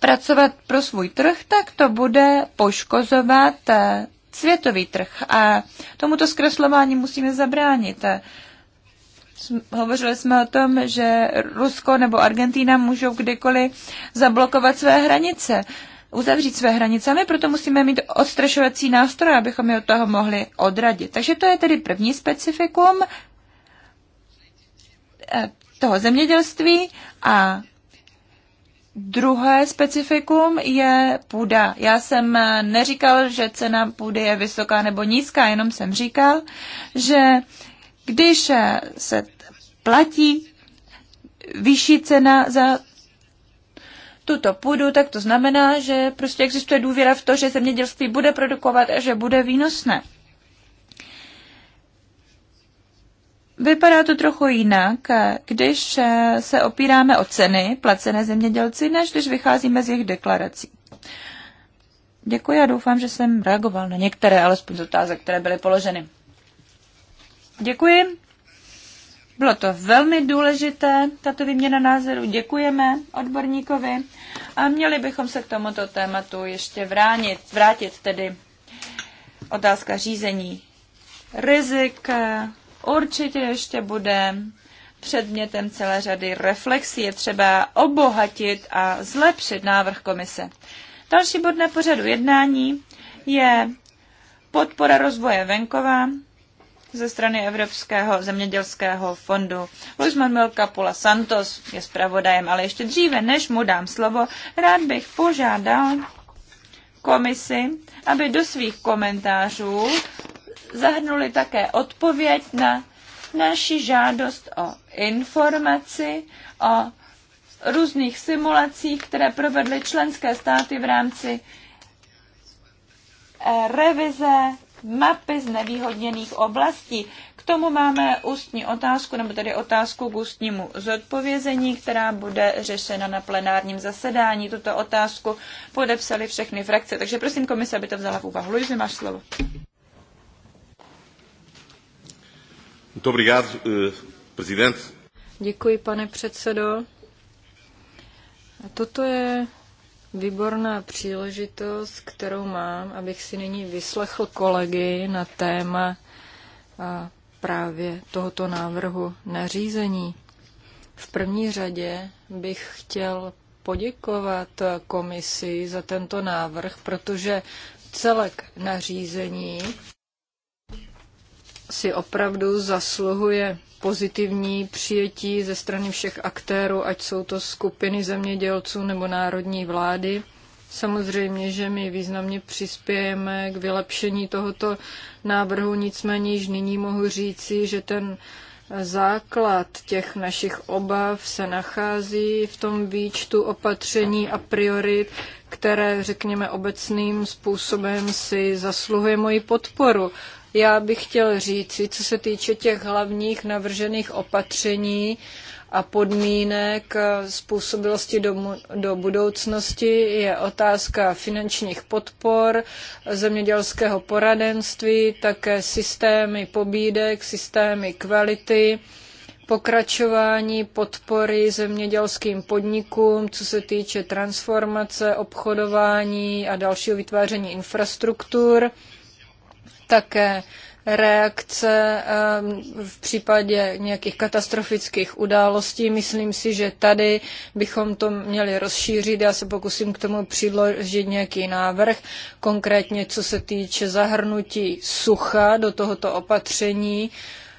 pracovat pro svůj trh, tak to bude poškozovat eh, světový trh a tomuto zkreslování musíme zabránit. Hovořili jsme o tom, že Rusko nebo Argentína můžou kdykoliv zablokovat své hranice uzavřít své hranice a my proto musíme mít odstrašovací nástroje, abychom je od toho mohli odradit. Takže to je tedy první specifikum eh, toho zemědělství a Druhé specifikum je půda. Já jsem eh, neříkal, že cena půdy je vysoká nebo nízká, jenom jsem říkal, že když eh, se platí vyšší cena za tuto půdu, tak to znamená, že prostě existuje důvěra v to, že zemědělství bude produkovat a že bude výnosné. Vypadá to trochu jinak, když se opíráme o ceny placené zemědělci, než když vycházíme z jejich deklarací. Děkuji a doufám, že jsem reagoval na některé, alespoň z otázek, které byly položeny. Děkuji. Bylo to velmi důležité, tato výměna názoru. Děkujeme odborníkovi a měli bychom se k tomuto tématu ještě vránit, vrátit tedy otázka řízení rizik. Eh, určitě ještě bude předmětem celé řady reflexí. Je třeba obohatit a zlepšit návrh komise. Další bod na pořadu jednání je podpora rozvoje venkova ze strany Evropského zemědělského fondu. Luis Manuel Capula Santos je zpravodajem, ale ještě dříve, než mu dám slovo, rád bych požádal komisi, aby do svých komentářů zahrnuli také odpověď na naši žádost o informaci o různých simulacích, které provedly členské státy v rámci revize mapy z nevýhodněných oblastí. K tomu máme ústní otázku, nebo tedy otázku k ústnímu zodpovězení, která bude řešena na plenárním zasedání. Tuto otázku podepsali všechny frakce, takže prosím komise, aby to vzala v úvahu. Luizy, máš slovo. Eh, Děkuji, pane předsedo. Toto je výborná příležitost, kterou mám, abych si nyní vyslechl kolegy na téma právě tohoto návrhu nařízení. V první řadě bych chtěl poděkovat komisi za tento návrh, protože celek nařízení si opravdu zasluhuje pozitivní přijetí ze strany všech aktérů, ať jsou to skupiny zemědělců nebo národní vlády. Samozřejmě, že my významně přispějeme k vylepšení tohoto návrhu, nicméně již nyní mohu říci, že ten základ těch našich obav se nachází v tom výčtu opatření a priorit, které, řekněme, obecným způsobem si zasluhuje moji podporu. Já bych chtěl říci, co se týče těch hlavních navržených opatření a podmínek způsobilosti do, do budoucnosti, je otázka finančních podpor, zemědělského poradenství, také systémy pobídek, systémy kvality pokračování podpory zemědělským podnikům, co se týče transformace, obchodování a dalšího vytváření infrastruktur také reakce ehm, v případě nějakých katastrofických událostí. Myslím si, že tady bychom to měli rozšířit. Já se pokusím k tomu přiložit nějaký návrh, konkrétně co se týče zahrnutí sucha do tohoto opatření.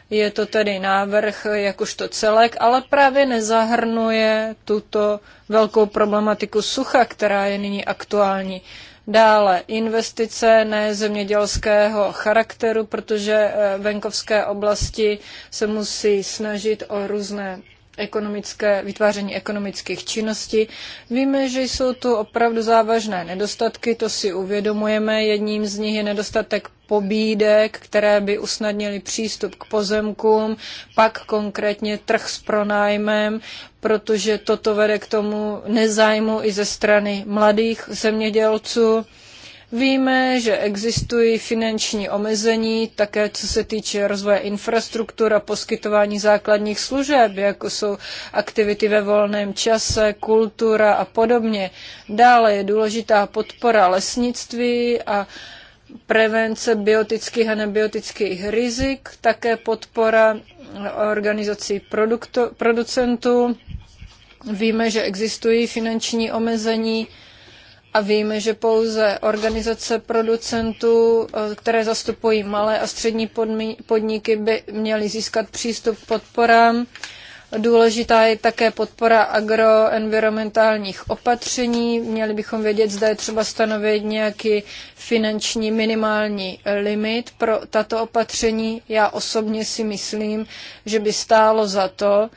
Je to tedy návrh jakožto celek, ale právě nezahrnuje tuto velkou problematiku sucha, která je nyní aktuální. Dále investice ne zemědělského charakteru, protože eh, venkovské oblasti se musí snažit o různé ekonomické, vytváření ekonomických činností. Víme, že jsou tu opravdu závažné nedostatky, to si uvědomujeme. Jedním z nich je nedostatek pobídek, které by usnadnily přístup k pozemkům, pak konkrétně trh s pronájmem, protože toto vede k tomu nezájmu i ze strany mladých zemědělců. Víme, že existují finanční omezení, také co se týče rozvoje infrastruktur a poskytování základních služeb, jako jsou aktivity ve volném čase, kultura a podobně. Dále je důležitá podpora lesnictví a prevence biotických a nebiotických rizik, také podpora organizací produktu, producentů. Víme, že existují finanční omezení a víme, že pouze organizace producentů, eh, které zastupují malé a střední podniky, by měly získat přístup k podporám Důležitá je také podpora agroenvironmentálních opatření. Měli bychom vědět, zda je třeba stanovit nějaký finanční minimální limit pro tato opatření. Já osobně si myslím, že by stálo za to,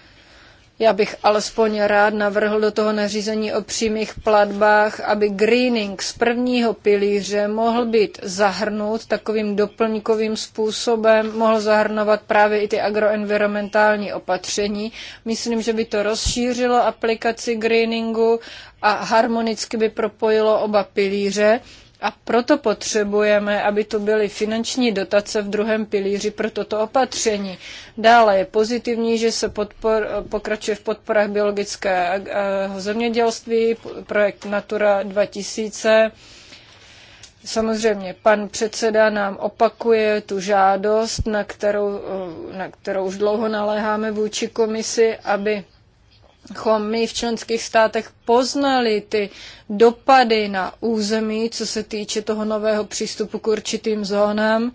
já bych alespoň rád navrhl do toho nařízení o přímých platbách, aby greening z prvního pilíře mohl být zahrnut takovým doplňkovým způsobem, mohl zahrnovat právě i ty agroenvironmentální opatření. Myslím, že by to rozšířilo aplikaci greeningu a harmonicky by propojilo oba pilíře. A proto potřebujeme, aby to byly finanční dotace v druhém pilíři pro toto opatření. Dále je pozitivní, že se podpor, pokračuje v podporách biologického zemědělství, projekt Natura 2000. Samozřejmě, pan předseda nám opakuje tu žádost, na kterou, na kterou už dlouho naléháme vůči komisi, aby chom my v členských státech poznali ty dopady na území, co se týče toho nového přístupu k určitým zónám,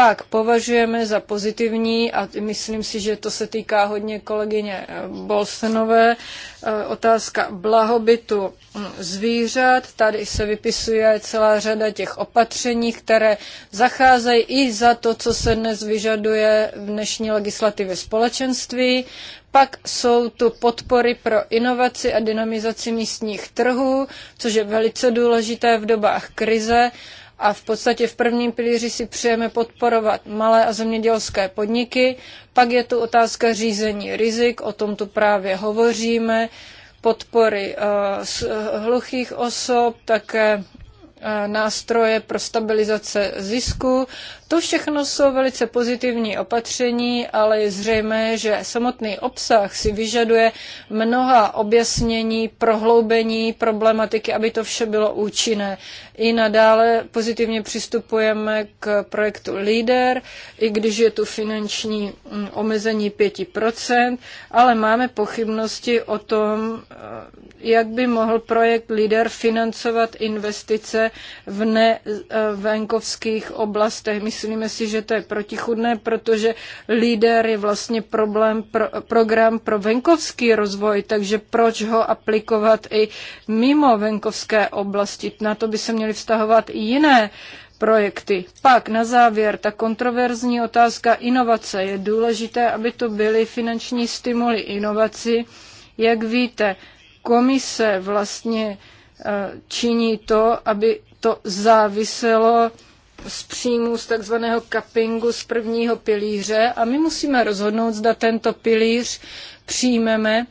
pak považujeme za pozitivní, a myslím si, že to se týká hodně kolegyně eh, Bolsenové, eh, otázka blahobytu hm, zvířat. Tady se vypisuje celá řada těch opatření, které zacházejí i za to, co se dnes vyžaduje v dnešní legislativě společenství. Pak jsou tu podpory pro inovaci a dynamizaci místních trhů, což je velice důležité v dobách krize. A v podstatě v prvním pilíři si přejeme podporovat malé a zemědělské podniky. Pak je tu otázka řízení rizik, o tom tu právě hovoříme, podpory uh, hluchých osob, také eh, nástroje pro stabilizace zisku, to všechno jsou velice pozitivní opatření, ale je zřejmé, že samotný obsah si vyžaduje mnoha objasnění, prohloubení problematiky, aby to vše bylo účinné. I nadále pozitivně přistupujeme k projektu LEADER, i když je tu finanční mm, omezení 5%, ale máme pochybnosti o tom, eh, jak by mohl projekt LEADER financovat investice v nevenkovských eh, oblastech. Myslíme si, že to je protichudné, protože líder je vlastně problém, pro, program pro venkovský rozvoj, takže proč ho aplikovat i mimo venkovské oblasti? Na to by se měly vztahovat i jiné projekty. Pak na závěr ta kontroverzní otázka inovace. Je důležité, aby to byly finanční stimuly inovaci. Jak víte, komise vlastně eh, činí to, aby to záviselo z příjmu z takzvaného cuppingu z prvního pilíře a my musíme rozhodnout, zda tento pilíř přijmeme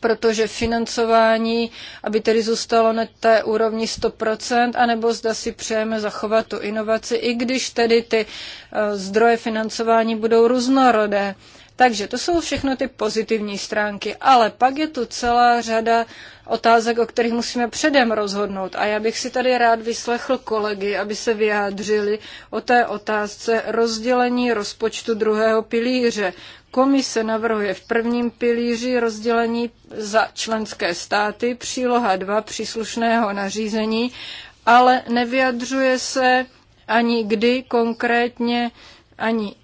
protože financování, aby tedy zůstalo na té úrovni 100%, anebo zda si přejeme zachovat tu inovaci, i když tedy ty eh, zdroje financování budou různorodé. Takže to jsou všechno ty pozitivní stránky, ale pak je tu celá řada otázek, o kterých musíme předem rozhodnout. A já bych si tady rád vyslechl kolegy, aby se vyjádřili o té otázce rozdělení rozpočtu druhého pilíře. Komise navrhuje v prvním pilíři rozdělení za členské státy, příloha 2 příslušného nařízení, ale nevyjadřuje se ani kdy konkrétně, ani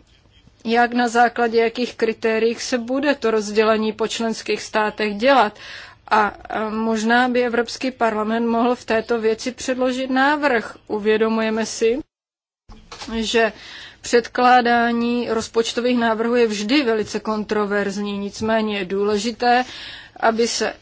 jak na základě jakých kritérií se bude to rozdělení po členských státech dělat. A možná by Evropský parlament mohl v této věci předložit návrh. Uvědomujeme si, že předkládání rozpočtových návrhů je vždy velice kontroverzní, nicméně je důležité, aby se eh,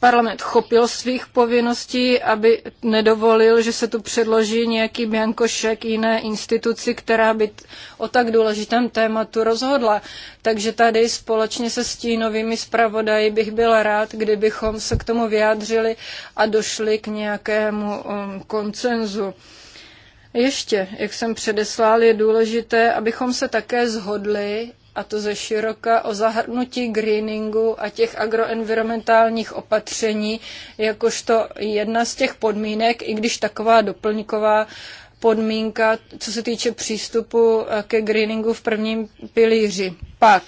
parlament chopil svých povinností, aby nedovolil, že se tu předloží nějaký biankošek jiné instituci, která by o tak důležitém tématu rozhodla. Takže tady společně se stínovými zpravodaji bych byla rád, kdybychom se k tomu vyjádřili a došli k nějakému um, koncenzu. Ještě, jak jsem předeslal, je důležité, abychom se také zhodli a to ze široka o zahrnutí greeningu a těch agroenvironmentálních opatření jakožto jedna z těch podmínek, i když taková doplňková podmínka, co se týče přístupu eh, ke greeningu v prvním pilíři. Pak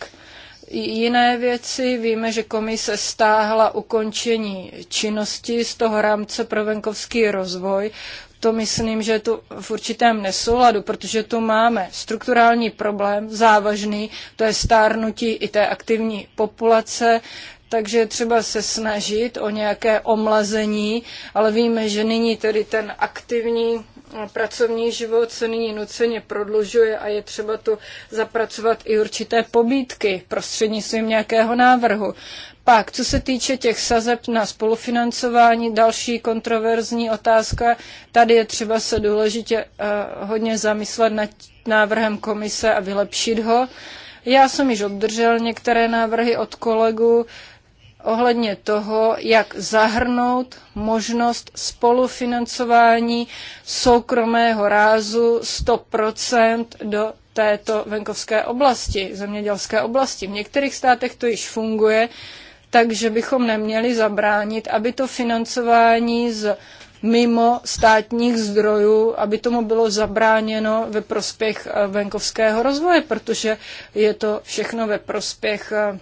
jiné věci. Víme, že komise stáhla ukončení činnosti z toho rámce pro venkovský rozvoj, to myslím, že je to v určitém nesouladu, protože tu máme strukturální problém závažný, to je stárnutí i té aktivní populace, takže třeba se snažit o nějaké omlazení, ale víme, že nyní tedy ten aktivní eh, pracovní život se nyní nuceně prodlužuje a je třeba tu zapracovat i určité pobídky prostřednictvím nějakého návrhu. Pak, co se týče těch sazeb na spolufinancování, další kontroverzní otázka, tady je třeba se důležitě uh, hodně zamyslet nad návrhem komise a vylepšit ho. Já jsem již obdržel některé návrhy od kolegů ohledně toho, jak zahrnout možnost spolufinancování soukromého rázu 100% do této venkovské oblasti, zemědělské oblasti. V některých státech to již funguje, takže bychom neměli zabránit, aby to financování z mimo státních zdrojů, aby tomu bylo zabráněno ve prospěch eh, venkovského rozvoje, protože je to všechno ve prospěch eh,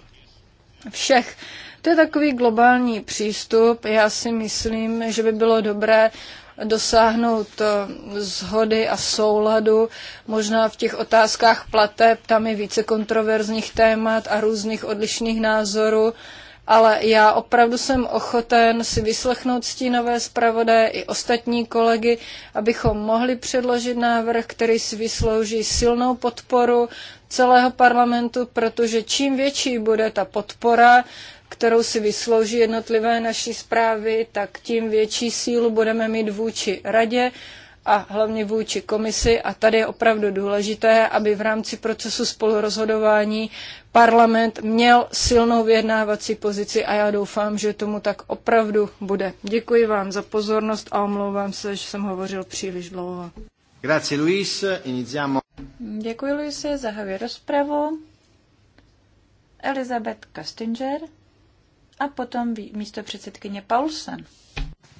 všech. To je takový globální přístup. Já si myslím, že by bylo dobré dosáhnout zhody eh, a souladu. Možná v těch otázkách plateb tam je více kontroverzních témat a různých odlišných názorů ale já opravdu jsem ochoten si vyslechnout stínové zpravodaje i ostatní kolegy, abychom mohli předložit návrh, který si vyslouží silnou podporu celého parlamentu, protože čím větší bude ta podpora, kterou si vyslouží jednotlivé naší zprávy, tak tím větší sílu budeme mít vůči radě a hlavně vůči komisi. A tady je opravdu důležité, aby v rámci procesu spolurozhodování parlament měl silnou vyjednávací pozici a já doufám, že tomu tak opravdu bude. Děkuji vám za pozornost a omlouvám se, že jsem hovořil příliš dlouho. Grazie Luis, iniziamo. Děkuji Luise, zahajuji rozpravu. Elizabeth Kastinger a potom místo předsedkyně Paulsen.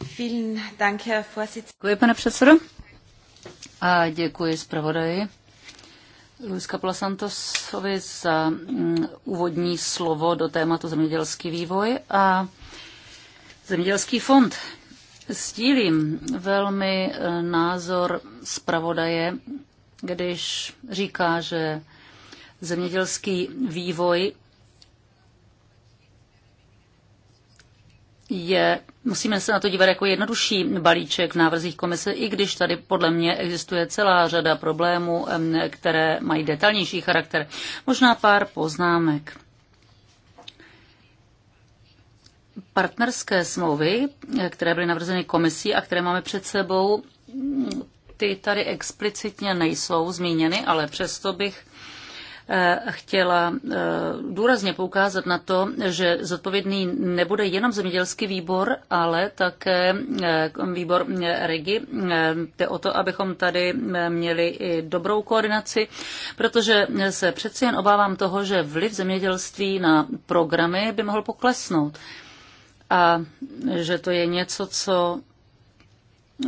Děkuji, pane předsedo. A děkuji zpravodaji. Luis Capula Santosovi za mm, úvodní slovo do tématu zemědělský vývoj a zemědělský fond. Sdílím velmi e, názor zpravodaje, když říká, že zemědělský vývoj je, musíme se na to dívat jako jednodušší balíček v návrzích komise, i když tady podle mě existuje celá řada problémů, které mají detalnější charakter. Možná pár poznámek. Partnerské smlouvy, které byly navrzeny komisí a které máme před sebou, ty tady explicitně nejsou zmíněny, ale přesto bych Eh, chtěla eh, důrazně poukázat na to, že zodpovědný nebude jenom zemědělský výbor, ale také eh, výbor regi. Jde o to, abychom tady měli i dobrou koordinaci, protože se přeci jen obávám toho, že vliv zemědělství na programy by mohl poklesnout a že to je něco, co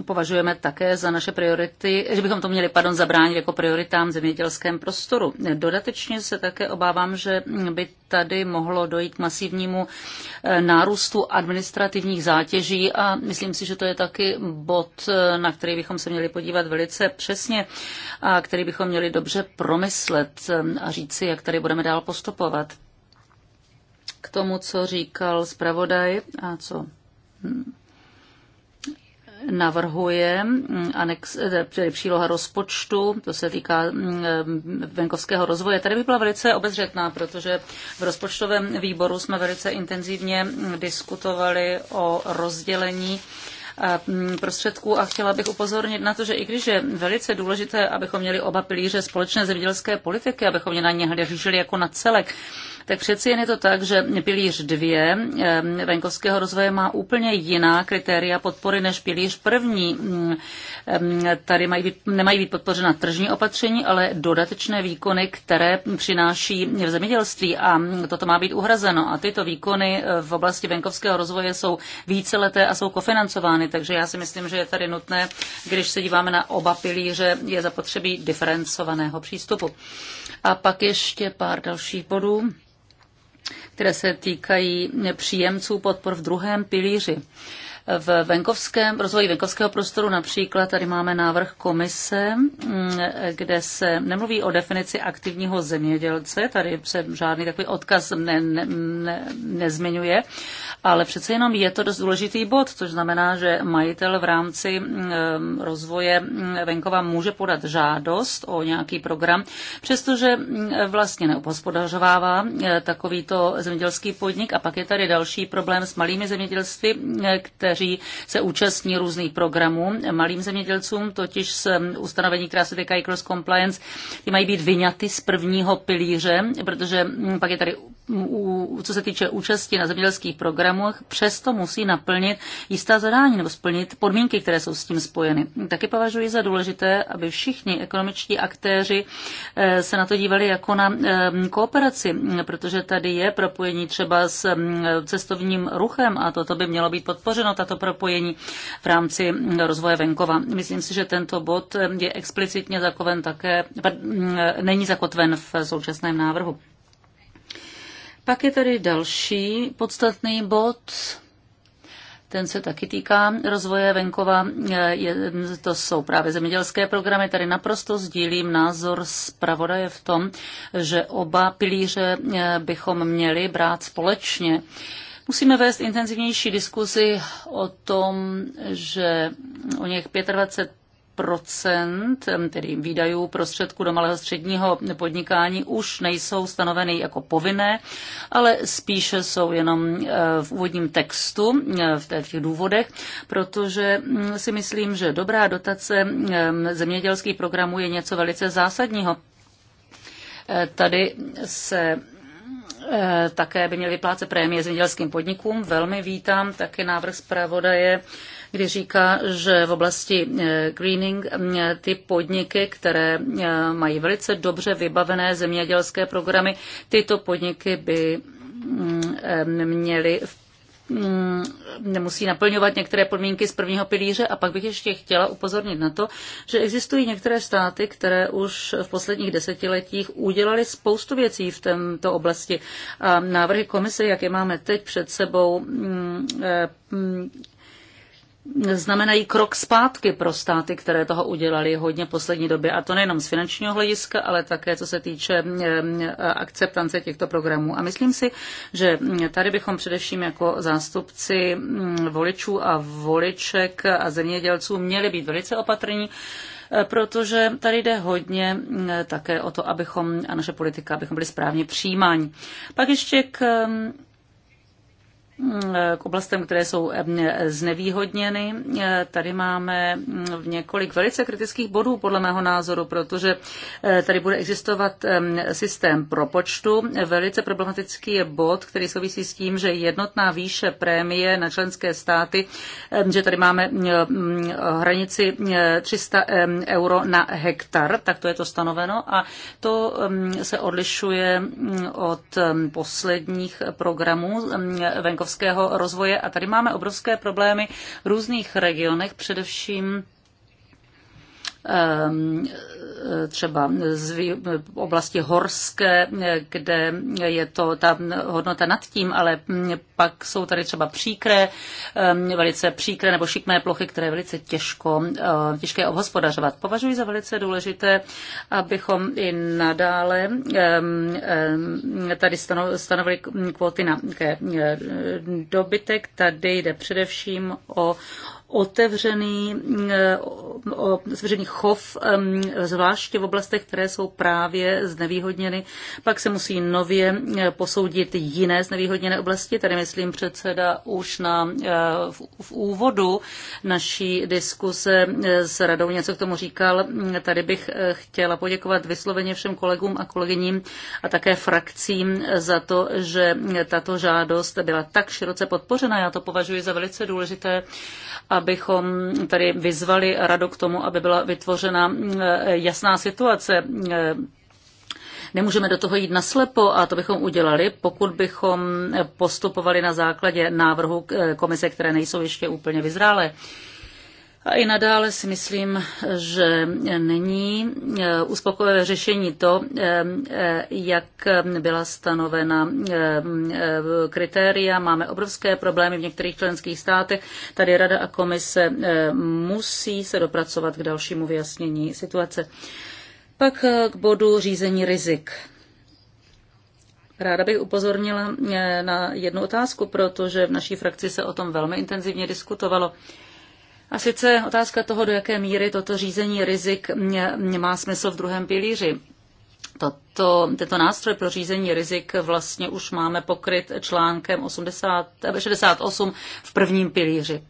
považujeme také za naše priority, že bychom to měli pardon, zabránit jako prioritám v zemědělském prostoru. Dodatečně se také obávám, že by tady mohlo dojít k masivnímu eh, nárůstu administrativních zátěží a myslím si, že to je taky bod, eh, na který bychom se měli podívat velice přesně a který bychom měli dobře promyslet eh, a říci, jak tady budeme dál postupovat. K tomu, co říkal zpravodaj a co hm, navrhuje mm, anex, eh, tedy příloha rozpočtu, to se týká mm, venkovského rozvoje. Tady by byla velice obezřetná, protože v rozpočtovém výboru jsme velice intenzivně mm, diskutovali o rozdělení eh, prostředků a chtěla bych upozornit na to, že i když je velice důležité, abychom měli oba pilíře společné zemědělské politiky, abychom je na ně hlíželi jako na celek, tak přeci jen je to tak, že pilíř dvě venkovského rozvoje má úplně jiná kritéria podpory než pilíř první. Mm, tady mají být, nemají být podpořena tržní opatření, ale dodatečné výkony, které přináší v zemědělství a toto má být uhrazeno. A tyto výkony eh, v oblasti venkovského rozvoje jsou víceleté a jsou kofinancovány, takže já si myslím, že je tady nutné, když se díváme na oba pilíře, je zapotřebí diferencovaného přístupu. A pak ještě pár dalších bodů které se týkají příjemců podpor v druhém pilíři. V venkovském rozvoji venkovského prostoru například tady máme návrh komise, mm, kde se nemluví o definici aktivního zemědělce, tady se žádný takový odkaz ne, ne, ne, nezmiňuje, ale přece jenom je to dost důležitý bod, což znamená, že majitel v rámci mm, eh, rozvoje mm, venkova může podat žádost o nějaký program, přestože mm, vlastně neobhospodařovává eh, takovýto zemědělský podnik. A pak je tady další problém s malými zemědělství, eh, kteří se účastní různých programů. Malým zemědělcům totiž s ustanovení, která se týkají cross compliance, ty mají být vyňaty z prvního pilíře, protože pak je tady, co se týče účasti na zemědělských programů programech, přesto musí naplnit jistá zadání nebo splnit podmínky, které jsou s tím spojeny. Taky považuji za důležité, aby všichni ekonomičtí aktéři eh, se na to dívali jako na eh, kooperaci, protože tady je propojení třeba s mm, cestovním ruchem a toto by mělo být podpořeno, tato propojení v rámci mm, rozvoje venkova. Myslím si, že tento bod eh, je explicitně zakotven také, mm, není zakotven v současném návrhu. Pak je tady další podstatný bod, ten se taky týká rozvoje venkova. Je, to jsou právě zemědělské programy. Tady naprosto sdílím názor zpravodaje v tom, že oba pilíře eh, bychom měli brát společně. Musíme vést intenzivnější diskuzi o tom, že o něch 25 procent tedy výdajů prostředků do malého středního podnikání, už nejsou stanoveny jako povinné, ale spíše jsou jenom e, v úvodním textu, e, v těch důvodech, protože mm, si myslím, že dobrá dotace zemědělských programů je něco velice zásadního. E, tady se také by měly vyplácet prémie zemědělským podnikům. Velmi vítám také návrh zpravodaje kdy říká, že v oblasti eh, greening eh, ty podniky, které eh, mají velice dobře vybavené zemědělské programy, tyto podniky by mm, měly v mm, nemusí naplňovat některé podmínky z prvního pilíře. A pak bych ještě chtěla upozornit na to, že existují některé státy, které už v posledních desetiletích udělali spoustu věcí v této oblasti. A návrhy komise, jak je máme teď před sebou, mm, znamenají krok zpátky pro státy, které toho udělali hodně v poslední době. A to nejenom z finančního hlediska, ale také co se týče eh, akceptance těchto programů. A myslím si, že mm, tady bychom především jako zástupci mm, voličů a voliček a zemědělců měli být velice opatrní, eh, protože tady jde hodně mm, také o to, abychom a naše politika, abychom byli správně přijímáni. Pak ještě k k oblastem, které jsou eh, eh, znevýhodněny. Eh, tady máme mm, několik velice kritických bodů, podle mého názoru, protože tady bude existovat ehm, systém propočtu. Velice problematický je bod, který souvisí s tím, že jednotná výše prémie na členské státy, ehm, že tady máme mm, hranici 300 ehm, euro na hektar, tak to je to stanoveno a to se odlišuje mm, od posledních programů venkov obrovského rozvoje a tady máme obrovské problémy v různých regionech, především Ehm, třeba z oblasti horské, kde je to ta hodnota nad tím, ale pak jsou tady třeba příkré, ehm, velice příkré nebo šikmé plochy, které je velice těžko, eh, těžké obhospodařovat. Považuji za velice důležité, abychom i nadále ehm, tady stanovili kvóty na eh, dobytek. Tady jde především o otevřený, eh, otevřený chov, zvláště v oblastech, které jsou právě znevýhodněny. Pak se musí nově eh, posoudit jiné znevýhodněné oblasti. Tady myslím předseda už na, eh, v, v úvodu naší diskuse s radou něco k tomu říkal. Mm, tady bych chtěla poděkovat vysloveně všem kolegům a kolegyním a také frakcím za to, že tato žádost byla tak široce podpořena. Já to považuji za velice důležité a abychom tady vyzvali radu k tomu, aby byla vytvořena eh, jasná situace eh, Nemůžeme do toho jít naslepo a to bychom udělali, pokud bychom postupovali na základě návrhu eh, komise, které nejsou ještě úplně vyzrálé. A i nadále si myslím, že není eh, uspokojivé řešení to, eh, eh, jak byla stanovena kritéria. Máme obrovské problémy v některých členských státech. Tady Rada a komise musí se dopracovat k dalšímu vyjasnění situace. Pak k bodu řízení rizik. Ráda bych upozornila na jednu otázku, protože v naší frakci se o tom velmi intenzivně diskutovalo. A sice otázka toho, do jaké míry toto řízení rizik má smysl v druhém pilíři. Toto, tento nástroj pro řízení rizik vlastně už máme pokryt článkem 80, 68 eh, v prvním pilíři.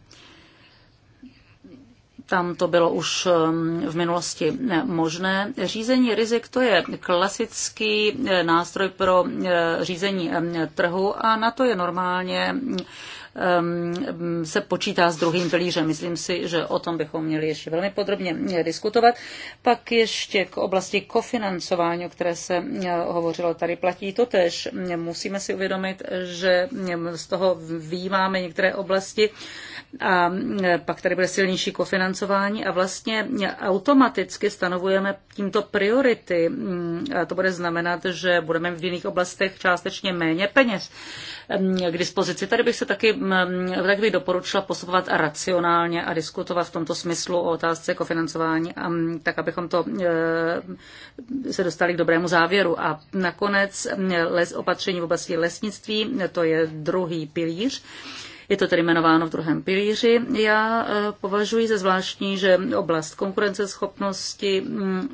Tam to bylo už ehm, v minulosti možné. Řízení rizik to je klasický eh, nástroj pro eh, řízení ehm, trhu a na to je normálně Ehm, se počítá s druhým pilířem. Myslím si, že o tom bychom měli ještě velmi podrobně eh, diskutovat. Pak ještě k oblasti kofinancování, o které se eh, hovořilo tady, platí to tež. Musíme si uvědomit, že eh, z toho výjímáme některé oblasti, a pak tady bude silnější kofinancování a vlastně automaticky stanovujeme tímto priority. Mm, to bude znamenat, že budeme v jiných oblastech částečně méně peněz k dispozici. Tady bych se taky, tak bych doporučila postupovat racionálně a diskutovat v tomto smyslu o otázce kofinancování, tak abychom to e, se dostali k dobrému závěru. A nakonec les, opatření v oblasti lesnictví, to je druhý pilíř. Je to tedy jmenováno v druhém pilíři. Já eh, považuji za zvláštní, že oblast konkurenceschopnosti mm,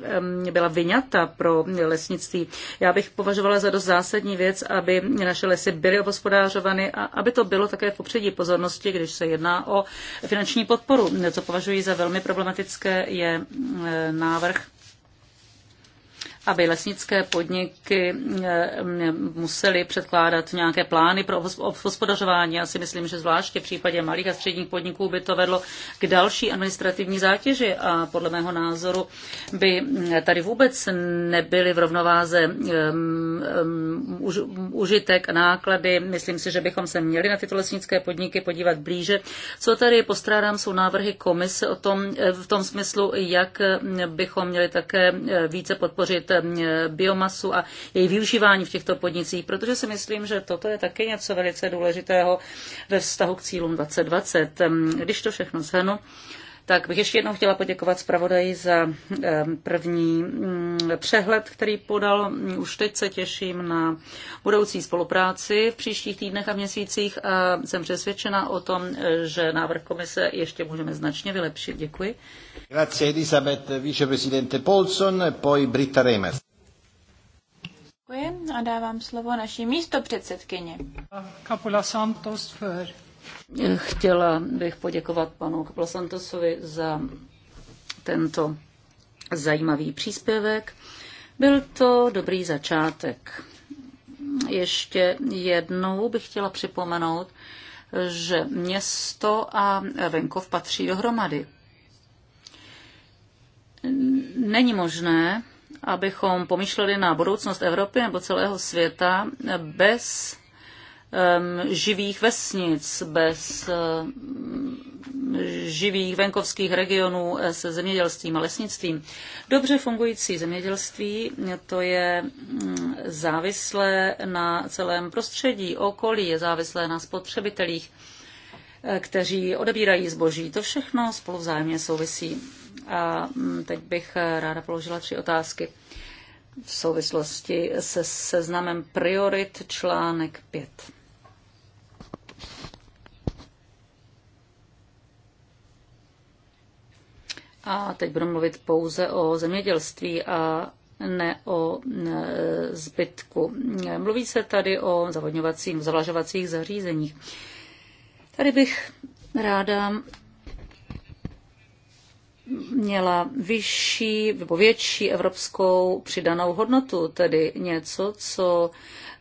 byla vyňata pro lesnictví. Já bych považovala za dost zásadní věc, aby naše lesy byly obospodářovány a aby to bylo také v popředí pozornosti, když se jedná o finanční podporu. Co považuji za velmi problematické, je mm, eh, návrh aby lesnické podniky eh, musely předkládat nějaké plány pro hospodařování. Já si myslím, že zvláště v případě malých a středních podniků by to vedlo k další administrativní zátěži a podle mého názoru by eh, tady vůbec nebyly v rovnováze ehm, ehm, užitek a náklady. Myslím si, že bychom se měli na tyto lesnické podniky podívat blíže. Co tady postrádám, jsou návrhy komise o tom, eh, v tom smyslu, jak bychom měli také více podpořit Eh, biomasu a její využívání v těchto podnicích, protože si myslím, že toto je také něco velice důležitého ve vztahu k cílům 2020. Ehm, když to všechno shrnu, tak bych ještě jednou chtěla poděkovat zpravodaji za první mm, přehled, který podal. Už teď se těším na budoucí spolupráci v příštích týdnech a měsících a jsem přesvědčena o tom, že návrh komise ještě můžeme značně vylepšit. Děkuji. Grazie Elisabeth, viceprezidente Polson, poi Britta Remers. Děkuji a dávám slovo naší místo předsedkyně. Kapula Santos för Chtěla bych poděkovat panu Plasantosovi za tento zajímavý příspěvek. Byl to dobrý začátek. Ještě jednou bych chtěla připomenout, že město a venkov patří dohromady. Není možné, abychom pomýšleli na budoucnost Evropy nebo celého světa bez Um, živých vesnic, bez um, živých venkovských regionů se zemědělstvím a lesnictvím. Dobře fungující zemědělství to je mm, závislé na celém prostředí, okolí je závislé na spotřebitelích, eh, kteří odebírají zboží. To všechno spolu vzájemně souvisí. A mm, teď bych eh, ráda položila tři otázky v souvislosti se seznamem priorit článek 5. A teď budu mluvit pouze o zemědělství a ne o e, zbytku. Mluví se tady o zavodňovacích, zavlažovacích zařízeních. Tady bych ráda měla vyšší nebo větší evropskou přidanou hodnotu, tedy něco, co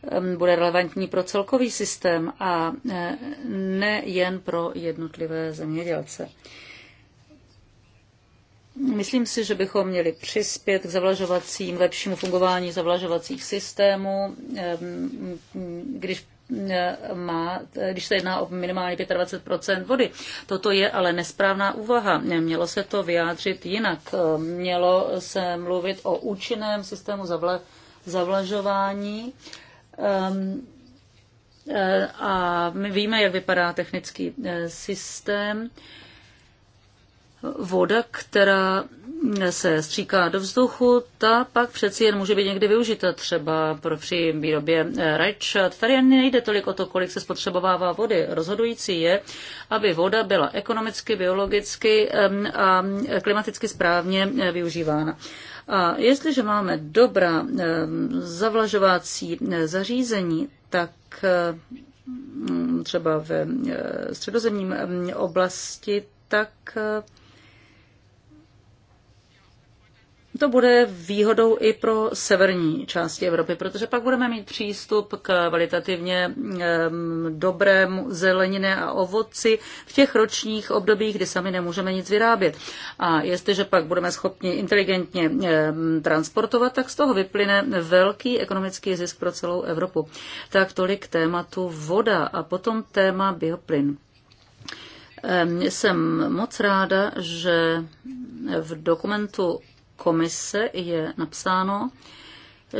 e, bude relevantní pro celkový systém a e, ne jen pro jednotlivé zemědělce. Myslím si, že bychom měli přispět k zavlažovacím, lepšímu fungování zavlažovacích systémů, ehm, když ehm, má, když se jedná o minimálně 25 vody. Toto je ale nesprávná úvaha. Mělo se to vyjádřit jinak. Ehm, mělo se mluvit o účinném systému zavla, zavlažování. E, a my víme, jak vypadá technický e, systém voda, která se stříká do vzduchu, ta pak přeci jen může být někdy využita třeba pro při výrobě eh, rajčat. Tady nejde tolik o to, kolik se spotřebovává vody. Rozhodující je, aby voda byla ekonomicky, biologicky a klimaticky správně eh, využívána. A jestliže máme dobrá zavlažovací eh, zařízení, tak třeba ve středozemním oblasti, tak To bude výhodou i pro severní části Evropy, protože pak budeme mít přístup k kvalitativně dobrému zelenině a ovoci v těch ročních obdobích, kdy sami nemůžeme nic vyrábět. A jestliže pak budeme schopni inteligentně transportovat, tak z toho vyplyne velký ekonomický zisk pro celou Evropu. Tak tolik tématu voda a potom téma bioplyn. Jsem moc ráda, že v dokumentu komise je napsáno,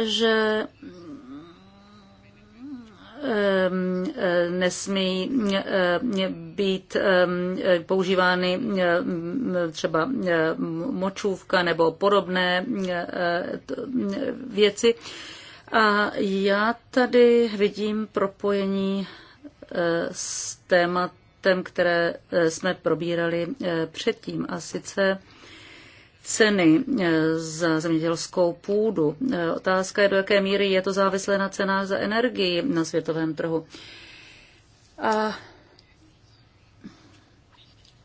že nesmí být používány třeba močůvka nebo podobné věci. A já tady vidím propojení eh, s tématem, které eh, jsme probírali eh, předtím, a sice ceny eh, za zemědělskou půdu. Eh, otázka je, do jaké míry je to závislé na cenách za energii na světovém trhu. A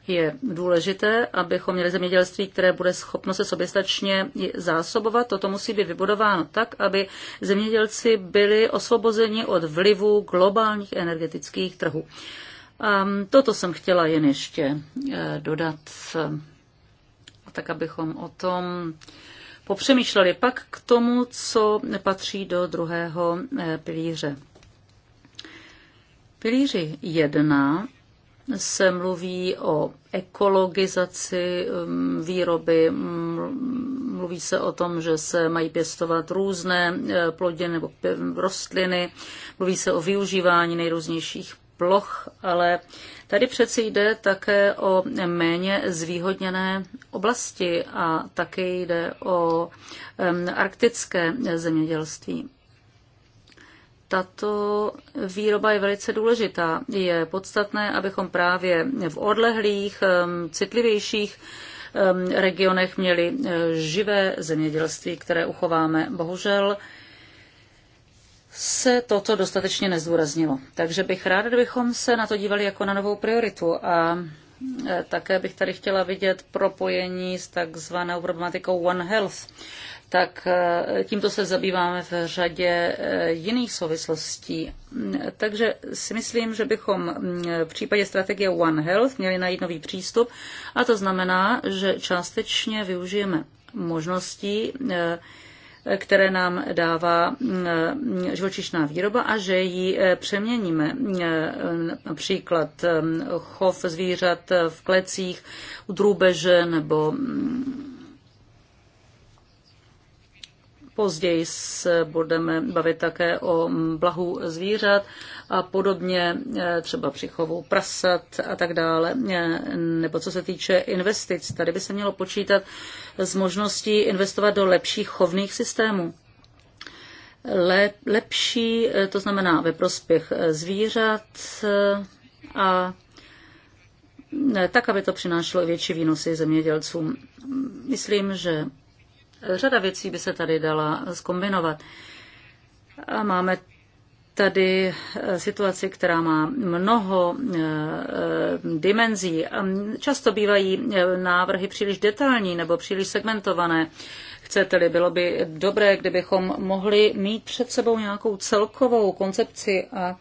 je důležité, abychom měli zemědělství, které bude schopno se soběstačně zásobovat. Toto musí být vybudováno tak, aby zemědělci byli osvobozeni od vlivu globálních energetických trhů. A toto jsem chtěla jen ještě eh, dodat tak abychom o tom popřemýšleli. Pak k tomu, co patří do druhého eh, pilíře. Pilíři 1 se mluví o ekologizaci mm, výroby, mm, mluví se o tom, že se mají pěstovat různé eh, plodě nebo rostliny, mluví se o využívání nejrůznějších ploch, ale Tady přeci jde také o méně zvýhodněné oblasti a také jde o arktické zemědělství. Tato výroba je velice důležitá. Je podstatné, abychom právě v odlehlých, citlivějších regionech měli e, živé zemědělství, které uchováme. Bohužel se toto dostatečně nezdůraznilo. Takže bych ráda, kdybychom se na to dívali jako na novou prioritu a e, také bych tady chtěla vidět propojení s takzvanou problematikou One Health. Tak e, tímto se zabýváme v řadě e, jiných souvislostí. Takže si myslím, že bychom v případě strategie One Health měli najít nový přístup a to znamená, že částečně využijeme možností, které nám dává mm, mm, živočišná výroba a že ji eh, přeměníme. Mm, eh, například chov zvířat v klecích, u drůbeže nebo Později se budeme bavit také o blahu zvířat a podobně, e, třeba při chovu prasat a tak dále. E, nebo co se týče investic, tady by se mělo počítat s možností investovat do lepších chovných systémů le, lepší, e, to znamená ve prospěch zvířat a tak, aby to přinášelo větší výnosy zemědělcům. Myslím, že Řada věcí by se tady dala zkombinovat. A máme tady eh, situaci, která má mnoho eh, eh, dimenzí. Ehm, často bývají návrhy příliš detailní nebo příliš segmentované. Chcete-li, bylo by dobré, kdybychom mohli mít před sebou nějakou celkovou koncepci a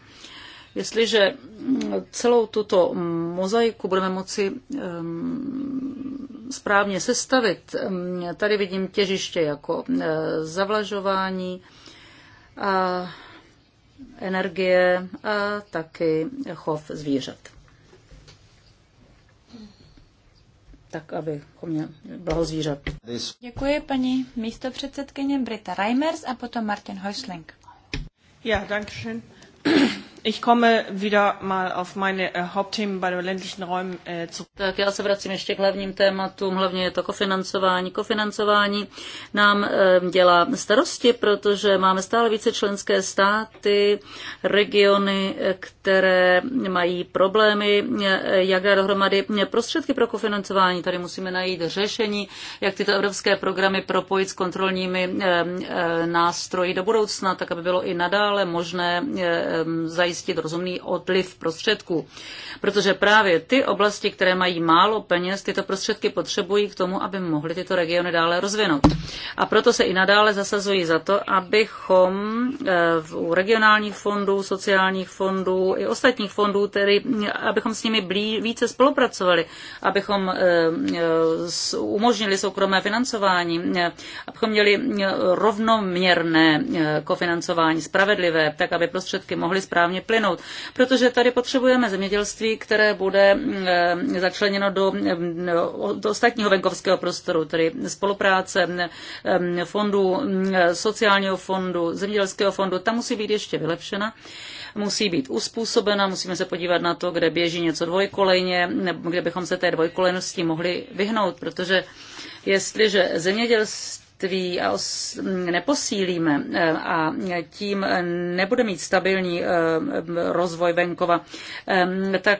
jestliže mm, celou tuto mozaiku budeme moci ehm, správně sestavit, tady vidím těžiště jako e, zavlažování a energie a taky chov zvířat. tak, aby mě blaho zvířat. Děkuji paní předsedkyně Brita Reimers a potom Martin Heusling. Ja, danke schön. Ich komme wieder mal auf meine äh, Hauptthemen bei den ländlichen Räumen äh, zurück. Tak já se vracím ještě k hlavním tématům, hlavně je to kofinancování. Kofinancování nám e, dělá starosti, protože máme stále více členské státy, regiony, které mají problémy, eh, jak dá dohromady prostředky pro kofinancování. Tady musíme najít řešení, jak tyto evropské programy propojit s kontrolními e, nástroji do budoucna, tak aby bylo i nadále možné e, eh, ehm, zajít zajistit rozumný odliv prostředků. Protože právě ty oblasti, které mají málo peněz, tyto prostředky potřebují k tomu, aby mohly tyto regiony dále rozvinout. A proto se i nadále zasazují za to, abychom eh, u regionálních fondů, sociálních fondů i ostatních fondů, tedy abychom s nimi blí, více spolupracovali, abychom eh, eh, umožnili soukromé financování, abychom měli rovnoměrné kofinancování, spravedlivé, tak aby prostředky mohly správně nimi plynout. Protože tady potřebujeme zemědělství, které bude eh, začleněno do, eh, do ostatního venkovského prostoru, tedy spolupráce eh, fondu sociálního fondu, zemědělského fondu, ta musí být ještě vylepšena musí být uspůsobena, musíme se podívat na to, kde běží něco dvojkolejně, nebo kde bychom se té dvojkolejnosti mohli vyhnout, protože jestliže zemědělství odvětví mm, neposílíme e, a tím nebude mít stabilní e, rozvoj venkova, e, tak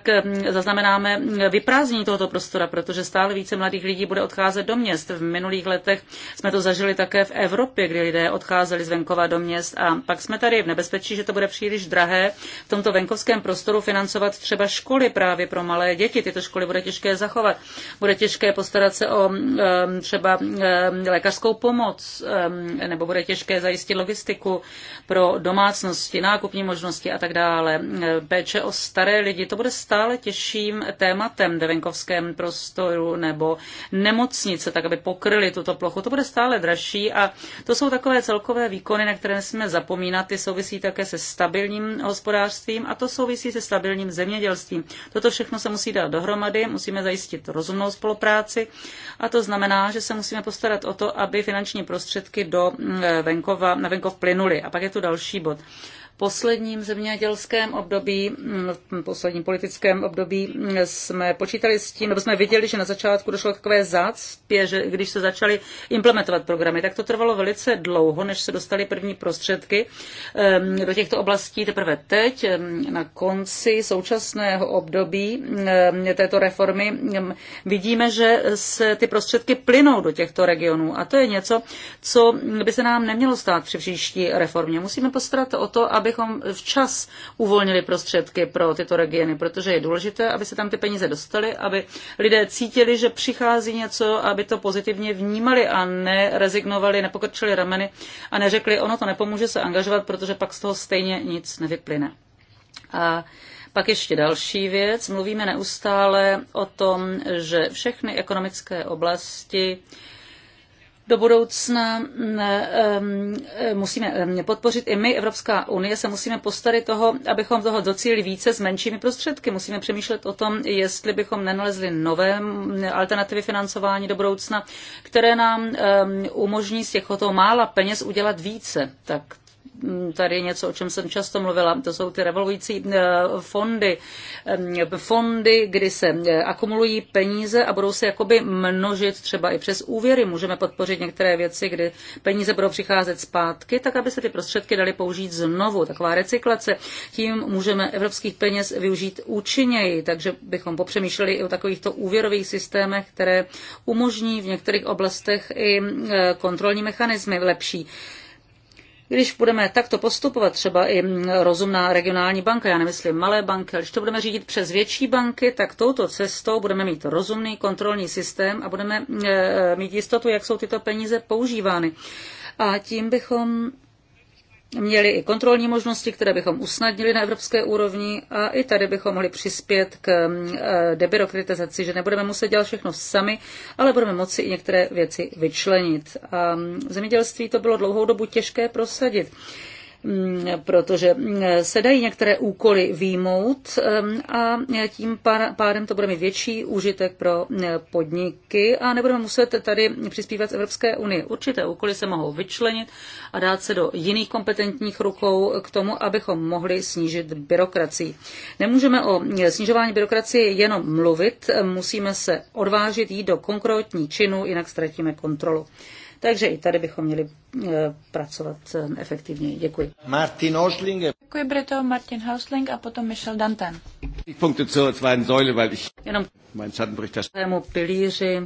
zaznamenáme vyprázdnění tohoto prostora, protože stále více mladých lidí bude odcházet do měst. V minulých letech jsme to zažili také v Evropě, kdy lidé odcházeli z venkova do měst a pak jsme tady v nebezpečí, že to bude příliš drahé v tomto venkovském prostoru financovat třeba školy právě pro malé děti. Tyto školy bude těžké zachovat. Bude těžké postarat se o třeba lékařskou pomoc pomoc, nebo bude těžké zajistit logistiku pro domácnosti, nákupní možnosti a tak dále. Péče o staré lidi, to bude stále těžším tématem ve venkovském prostoru nebo nemocnice, tak aby pokryly tuto plochu. To bude stále dražší a to jsou takové celkové výkony, na které nesmíme zapomínat. Ty souvisí také se stabilním hospodářstvím a to souvisí se stabilním zemědělstvím. Toto všechno se musí dát dohromady, musíme zajistit rozumnou spolupráci a to znamená, že se musíme postarat o to, aby finanční finanční prostředky do mm, venkova, na venkov plynuly. A pak je tu další bod posledním zemědělském období, v mm, posledním politickém období mm, jsme počítali s tím, nebo jsme viděli, že na začátku došlo k takové zácpě, že když se začaly implementovat programy, tak to trvalo velice dlouho, než se dostaly první prostředky do těchto oblastí. Teprve teď, na konci současného období této reformy, vidíme, že se ty prostředky plynou do těchto regionů. A to je něco, co by se nám nemělo stát při příští reformě. Musíme postarat o to, aby abychom včas uvolnili prostředky pro tyto regiony, protože je důležité, aby se tam ty peníze dostaly, aby lidé cítili, že přichází něco, aby to pozitivně vnímali a nerezignovali, nepokrčili rameny a neřekli, ono to nepomůže se angažovat, protože pak z toho stejně nic nevyplyne. A pak ještě další věc. Mluvíme neustále o tom, že všechny ekonomické oblasti do budoucna mm, musíme podpořit i my, Evropská unie, se musíme postarat toho, abychom toho docílili více s menšími prostředky. Musíme přemýšlet o tom, jestli bychom nenalezli nové mm, alternativy financování do budoucna, které nám umožní z těchto mála peněz udělat více. Tak Mm, tady něco, o čem jsem často mluvila, to jsou ty revolující eh, fondy. Ehm, fondy, kdy se eh, akumulují peníze a budou se jakoby množit třeba i přes úvěry. Můžeme podpořit některé věci, kdy peníze budou přicházet zpátky, tak aby se ty prostředky daly použít znovu. Taková recyklace. Tím můžeme evropských peněz využít účinněji, takže bychom popřemýšleli i o takovýchto úvěrových systémech, které umožní v některých oblastech i eh, kontrolní mechanismy lepší. Když budeme takto postupovat, třeba i mm, rozumná regionální banka, já nemyslím malé banky, ale když to budeme řídit přes větší banky, tak touto cestou budeme mít rozumný kontrolní systém a budeme mm, e, e, mít jistotu, jak jsou tyto peníze používány. A tím bychom měli i kontrolní možnosti, které bychom usnadnili na evropské úrovni a i tady bychom mohli přispět k mm, eh, debirokratizaci, že nebudeme muset dělat všechno sami, ale budeme moci i některé věci vyčlenit. A v mm, zemědělství to bylo dlouhou dobu těžké prosadit. Mm, protože mm, se dají některé úkoly výjmout mm, a tím pádem to bude mít větší užitek pro podniky a nebudeme muset tady přispívat z Evropské unie. Určité úkoly se mohou vyčlenit a dát se do jiných kompetentních rukou k tomu, abychom mohli snížit byrokracii. Nemůžeme o snižování byrokracie jenom mluvit, musíme se odvážit jít do konkrétní činu, jinak ztratíme kontrolu. Takže i tady bychom měli eh, pracovat eh, efektivněji. Děkuji. Martin Osling. Děkuji, Brito, Martin Hausling a potom Michel Dantan. Jenom mému pilíři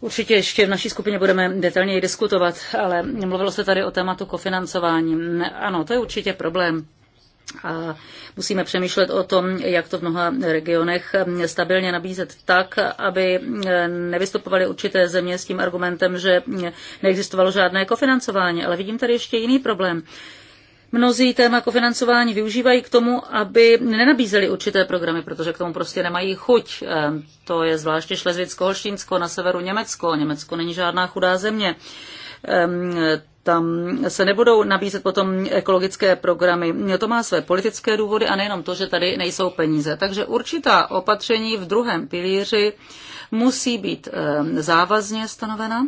Určitě ještě v naší skupině budeme detailněji diskutovat, ale mluvilo se tady o tématu kofinancování. Ano, to je určitě problém a musíme přemýšlet o tom, jak to v mnoha regionech stabilně nabízet tak, aby nevystupovaly určité země s tím argumentem, že neexistovalo žádné kofinancování. Ale vidím tady ještě jiný problém. Mnozí téma kofinancování využívají k tomu, aby nenabízeli určité programy, protože k tomu prostě nemají chuť. E, to je zvláště Šlezvicko-Holštínsko na severu Německo. Německo není žádná chudá země tam se nebudou nabízet potom ekologické programy. To má své politické důvody a nejenom to, že tady nejsou peníze. Takže určitá opatření v druhém pilíři musí být ehm, závazně stanovena.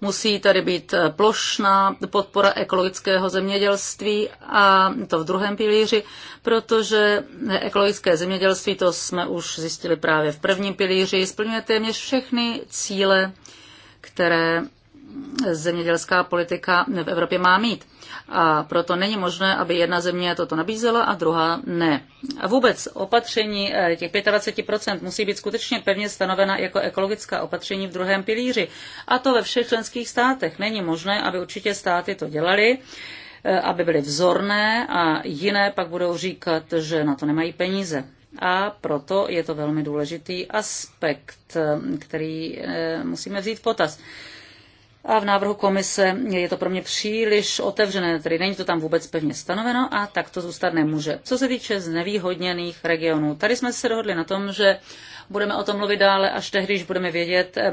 Musí tady být eh, plošná podpora ekologického zemědělství a to v druhém pilíři, protože ekologické zemědělství, to jsme už zjistili právě v prvním pilíři, splňuje téměř všechny cíle, které zemědělská politika v Evropě má mít. A proto není možné, aby jedna země toto nabízela a druhá ne. A vůbec opatření eh, těch 25% musí být skutečně pevně stanovena jako ekologická opatření v druhém pilíři. A to ve všech členských státech. Není možné, aby určitě státy to dělaly eh, aby byly vzorné a jiné pak budou říkat, že na to nemají peníze. A proto je to velmi důležitý aspekt, eh, který musíme vzít v potaz a v návrhu komise je to pro mě příliš otevřené, tedy není to tam vůbec pevně stanoveno a tak to zůstat nemůže. Co se týče znevýhodněných regionů, tady jsme se dohodli na tom, že Budeme o tom mluvit dále až tehdy, když budeme vědět, e,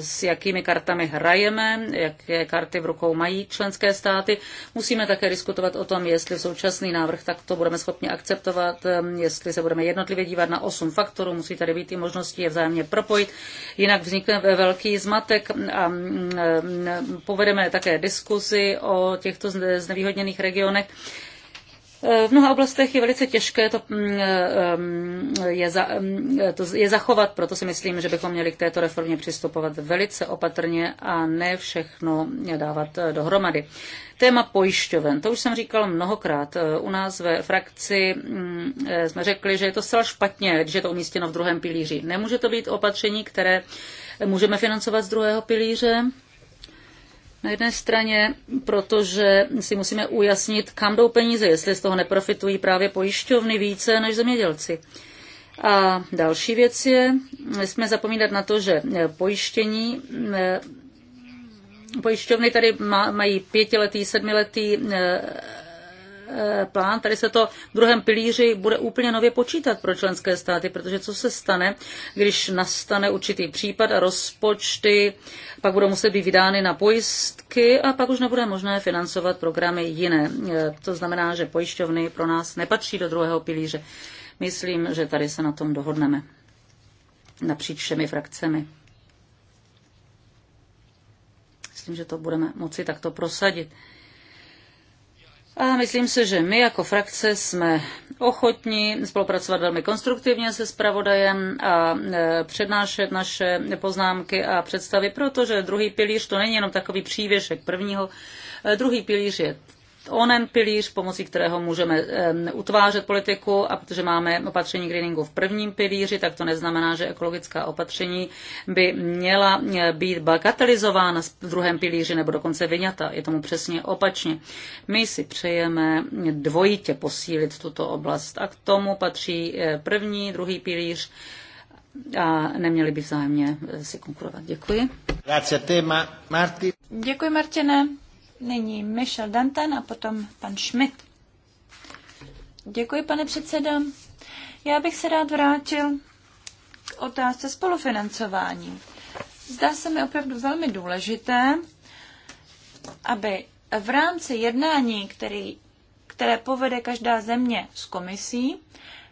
s jakými kartami hrajeme, jaké karty v rukou mají členské státy. Musíme také diskutovat o tom, jestli současný návrh takto budeme schopni akceptovat, jestli se budeme jednotlivě dívat na osm faktorů, musí tady být i možnosti je vzájemně propojit, jinak vznikne velký zmatek a e, e, povedeme také diskuzi o těchto znevýhodněných regionech. V mnoha oblastech je velice těžké to, mm, eh, je, za, mm, eh, to je zachovat, proto si myslím, že bychom měli k této reformě přistupovat velice opatrně a ne všechno dávat eh, dohromady. Téma pojišťoven, to už jsem říkal mnohokrát. U nás ve frakci mm, jsme řekli, že je to zcela špatně, když je to umístěno v druhém pilíři. Nemůže to být opatření, které můžeme financovat z druhého pilíře, na jedné straně, protože si musíme ujasnit, kam jdou peníze, jestli z toho neprofitují právě pojišťovny více než zemědělci. A další věc je, jsme zapomínat na to, že pojištění eh, pojišťovny tady mají pětiletý, sedmiletý eh, Eh, plán, tady se to v druhém pilíři bude úplně nově počítat pro členské státy, protože co se stane, když nastane určitý případ a rozpočty pak budou muset být vydány na pojistky a pak už nebude možné financovat programy jiné. Eh, to znamená, že pojišťovny pro nás nepatří do druhého pilíře. Myslím, že tady se na tom dohodneme napříč všemi frakcemi. Myslím, že to budeme moci takto prosadit. A myslím si, že my jako frakce jsme ochotní spolupracovat velmi konstruktivně se spravodajem a e, přednášet naše poznámky a představy, protože druhý pilíř to není jenom takový přívěšek prvního. E, druhý pilíř je onen pilíř, pomocí kterého můžeme utvářet politiku a protože máme opatření greeningu v prvním pilíři, tak to neznamená, že ekologická opatření by měla e, být bagatelizována v druhém pilíři nebo dokonce vyňata. Je tomu přesně opačně. My si přejeme dvojitě posílit tuto oblast a k tomu patří e, první, druhý pilíř a neměli by vzájemně e, si konkurovat. Děkuji. Děkuji, Martine. Nyní Michel Dantan a potom pan Schmidt. Děkuji, pane předsedo. Já bych se rád vrátil k otázce spolufinancování. Zdá se mi opravdu velmi důležité, aby v rámci jednání, který, které povede každá země s komisí,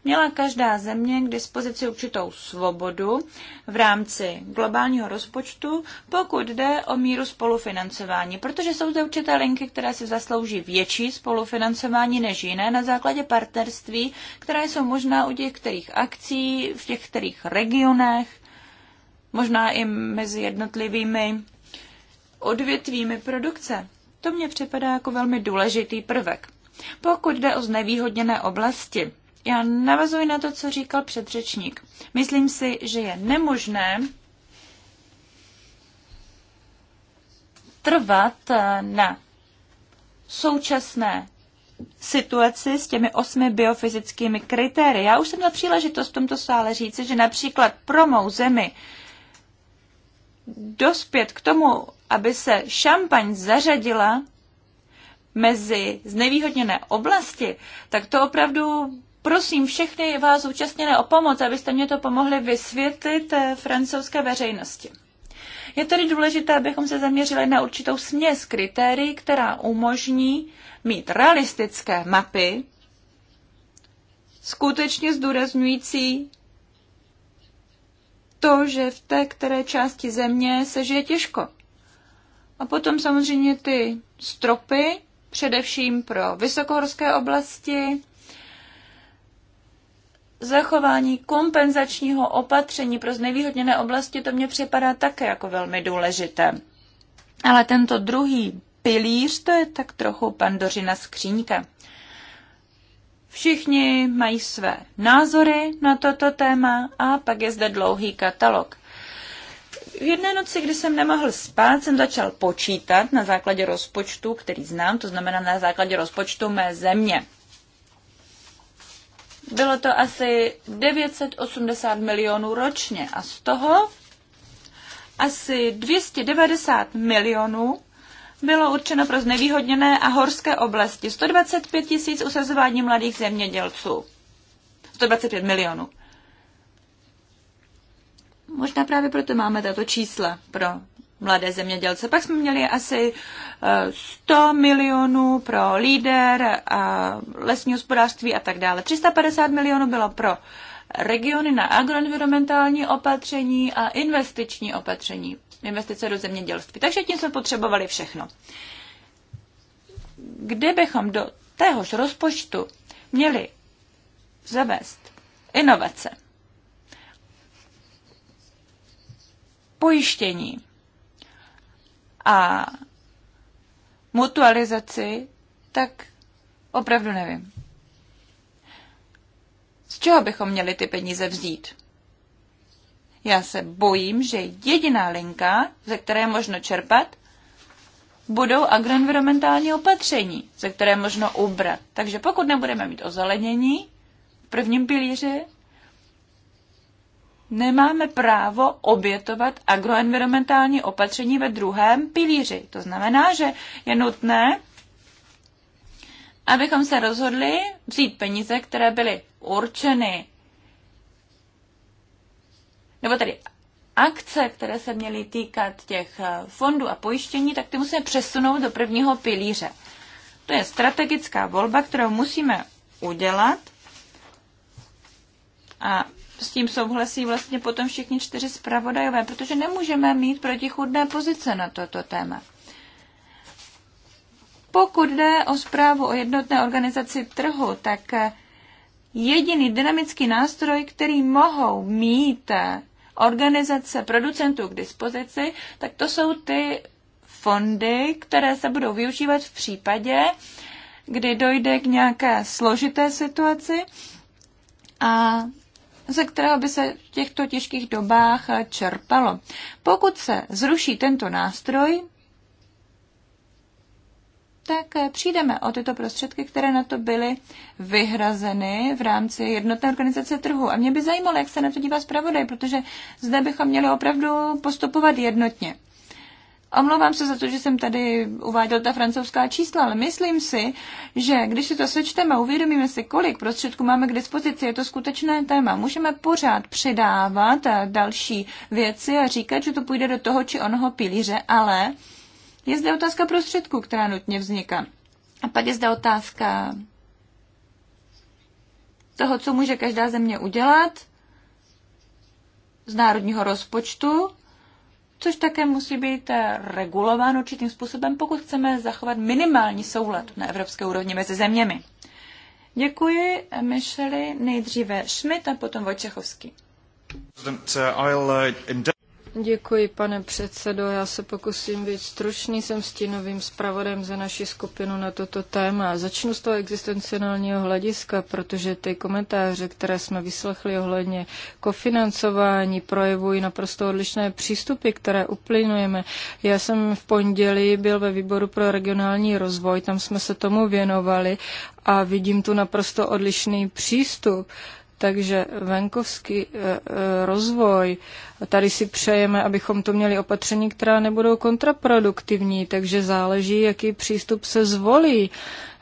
měla každá země k dispozici určitou svobodu v rámci globálního rozpočtu, pokud jde o míru spolufinancování, protože jsou zde určité linky, které si zaslouží větší spolufinancování než jiné na základě partnerství, které jsou možná u těch kterých akcí, v těch kterých regionech, možná i mezi jednotlivými odvětvími produkce. To mně připadá jako velmi důležitý prvek. Pokud jde o znevýhodněné oblasti, já navazuji na to, co říkal předřečník. Myslím si, že je nemožné trvat eh, na současné situaci s těmi osmi biofyzickými kritérii. Já už jsem měl příležitost v tomto sále říci, že například pro mou zemi dospět k tomu, aby se šampaň zařadila mezi znevýhodněné oblasti, tak to opravdu Prosím všechny vás účastněné o pomoc, abyste mě to pomohli vysvětlit eh, francouzské veřejnosti. Je tedy důležité, abychom se zaměřili na určitou směs kritérií, která umožní mít realistické mapy, skutečně zdůrazňující to, že v té které části země se žije těžko. A potom samozřejmě ty stropy, především pro vysokohorské oblasti, zachování kompenzačního opatření pro znevýhodněné oblasti, to mně připadá také jako velmi důležité. Ale tento druhý pilíř, to je tak trochu pandořina skříňka. Všichni mají své názory na toto téma a pak je zde dlouhý katalog. V jedné noci, kdy jsem nemohl spát, jsem začal počítat na základě rozpočtu, který znám, to znamená na základě rozpočtu mé země. Bylo to asi 980 milionů ročně a z toho asi 290 milionů bylo určeno pro znevýhodněné a horské oblasti. 125 tisíc usazování mladých zemědělců. 125 milionů. Možná právě proto máme tato čísla pro mladé zemědělce. Pak jsme měli asi 100 eh, milionů pro líder a lesní hospodářství a tak dále. 350 milionů bylo pro regiony na agroenvironmentální opatření a investiční opatření, investice do zemědělství. Takže tím jsme potřebovali všechno. Kdybychom do téhož rozpočtu měli zavést inovace, pojištění, a mutualizaci, tak opravdu nevím. Z čeho bychom měli ty peníze vzít? Já se bojím, že jediná linka, ze které je možno čerpat, budou agroenvironmentální opatření, ze které je možno ubrat. Takže pokud nebudeme mít ozelenění v prvním pilíři, nemáme právo obětovat agroenvironmentální opatření ve druhém pilíři. To znamená, že je nutné, abychom se rozhodli vzít peníze, které byly určeny, nebo tedy akce, které se měly týkat těch eh, fondů a pojištění, tak ty musíme přesunout do prvního pilíře. To je strategická volba, kterou musíme udělat a s tím souhlasí vlastně potom všichni čtyři zpravodajové, protože nemůžeme mít protichudné pozice na toto téma. Pokud jde o zprávu o jednotné organizaci trhu, tak jediný dynamický nástroj, který mohou mít organizace producentů k dispozici, tak to jsou ty fondy, které se budou využívat v případě, kdy dojde k nějaké složité situaci a ze kterého by se v těchto těžkých dobách čerpalo. Pokud se zruší tento nástroj, tak přijdeme o tyto prostředky, které na to byly vyhrazeny v rámci jednotné organizace trhu. A mě by zajímalo, jak se na to dívá zpravodaj, protože zde bychom měli opravdu postupovat jednotně. Omlouvám se za to, že jsem tady uváděl ta francouzská čísla, ale myslím si, že když si to sečteme a uvědomíme si, kolik prostředků máme k dispozici, je to skutečné téma. Můžeme pořád přidávat další věci a říkat, že to půjde do toho či onoho pilíře, ale je zde otázka prostředků, která nutně vzniká. A pak je zde otázka toho, co může každá země udělat z národního rozpočtu což také musí být eh, regulováno určitým způsobem, pokud chceme zachovat minimální soulad na evropské úrovni mezi zeměmi. Děkuji, eh, Michely. Nejdříve Schmidt a potom Vojčechovský. Děkuji, pane předsedo. Já se pokusím být stručný. Jsem stínovým zpravodem za naši skupinu na toto téma. Začnu z toho existenciálního hlediska, protože ty komentáře, které jsme vyslechli ohledně kofinancování, projevují naprosto odlišné přístupy, které uplynujeme. Já jsem v pondělí byl ve výboru pro regionální rozvoj, tam jsme se tomu věnovali a vidím tu naprosto odlišný přístup. Takže venkovský eh, eh, rozvoj, tady si přejeme, abychom to měli opatření, která nebudou kontraproduktivní, takže záleží, jaký přístup se zvolí.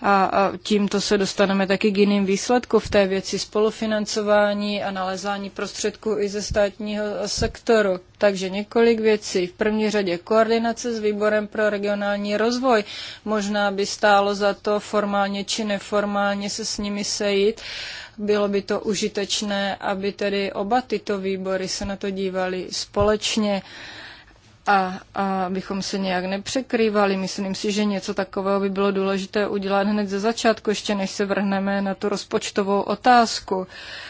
A, tímto se dostaneme taky k jiným výsledkům v té věci spolufinancování a nalezání prostředků i ze státního sektoru. Takže několik věcí. V první řadě koordinace s výborem pro regionální rozvoj. Možná by stálo za to formálně či neformálně se s nimi sejít bylo by to užitečné, aby tedy oba tyto výbory se na to dívali společně a, a abychom se nějak nepřekrývali. Myslím si, že něco takového by bylo důležité udělat hned ze začátku, ještě než se vrhneme na tu rozpočtovou otázku.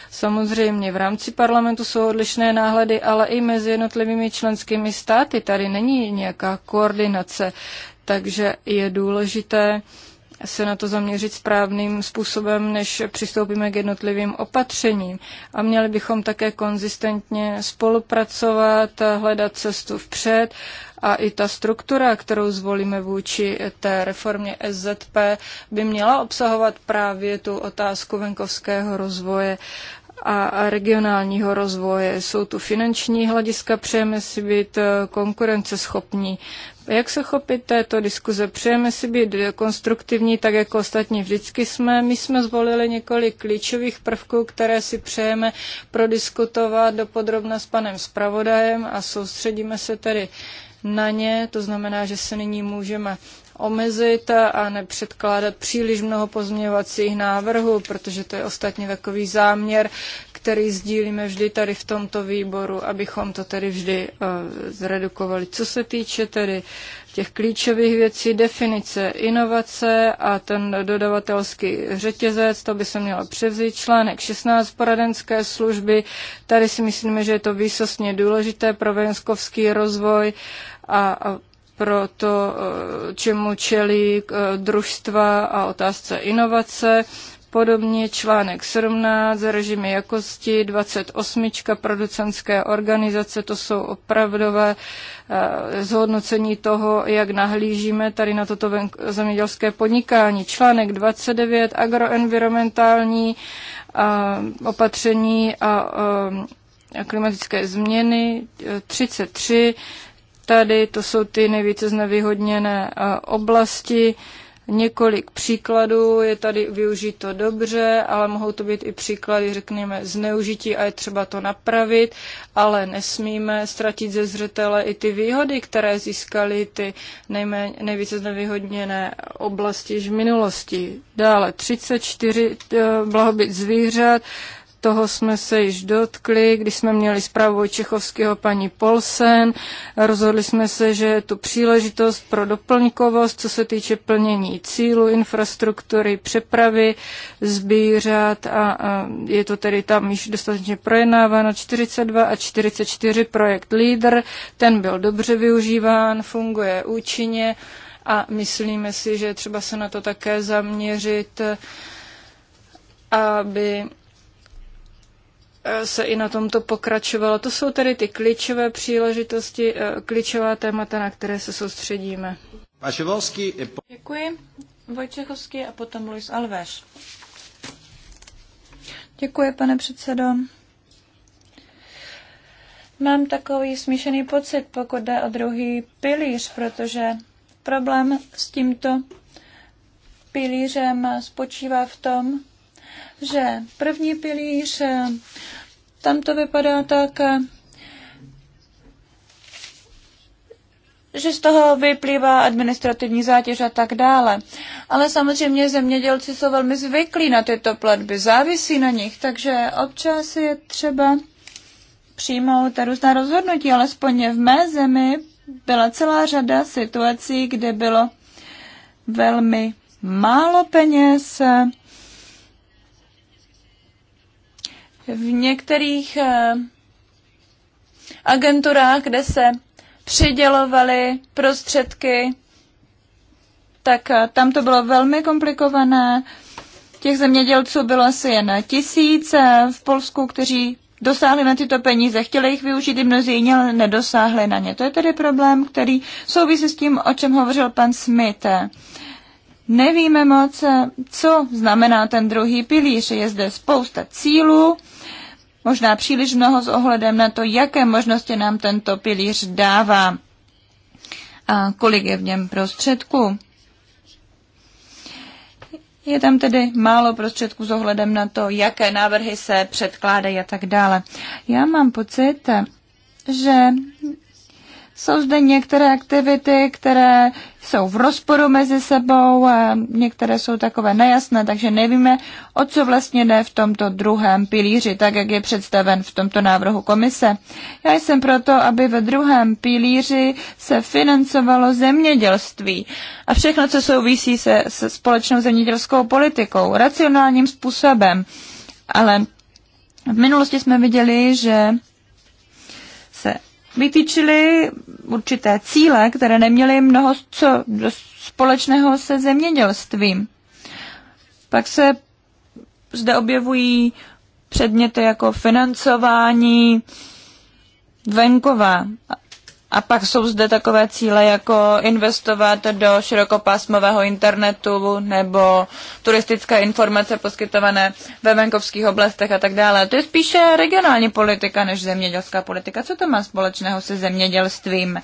Samozřejmě v rámci parlamentu jsou odlišné náhledy, ale i mezi jednotlivými členskými státy. Tady není nějaká koordinace, takže je důležité uh, se na to zaměřit správným způsobem, než přistoupíme k jednotlivým opatřením. A měli bychom také konzistentně spolupracovat, hledat cestu vpřed a i ta struktura, kterou zvolíme vůči té reformě SZP, by měla obsahovat právě tu otázku venkovského rozvoje a regionálního rozvoje. Jsou tu finanční hlediska, přejeme si být konkurenceschopní. Jak se chopit této diskuze? Přejeme si být konstruktivní, tak jako ostatní vždycky jsme. My jsme zvolili několik klíčových prvků, které si přejeme prodiskutovat dopodrobna s panem zpravodajem a soustředíme se tedy na ně. To znamená, že se nyní můžeme omezit a nepředkládat příliš mnoho pozměňovacích návrhů, protože to je ostatně takový záměr který sdílíme vždy tady v tomto výboru, abychom to tedy vždy eh, zredukovali. Co se týče tedy těch klíčových věcí, definice inovace a ten dodavatelský řetězec, to by se mělo převzít. Článek 16 poradenské služby, tady si myslíme, že je to výsostně důležité pro venskovský rozvoj a, a pro to, eh, čemu čelí eh, družstva a otázce inovace. Podobně článek 17, režimy jakosti, 28, producentské organizace, to jsou opravdové eh, zhodnocení toho, jak nahlížíme tady na toto zemědělské podnikání. Článek 29, agroenvironmentální a eh, opatření a, a eh, klimatické změny, 33, tady to jsou ty nejvíce znevýhodněné oblasti, Několik příkladů je tady využito dobře, ale mohou to být i příklady, řekněme, zneužití a je třeba to napravit, ale nesmíme ztratit ze zřetele i ty výhody, které získaly ty nejméně, nejvíce znevýhodněné oblasti již v minulosti. Dále 34 eh, blahobyt zvířat, toho jsme se již dotkli, když jsme měli zprávu o Čechovského paní Polsen. Rozhodli jsme se, že je tu příležitost pro doplňkovost, co se týče plnění cílu, infrastruktury, přepravy zbířat a, a je to tedy tam již dostatečně projednáváno. 42 a 44 projekt LEADER, ten byl dobře využíván, funguje účinně a myslíme si, že třeba se na to také zaměřit, aby Eh, se i na tomto pokračovalo. To jsou tedy ty klíčové příležitosti, eh, klíčová témata, na které se soustředíme. Děkuji. Vojčechovský a potom Luis Alves. Děkuji, pane předsedo. Mám takový smíšený pocit, pokud jde o druhý pilíř, protože problém s tímto pilířem spočívá v tom, že první pilíř, eh, tam to vypadá tak, eh, že z toho vyplývá administrativní zátěž a tak dále. Ale samozřejmě zemědělci jsou velmi zvyklí na tyto platby, závisí na nich, takže občas je třeba přijmout různá rozhodnutí, alespoň v mé zemi byla celá řada situací, kde bylo velmi málo peněz v některých eh, agenturách, kde se přidělovaly prostředky, tak eh, tam to bylo velmi komplikované. Těch zemědělců bylo asi jen tisíc v Polsku, kteří dosáhli na tyto peníze, chtěli jich využít i mnozí jiní, ale nedosáhli na ně. To je tedy problém, který souvisí s tím, o čem hovořil pan Smith. Nevíme moc, co znamená ten druhý pilíř. Je zde spousta cílů, možná příliš mnoho s ohledem na to, jaké možnosti nám tento pilíř dává a kolik je v něm prostředků. Je tam tedy málo prostředků s ohledem na to, jaké návrhy se předkládají a tak dále. Já mám pocit, že jsou zde některé aktivity, které jsou v rozporu mezi sebou, některé jsou takové nejasné, takže nevíme, o co vlastně jde v tomto druhém pilíři, tak jak je představen v tomto návrhu komise. Já jsem proto, aby ve druhém pilíři se financovalo zemědělství a všechno, co souvisí se, se společnou zemědělskou politikou, racionálním způsobem. Ale v minulosti jsme viděli, že se vytýčili určité cíle, které neměly mnoho co společného se zemědělstvím. Pak se zde objevují předměty jako financování venkova a pak jsou zde takové cíle, jako investovat do širokopásmového internetu nebo turistické informace poskytované ve venkovských oblastech a tak dále. To je spíše regionální politika než zemědělská politika. Co to má společného se zemědělstvím?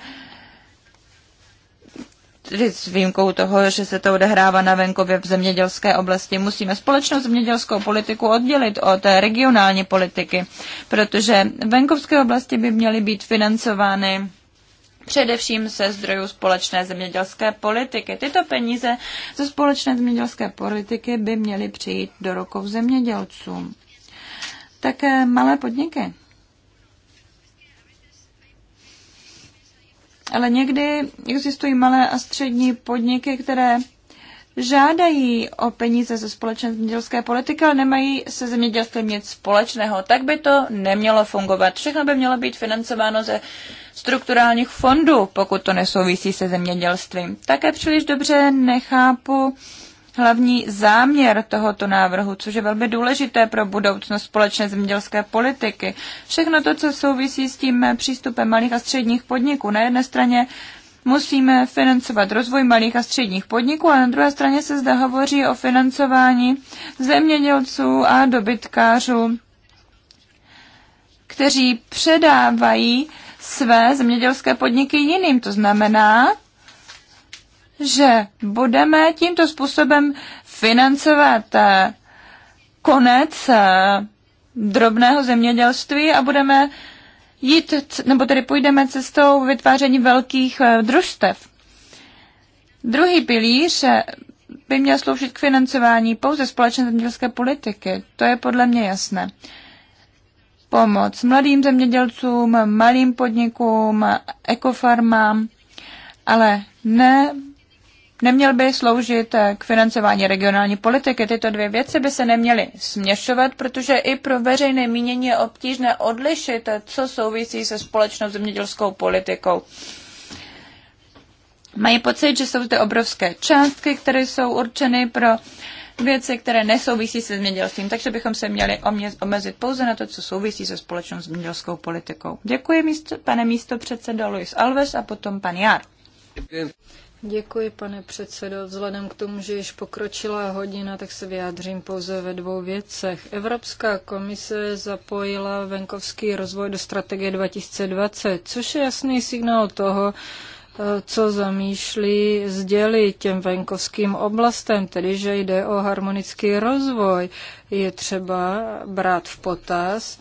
Tedy s výjimkou toho, že se to odehrává na venkově v zemědělské oblasti, musíme společnou zemědělskou politiku oddělit od regionální politiky, protože venkovské oblasti by měly být financovány především se zdrojů společné zemědělské politiky. Tyto peníze ze společné zemědělské politiky by měly přijít do rukou zemědělcům. Také malé podniky. Ale někdy existují malé a střední podniky, které žádají o peníze ze společné zemědělské politiky, ale nemají se zemědělstvím nic společného. Tak by to nemělo fungovat. Všechno by mělo být financováno ze strukturálních fondů, pokud to nesouvisí se zemědělstvím. Také příliš dobře nechápu hlavní záměr tohoto návrhu, což je velmi důležité pro budoucnost společné zemědělské politiky. Všechno to, co souvisí s tím přístupem malých a středních podniků. Na jedné straně musíme financovat rozvoj malých a středních podniků a na druhé straně se zde hovoří o financování zemědělců a dobytkářů, kteří předávají své zemědělské podniky jiným. To znamená, že budeme tímto způsobem financovat eh, konec eh, drobného zemědělství a budeme jít, nebo tedy půjdeme cestou vytváření velkých eh, družstev. Druhý pilíř eh, by měl sloužit k financování pouze společné zemědělské politiky. To je podle mě jasné. Pomoc mladým zemědělcům, malým podnikům, ekofarmám, ale ne neměl by sloužit eh, k financování regionální politiky. Tyto dvě věci by se neměly směšovat, protože i pro veřejné mínění je obtížné odlišit, eh, co souvisí se společnou zemědělskou politikou. Mají pocit, že jsou zde obrovské částky, které jsou určeny pro věci, které nesouvisí se zemědělstvím, takže bychom se měli omezit pouze na to, co souvisí se společnou zemědělskou politikou. Děkuji, místo, pane místo předsedo Luis Alves a potom pan Jar. Děkuji, pane předsedo. Vzhledem k tomu, že již pokročila hodina, tak se vyjádřím pouze ve dvou věcech. Evropská komise zapojila venkovský rozvoj do strategie 2020, což je jasný signál toho, co zamýšlí sdělit těm venkovským oblastem, tedy že jde o harmonický rozvoj. Je třeba brát v potaz,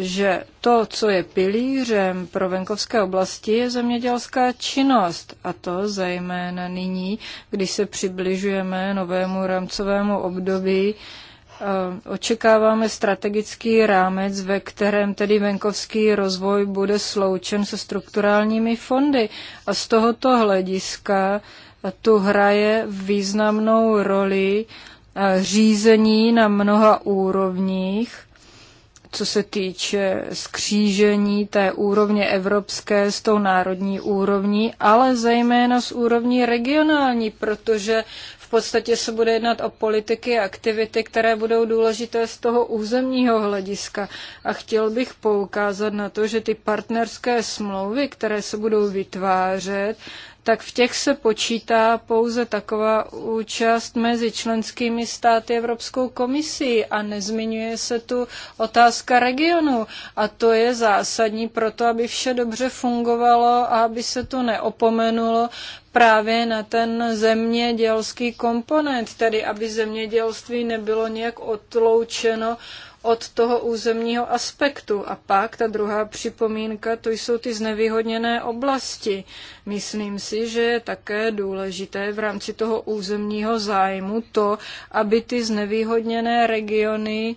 že to, co je pilířem pro venkovské oblasti, je zemědělská činnost. A to zejména nyní, když se přibližujeme novému rámcovému období, eh, očekáváme strategický rámec, ve kterém tedy venkovský rozvoj bude sloučen se strukturálními fondy. A z tohoto hlediska tu hraje významnou roli eh, řízení na mnoha úrovních co se týče skřížení té úrovně evropské s tou národní úrovní, ale zejména s úrovní regionální, protože v podstatě se bude jednat o politiky a aktivity, které budou důležité z toho územního hlediska. A chtěl bych poukázat na to, že ty partnerské smlouvy, které se budou vytvářet, tak v těch se počítá pouze taková účast mezi členskými státy Evropskou komisí a nezmiňuje se tu otázka regionu. A to je zásadní pro to, aby vše dobře fungovalo a aby se to neopomenulo právě na ten zemědělský komponent, tedy aby zemědělství nebylo nějak odloučeno od toho územního aspektu. A pak ta druhá připomínka, to jsou ty znevýhodněné oblasti. Myslím si, že je také důležité v rámci toho územního zájmu to, aby ty znevýhodněné regiony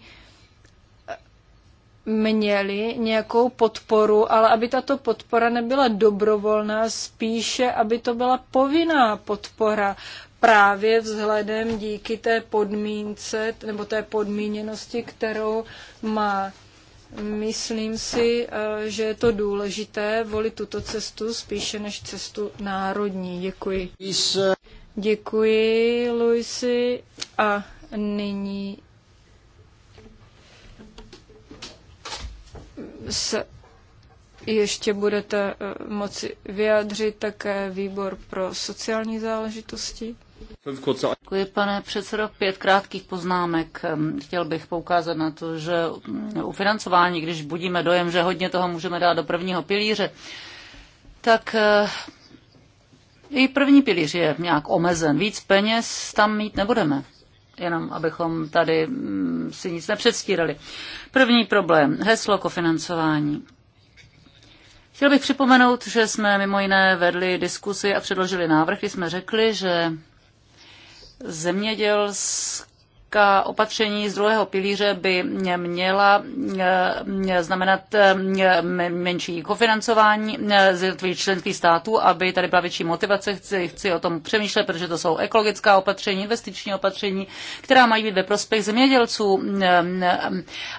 měli nějakou podporu, ale aby tato podpora nebyla dobrovolná, spíše aby to byla povinná podpora, právě vzhledem díky té podmínce nebo té podmíněnosti, kterou má. Myslím si, eh, že je to důležité volit tuto cestu spíše než cestu národní. Děkuji. Děkuji, Luisi. A nyní se ještě budete eh, moci vyjádřit také výbor pro sociální záležitosti. Děkuji, pane předsedo. Pět krátkých poznámek. Ehm, chtěl bych poukázat na to, že mm, u financování, když budíme dojem, že hodně toho můžeme dát do prvního pilíře, tak eh, i první pilíř je nějak omezen. Víc peněz tam mít nebudeme jenom abychom tady mm, si nic nepředstírali. První problém, heslo kofinancování. Chtěl bych připomenout, že jsme mimo jiné vedli diskusi a předložili návrh, kdy jsme řekli, že zemědělská opatření z druhého pilíře by měla eh, eh, znamenat eh, menší kofinancování z jednotlivých členských států, aby tady byla větší motivace. Chci, chci o tom přemýšlet, protože to jsou ekologická opatření, investiční opatření, která mají být ve prospěch zemědělců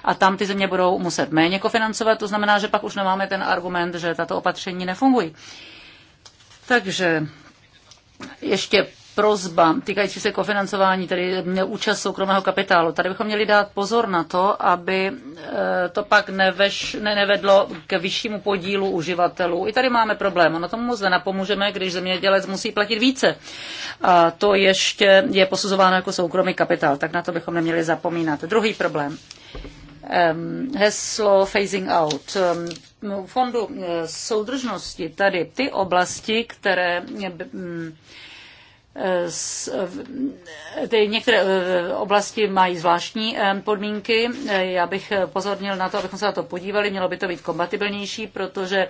a tam ty země budou muset méně kofinancovat. To znamená, že pak už nemáme ten argument, že tato opatření nefungují. Takže ještě prozba týkající se kofinancování, tedy e, účast soukromého kapitálu. Tady bychom měli dát pozor na to, aby e, to pak neveš, ne, nevedlo k vyššímu podílu uživatelů. I tady máme problém. Na tom moc nenapomůžeme, když zemědělec musí platit více. A to ještě je posuzováno jako soukromý kapitál, tak na to bychom neměli zapomínat. Druhý problém. Heslo phasing out fondu e, soudržnosti tady ty oblasti, které Eh, ty některé eh, oblasti mají zvláštní eh, podmínky. Já bych pozornil na to, abychom se na to podívali. Mělo by to být kompatibilnější, protože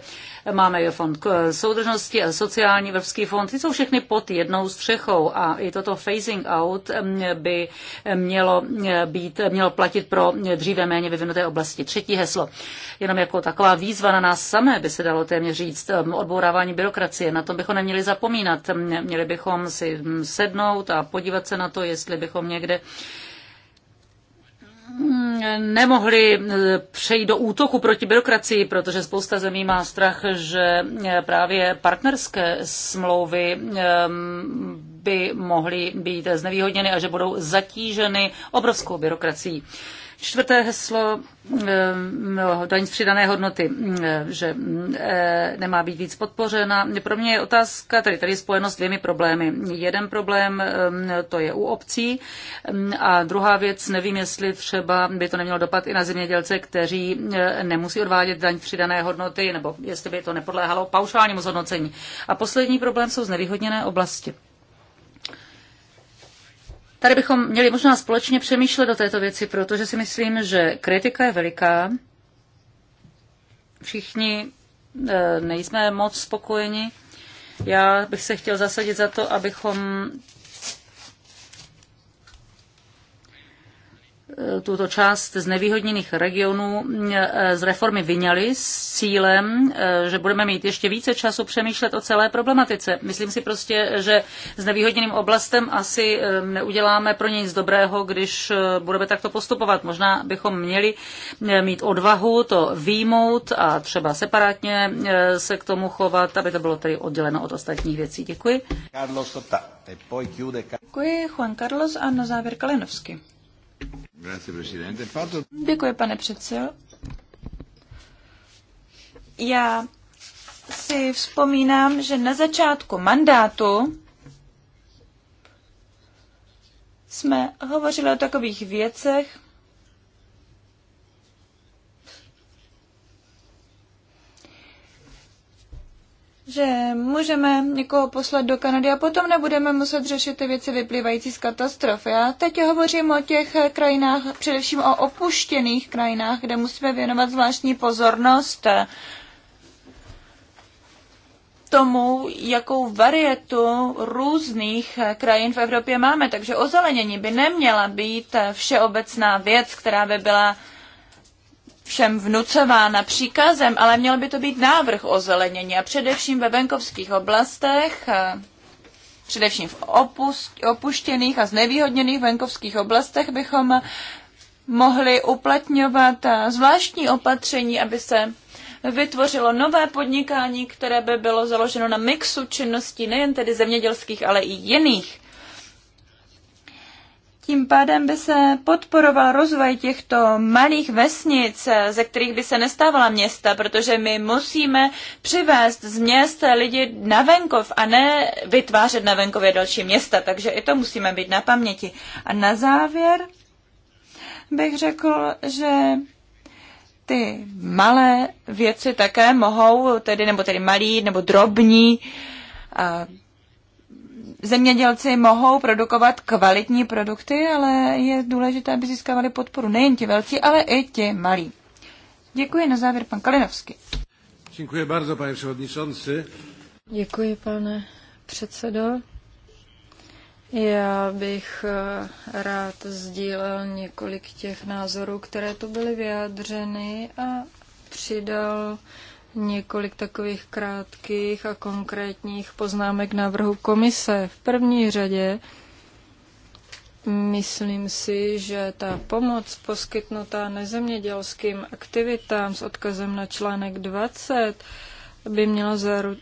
máme je fond eh, soudržnosti a sociální evropský fond, ty jsou všechny pod jednou střechou a i toto phasing out by eh, mělo, eh, být, mělo platit pro dříve méně vyvinuté oblasti. Třetí heslo, jenom jako taková výzva na nás samé by se dalo téměř říct, odbourávání byrokracie, na tom bychom neměli zapomínat, měli bychom si mm, sednout a podívat se na to, jestli bychom někde Hmm, nemohli eh, přejít do útoku proti byrokracii, protože spousta zemí má strach, že eh, právě partnerské smlouvy ehm, by mohly být znevýhodněny a že budou zatíženy obrovskou byrokracií. Čtvrté heslo eh, daň z přidané hodnoty, eh, že eh, nemá být víc podpořena. Pro mě je otázka, tady, tady je spojeno s dvěmi problémy. Jeden problém to je u obcí mm, a druhá věc, nevím, jestli třeba by to nemělo dopad i na zemědělce, kteří nemusí odvádět daň z přidané hodnoty, nebo jestli by to nepodléhalo paušálnímu zhodnocení. A poslední problém jsou znevýhodněné oblasti. Tady bychom měli možná společně přemýšlet o této věci, protože si myslím, že kritika je veliká. Všichni e, nejsme moc spokojeni. Já bych se chtěl zasadit za to, abychom Eh, tuto část z nevýhodněných regionů eh, z reformy vyňali s cílem, eh, že budeme mít ještě více času přemýšlet o celé problematice. Myslím si prostě, že s nevýhodněným oblastem asi neuděláme pro ně nic dobrého, když budeme takto postupovat. Možná bychom měli mít odvahu to výjmout a třeba separátně se k tomu chovat, aby to bylo tedy odděleno od ostatních věcí. Děkuji. Carlos e Děkuji, Juan Carlos a na závěr Kalinovsky. Děkuji, pane předsedo. Já si vzpomínám, že na začátku mandátu jsme hovořili o takových věcech, že můžeme někoho poslat do Kanady a potom nebudeme muset řešit ty věci vyplývající z katastrofy. Já teď hovořím o těch krajinách, především o opuštěných krajinách, kde musíme věnovat zvláštní pozornost tomu, jakou varietu různých krajin v Evropě máme. Takže ozelenění by neměla být všeobecná věc, která by byla všem vnucována příkazem, ale měl by to být návrh o zelenění a především ve venkovských oblastech, eh, především v opuštěných a znevýhodněných venkovských oblastech bychom mohli uplatňovat eh, zvláštní opatření, aby se vytvořilo nové podnikání, které by bylo založeno na mixu činností nejen tedy zemědělských, ale i jiných. Tím pádem by se podporoval rozvoj těchto malých vesnic, ze kterých by se nestávala města, protože my musíme přivést z měst lidi na venkov a ne vytvářet na venkově další města, takže i to musíme být na paměti. A na závěr bych řekl, že ty malé věci také mohou, tedy, nebo tedy malí, nebo drobní, zemědělci mohou produkovat kvalitní produkty, ale je důležité, aby získávali podporu nejen ti velcí, ale i ti malí. Děkuji na závěr pan Kalinovský. Děkuji bardzo, pane předsedající. Děkuji, pane předsedo. Já bych eh, rád sdílel několik těch názorů, které tu byly vyjádřeny a přidal několik takových krátkých a konkrétních poznámek návrhu komise. V první řadě Myslím si, že ta pomoc poskytnutá nezemědělským aktivitám s odkazem na článek 20 by měla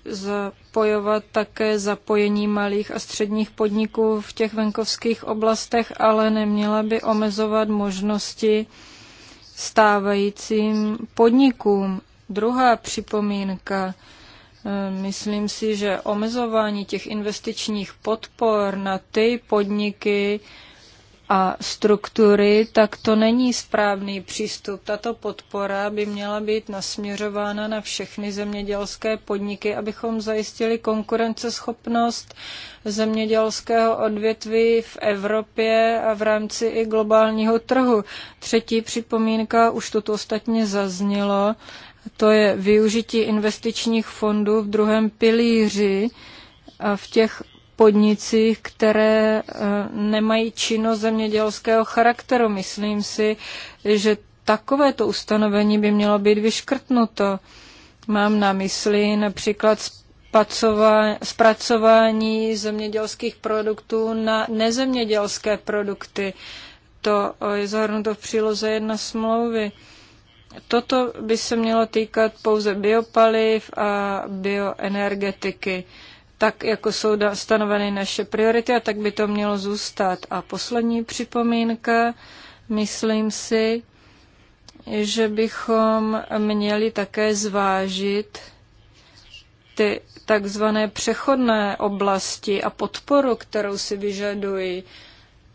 zapojovat také zapojení malých a středních podniků v těch venkovských oblastech, ale neměla by omezovat možnosti stávajícím podnikům Druhá připomínka. E, myslím si, že omezování těch investičních podpor na ty podniky a struktury, tak to není správný přístup. Tato podpora by měla být nasměřována na všechny zemědělské podniky, abychom zajistili konkurenceschopnost zemědělského odvětví v Evropě a v rámci i globálního trhu. Třetí připomínka, už to tu ostatně zaznělo, to je využití investičních fondů v druhém pilíři eh, v těch podnicích, které eh, nemají činnost zemědělského charakteru. Myslím si, že takovéto ustanovení by mělo být vyškrtnuto. Mám na mysli například zpracování zemědělských produktů na nezemědělské produkty. To eh, je zahrnuto v příloze jedna smlouvy. Toto by se mělo týkat pouze biopaliv a bioenergetiky, tak jako jsou stanoveny naše priority a tak by to mělo zůstat. A poslední připomínka, myslím si, že bychom měli také zvážit ty takzvané přechodné oblasti a podporu, kterou si vyžadují,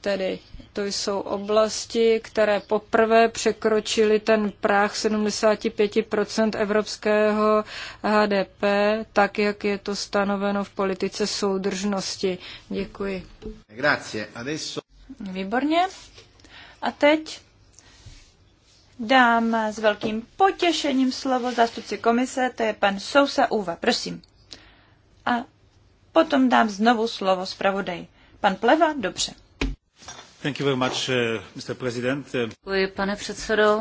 tedy to jsou oblasti, které poprvé překročily ten práh 75% evropského HDP, tak jak je to stanoveno v politice soudržnosti. Děkuji. Grazie. Adesso... Výborně. A teď dám s velkým potěšením slovo zástupci komise, to je pan Sousa Uva. Prosím. A potom dám znovu slovo zpravodaj. Pan Pleva, dobře. Uh, uh, Děkuji, pane předsedo.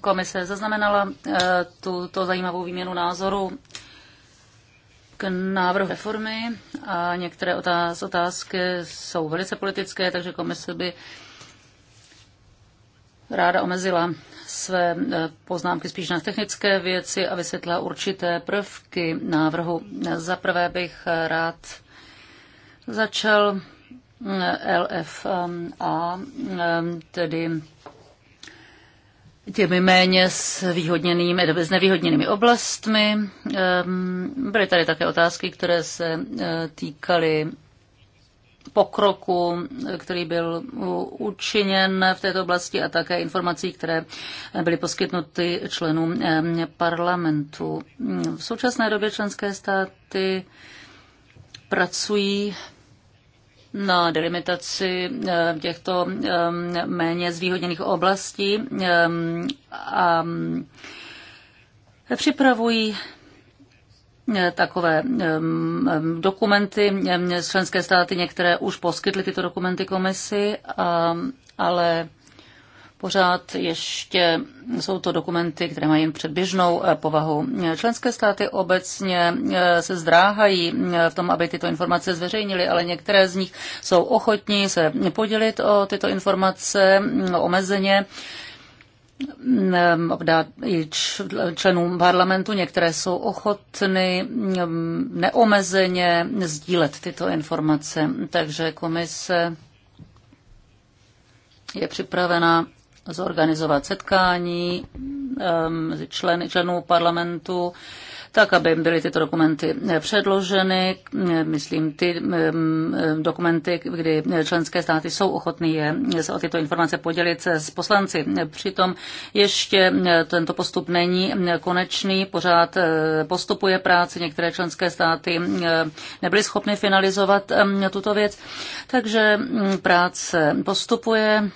Komise zaznamenala uh, tuto zajímavou výměnu názoru k návrhu reformy a některé otáz, otázky jsou velice politické, takže komise by ráda omezila své poznámky spíš na technické věci a vysvětlila určité prvky návrhu. Za prvé bych rád začal LFA, ehm, tedy těmi méně s výhodněnými nebo s nevýhodněnými oblastmi. Ehm, byly tady také otázky, které se eh, týkaly pokroku, který byl učiněn v této oblasti a také informací, které byly poskytnuty členům ehm, parlamentu. V současné době členské státy pracují na delimitaci eh, těchto eh, méně zvýhodněných oblastí eh, a připravují takové dokumenty. Členské státy některé už poskytly tyto dokumenty komisi, ale Pořád ještě jsou to dokumenty, které mají jen předběžnou eh, povahu. Členské státy obecně eh, se zdráhají eh, v tom, aby tyto informace zveřejnili, ale některé z nich jsou ochotní se podělit o tyto informace mm, omezeně mm, i členům parlamentu, některé jsou ochotny mm, neomezeně sdílet tyto informace. Takže komise je připravena zorganizovat setkání člen, členů parlamentu tak aby byly tyto dokumenty eh, předloženy. Eh, myslím, ty eh, dokumenty, kdy členské státy jsou ochotné je, se o tyto informace podělit s poslanci. Přitom ještě tento postup není konečný, pořád postupuje práce, některé členské státy nebyly schopny finalizovat tuto věc, takže mm, práce postupuje,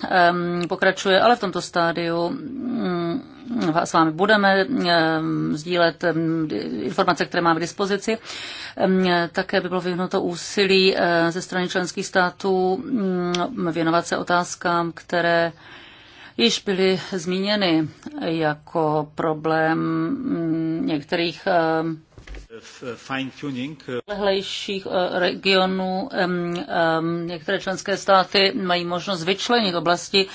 pokračuje, ale v tomto stádiu mm, s vámi budeme ehm, sdílet ehm, informace, které máme k dispozici. Ehm, také by bylo vyhnuto úsilí eh, ze strany členských států mm, věnovat se otázkám, které již byly zmíněny jako problém mm, některých Eh, eh, Lehlejších eh, regionů některé členské státy mají možnost vyčlenit oblasti,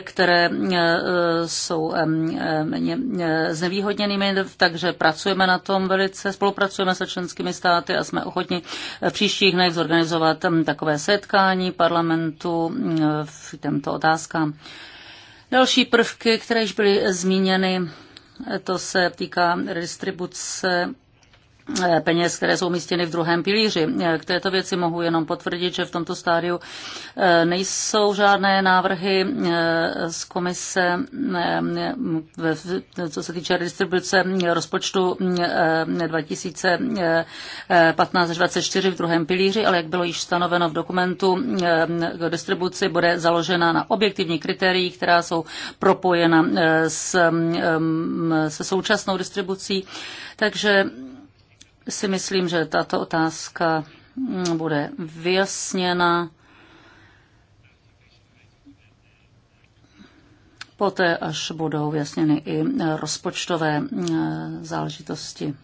které jsou méně znevýhodněnými, takže pracujeme na tom velice, spolupracujeme se členskými státy a jsme ochotni v příštích dnech zorganizovat takové setkání parlamentu v těmto otázkám. Další prvky, které již byly zmíněny, to se týká redistribuce Eh, peněz, které jsou umístěny v druhém pilíři. Eh, k této věci mohu jenom potvrdit, že v tomto stádiu eh, nejsou žádné návrhy z komise, co se týče distribuce rozpočtu 2015 2024 v druhém pilíři, ale jak bylo již stanoveno v dokumentu, k distribuci bude založena na objektivní kritérií, která jsou propojena s, mm, mm, se současnou distribucí. Takže si myslím, že tato otázka mm, bude vyjasněna poté, až budou vyjasněny i e, rozpočtové e, záležitosti.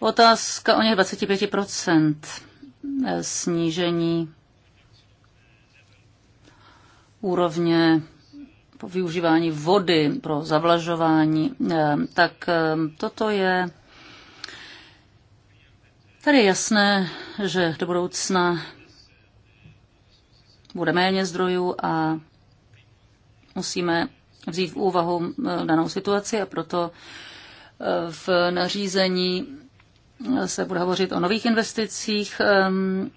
Otázka o něch 25% e, snížení úrovně využívání vody pro zavlažování, tak toto je Tady je jasné, že do budoucna bude méně zdrojů a musíme vzít v úvahu eh, danou situaci a proto eh, v nařízení eh, se bude hovořit o nových investicích mm,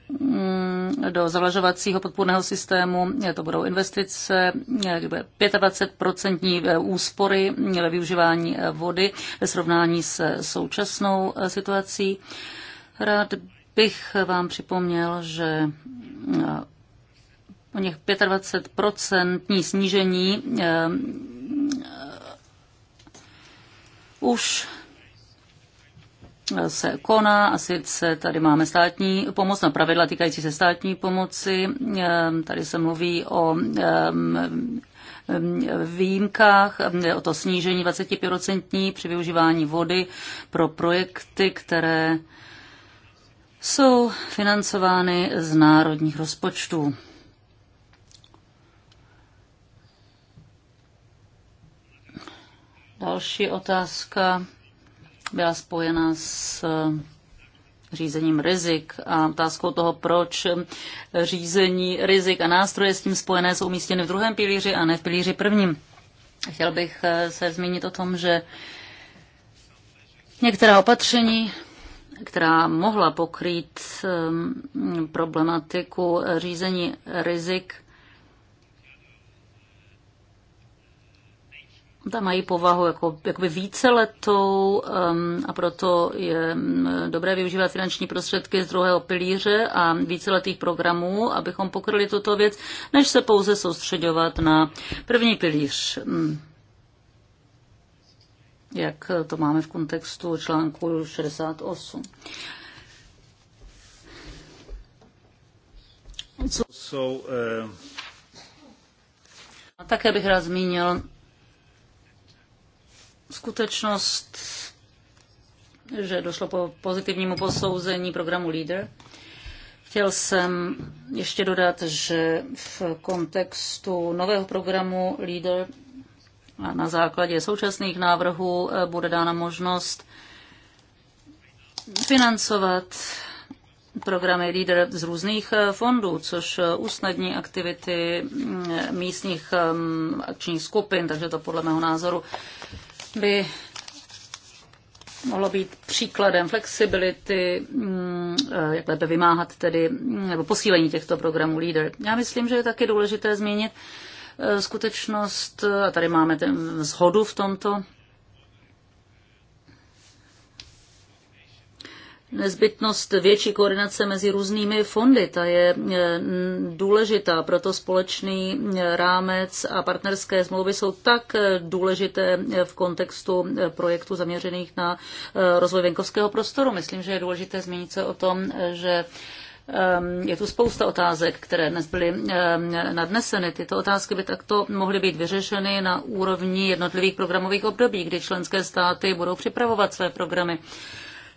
do zavlažovacího podpůrného systému. To budou investice, bude 25% úspory ve využívání vody ve srovnání s současnou situací. Rád bych vám připomněl, že eh, o něch 25% snížení eh, už se koná a sice tady máme státní pomoc na no, pravidla týkající se státní pomoci. Eh, tady se mluví o výjimkách, o to snížení 25% při využívání vody pro projekty, které jsou financovány z národních rozpočtů. Další otázka byla spojena s eh, řízením rizik a otázkou toho, proč eh, řízení rizik a nástroje s tím spojené jsou umístěny v druhém pilíři a ne v pilíři prvním. Chtěl bych eh, se zmínit o tom, že některá opatření která mohla pokrýt ehm, problematiku řízení rizik, ta mají povahu jako, jakoby víceletou um, a proto je ehm, dobré využívat finanční prostředky z druhého pilíře a víceletých programů, abychom pokryli tuto věc, než se pouze soustředovat na první pilíř. Um, jak to máme v kontextu článku 68. Co... uh... A také bych rád zmínil skutečnost, že došlo po pozitivnímu posouzení programu LEADER. Chtěl jsem ještě dodat, že v kontextu nového programu LEADER na základě současných návrhů eh, bude dána možnost financovat programy LEADER z různých eh, fondů, což eh, usnadní aktivity mm, místních mm, akčních skupin, takže to podle mého názoru by mohlo být příkladem flexibility, mm, jak lépe vymáhat tedy, nebo posílení těchto programů LEADER. Já myslím, že je taky důležité zmínit, Eh, skutečnost, eh, a tady máme ten zhodu v tomto, Nezbytnost větší koordinace mezi různými fondy, ta je eh, důležitá, proto společný rámec a partnerské smlouvy jsou tak důležité v kontextu projektů zaměřených na rozvoj venkovského prostoru. Myslím, že je důležité zmínit se o tom, že Ehm, je tu spousta otázek, které dnes byly ehm, nadneseny. Tyto otázky by takto mohly být vyřešeny na úrovni jednotlivých programových období, kdy členské státy budou připravovat své programy.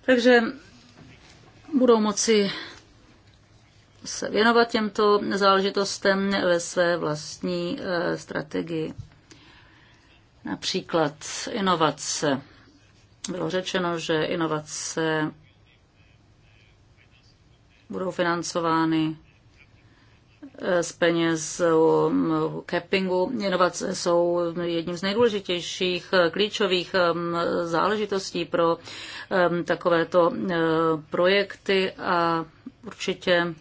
Takže budou moci se věnovat těmto záležitostem ve své vlastní eh, strategii. Například inovace. Bylo řečeno, že inovace budou financovány eh, z peněz eh, cappingu. Inovace jsou jedním z nejdůležitějších eh, klíčových záležitostí pro takovéto projekty a určitě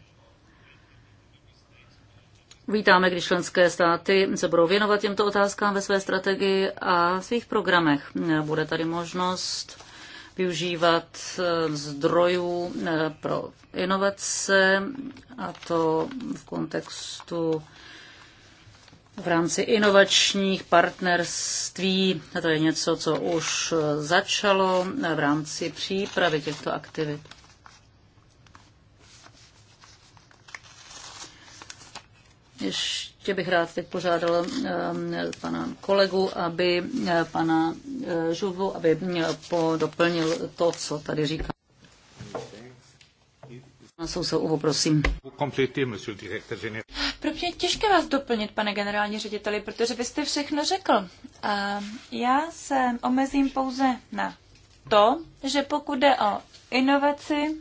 Vítáme, když členské státy se budou věnovat těmto otázkám ve své strategii a svých programech. Bude tady možnost využívat eh, zdrojů eh, pro inovace, a to v kontextu v rámci inovačních partnerství. A to je něco, co už eh, začalo v rámci přípravy těchto aktivit. Ještě ještě bych rád teď požádal eh, pana kolegu, aby eh, pana eh, Žuvu, aby doplnil to, co tady říká. Sousovu, prosím. Pro mě je těžké vás doplnit, pane generální řediteli, protože vy jste všechno řekl. A já se omezím pouze na to, že pokud jde o inovaci,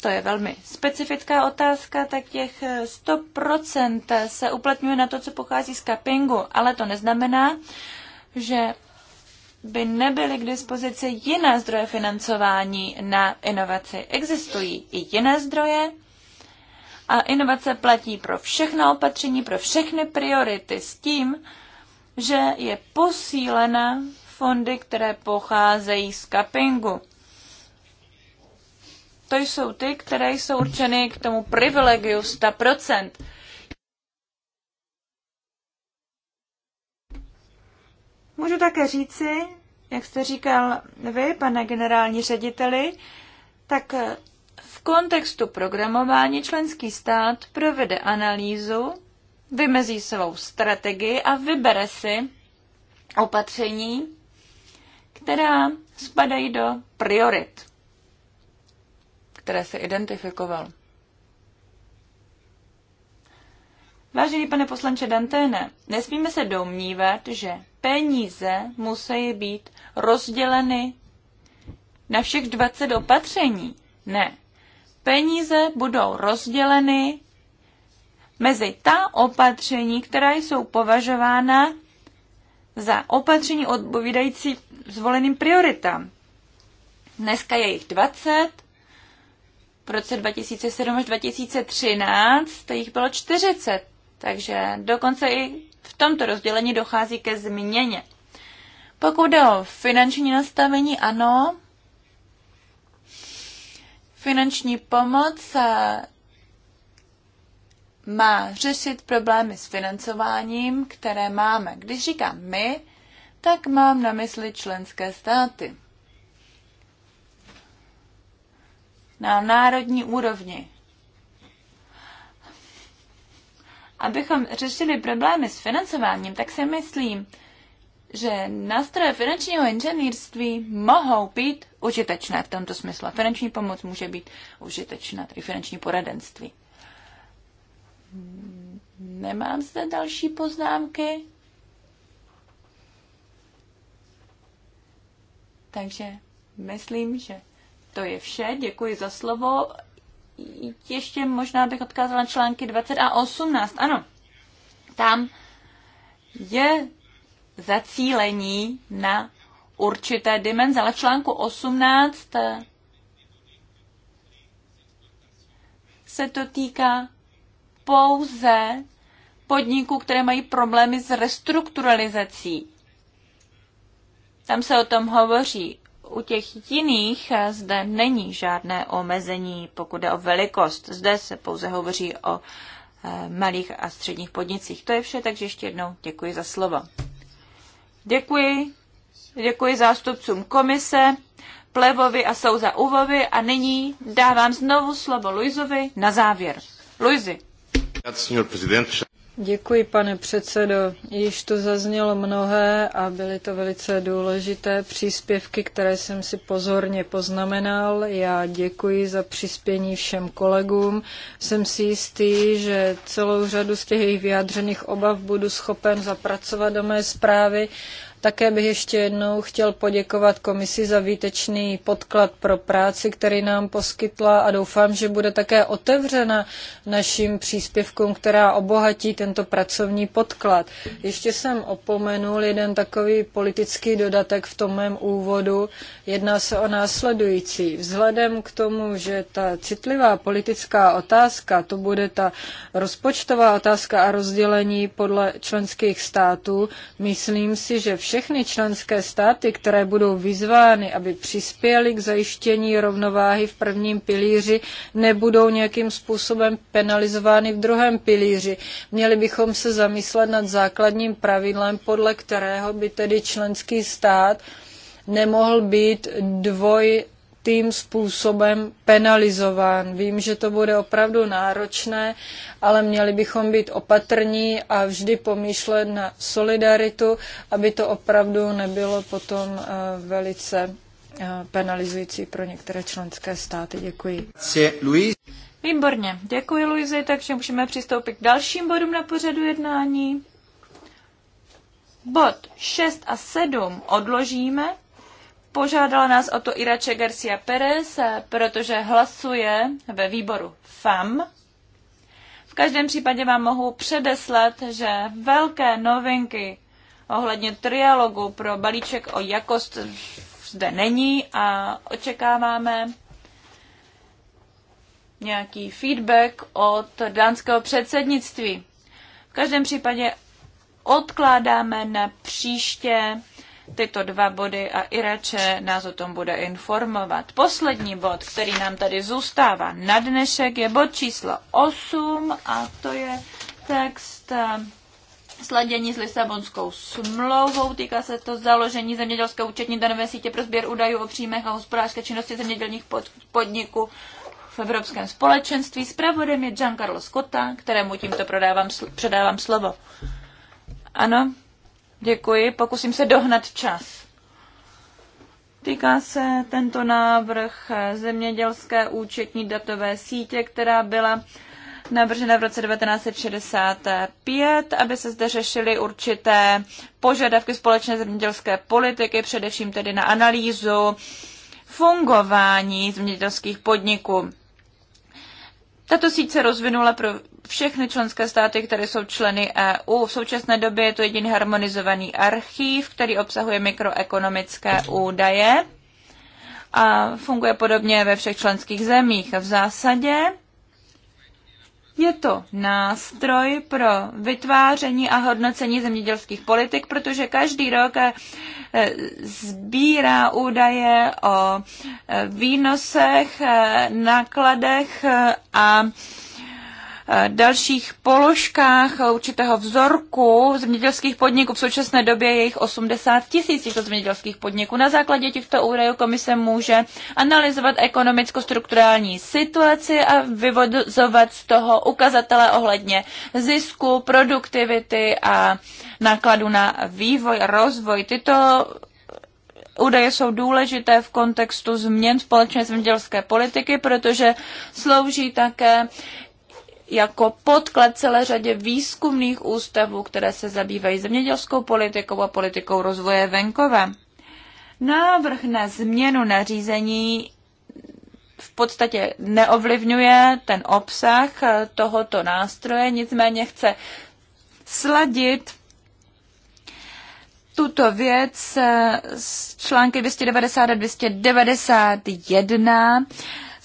to je velmi specifická otázka, tak těch 100% eh, se uplatňuje na to, co pochází z kapingu, ale to neznamená, že by nebyly k dispozici jiné zdroje financování na inovaci. Existují i jiné zdroje a inovace platí pro všechna opatření, pro všechny priority s tím, že je posílena fondy, které pocházejí z kapingu to jsou ty, které jsou určeny k tomu privilegiu 100%. Můžu také říci, jak jste říkal vy, pane generální řediteli, tak v kontextu programování členský stát provede analýzu, vymezí svou strategii a vybere si opatření, která spadají do priorit které se identifikoval. Vážený pane poslanče Danténe, nesmíme se domnívat, že peníze musí být rozděleny na všech 20 opatření. Ne. Peníze budou rozděleny mezi ta opatření, která jsou považována za opatření odpovídající zvoleným prioritám. Dneska je jich 20 v roce 2007 až 2013 jich bylo 40. Takže dokonce i v tomto rozdělení dochází ke změně. Pokud jde o finanční nastavení, ano. Finanční pomoc eh, má řešit problémy s financováním, které máme. Když říkám my, tak mám na mysli členské státy. na národní úrovni. Abychom řešili problémy s financováním, tak si myslím, že nástroje finančního inženýrství mohou být užitečné v tomto smyslu. Finanční pomoc může být užitečná, tedy finanční poradenství. Nemám zde další poznámky. Takže myslím, že to je vše, děkuji za slovo. Ještě možná bych odkázala články 20 a 18, ano. Tam je zacílení na určité dimenze, ale v článku 18 se to týká pouze podniků, které mají problémy s restrukturalizací. Tam se o tom hovoří. U těch jiných eh, zde není žádné omezení, pokud jde o velikost. Zde se pouze hovoří o eh, malých a středních podnicích. To je vše, takže ještě jednou děkuji za slovo. Děkuji. Děkuji zástupcům komise, Plevovi a Souza Uvovi a nyní dávám znovu slovo Luizovi na závěr. Luizi. Děkuji, pane předsedo. Již tu zaznělo mnohé a byly to velice důležité příspěvky, které jsem si pozorně poznamenal. Já děkuji za přispění všem kolegům. Jsem si jistý, že celou řadu z těch jejich vyjádřených obav budu schopen zapracovat do mé zprávy také bych ještě jednou chtěl poděkovat komisi za výtečný podklad pro práci, který nám poskytla a doufám, že bude také otevřena našim příspěvkům, která obohatí tento pracovní podklad. Ještě jsem opomenul jeden takový politický dodatek v tom mém úvodu. Jedná se o následující. Vzhledem k tomu, že ta citlivá politická otázka, to bude ta rozpočtová otázka a rozdělení podle členských států, myslím si, že všichni všechny členské státy, které budou vyzvány, aby přispěly k zajištění rovnováhy v prvním pilíři, nebudou nějakým způsobem penalizovány v druhém pilíři. Měli bychom se zamyslet nad základním pravidlem, podle kterého by tedy členský stát nemohl být dvoj určitým způsobem penalizován. Vím, že to bude opravdu náročné, ale měli bychom být opatrní a vždy pomýšlet na solidaritu, aby to opravdu nebylo potom eh, velice eh, penalizující pro některé členské státy. Děkuji. Výborně. Děkuji, Luizi, takže můžeme přistoupit k dalším bodům na pořadu jednání. Bod 6 a 7 odložíme, Požádala nás o to Irače Garcia Perez, protože hlasuje ve výboru FAM. V každém případě vám mohu předeslat, že velké novinky ohledně trialogu pro balíček o jakost zde není a očekáváme nějaký feedback od dánského předsednictví. V každém případě odkládáme na příště tyto dva body a Irače nás o tom bude informovat. Poslední bod, který nám tady zůstává na dnešek, je bod číslo 8 a to je text eh, sladění s Lisabonskou smlouvou. Týká se to založení zemědělské účetní danové sítě pro sběr údajů o příjmech a hospodářské činnosti zemědělních pod, podniků v Evropském společenství. Spravodem je Giancarlo Scotta, kterému tímto prodávám, předávám slovo. Ano, Děkuji, pokusím se dohnat čas. Týká se tento návrh zemědělské účetní datové sítě, která byla navržena v roce 1965, aby se zde řešily určité požadavky společné zemědělské politiky, především tedy na analýzu fungování zemědělských podniků. Tato síť se rozvinula pro všechny členské státy, které jsou členy EU. V současné době je to jediný harmonizovaný archív, který obsahuje mikroekonomické údaje a funguje podobně ve všech členských zemích. V zásadě je to nástroj pro vytváření a hodnocení zemědělských politik, protože každý rok eh, sbírá údaje o eh, výnosech, eh, nákladech a Eh, dalších položkách určitého vzorku zemědělských podniků. V současné době je jich 80 tisíc těchto zemědělských podniků. Na základě těchto údajů komise může analyzovat ekonomicko-strukturální situaci a vyvozovat z toho ukazatele ohledně zisku, produktivity a nákladu na vývoj a rozvoj. Tyto údaje jsou důležité v kontextu změn společné zemědělské politiky, protože slouží také jako podklad celé řadě výzkumných ústavů, které se zabývají zemědělskou politikou a politikou rozvoje venkova. Návrh na změnu nařízení v podstatě neovlivňuje ten obsah eh, tohoto nástroje, nicméně chce sladit tuto věc eh, s články 290 a 291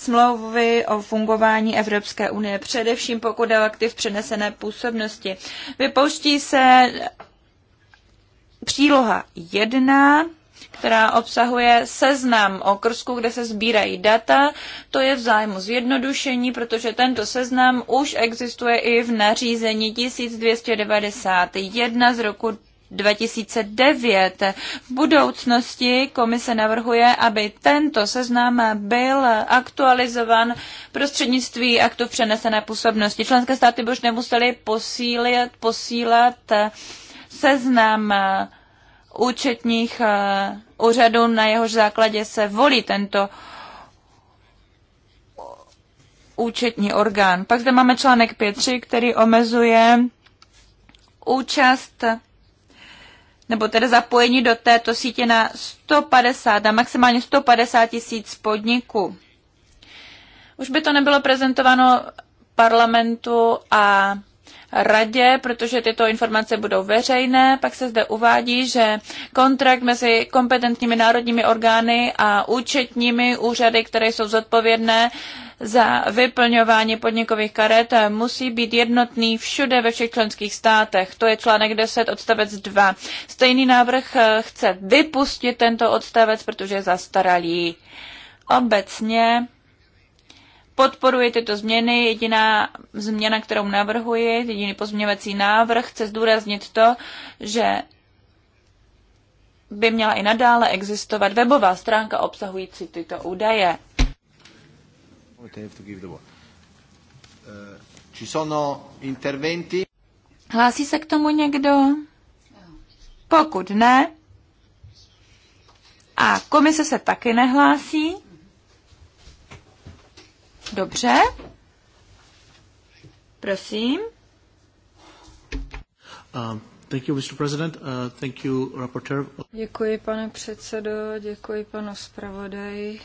smlouvy o fungování Evropské unie, především pokud je aktiv přenesené působnosti. Vypouští se příloha 1, která obsahuje seznam okrsků, kde se sbírají data. To je v zájmu zjednodušení, protože tento seznam už existuje i v nařízení 1291 z roku 2009. V budoucnosti komise navrhuje, aby tento seznam byl aktualizovan prostřednictví aktu přenesené působnosti. Členské státy by už nemusely posílit, posílat seznam účetních eh, úřadů, na jehož základě se volí tento účetní orgán. Pak zde máme článek 5.3, který omezuje účast nebo tedy zapojení do této sítě na 150, na maximálně 150 tisíc podniků. Už by to nebylo prezentováno parlamentu a radě, protože tyto informace budou veřejné. Pak se zde uvádí, že kontrakt mezi kompetentními národními orgány a účetními úřady, které jsou zodpovědné za vyplňování podnikových karet musí být jednotný všude ve všech členských státech. To je článek 10 odstavec 2. Stejný návrh eh, chce vypustit tento odstavec, protože je zastaralý. Obecně podporuji tyto změny. Jediná změna, kterou navrhuji, jediný pozměňovací návrh, chce zdůraznit to, že by měla i nadále existovat webová stránka obsahující tyto údaje. Uh, ci sono interventi? Hlásí se k tomu někdo? Pokud ne, a komise se taky nehlásí. Dobře. Prosím. Um. Thank you, Mr. President. Uh, thank you, rapporteur. Děkuji, pane předsedo, děkuji panu zpravodaji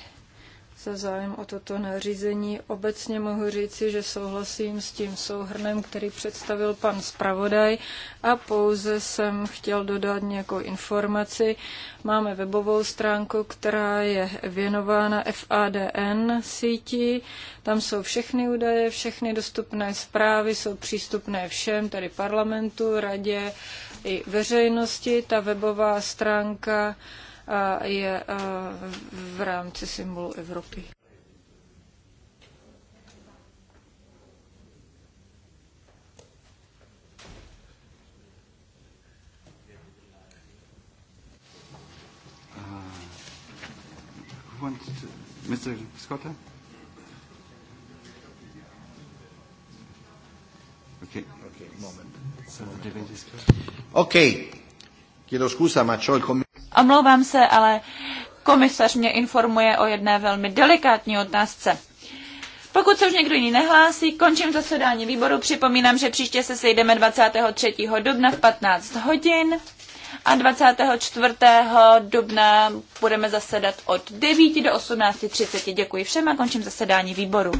za zájem o toto nařízení. Obecně mohu říci, že souhlasím s tím souhrnem, který představil pan zpravodaj a pouze jsem chtěl dodat nějakou informaci. Máme webovou stránku, která je věnována FADN síti. Tam jsou všechny údaje, všechny dostupné zprávy jsou přístupné všem, tedy parlamentu, radě i veřejnosti. Ta webová stránka je v rámci symbolu Evropy. Uh, Mr. Scotta? Okay. Okay, moment. So the Okay. Chiedo scusa, ma c'ho il commento. Omlouvám se, ale komisař mě informuje o jedné velmi delikátní otázce. Pokud se už někdo jiný nehlásí, končím zasedání výboru. Připomínám, že příště se sejdeme 23. dubna v 15 hodin a 24. dubna budeme zasedat od 9 do 18.30. Děkuji všem a končím zasedání výboru.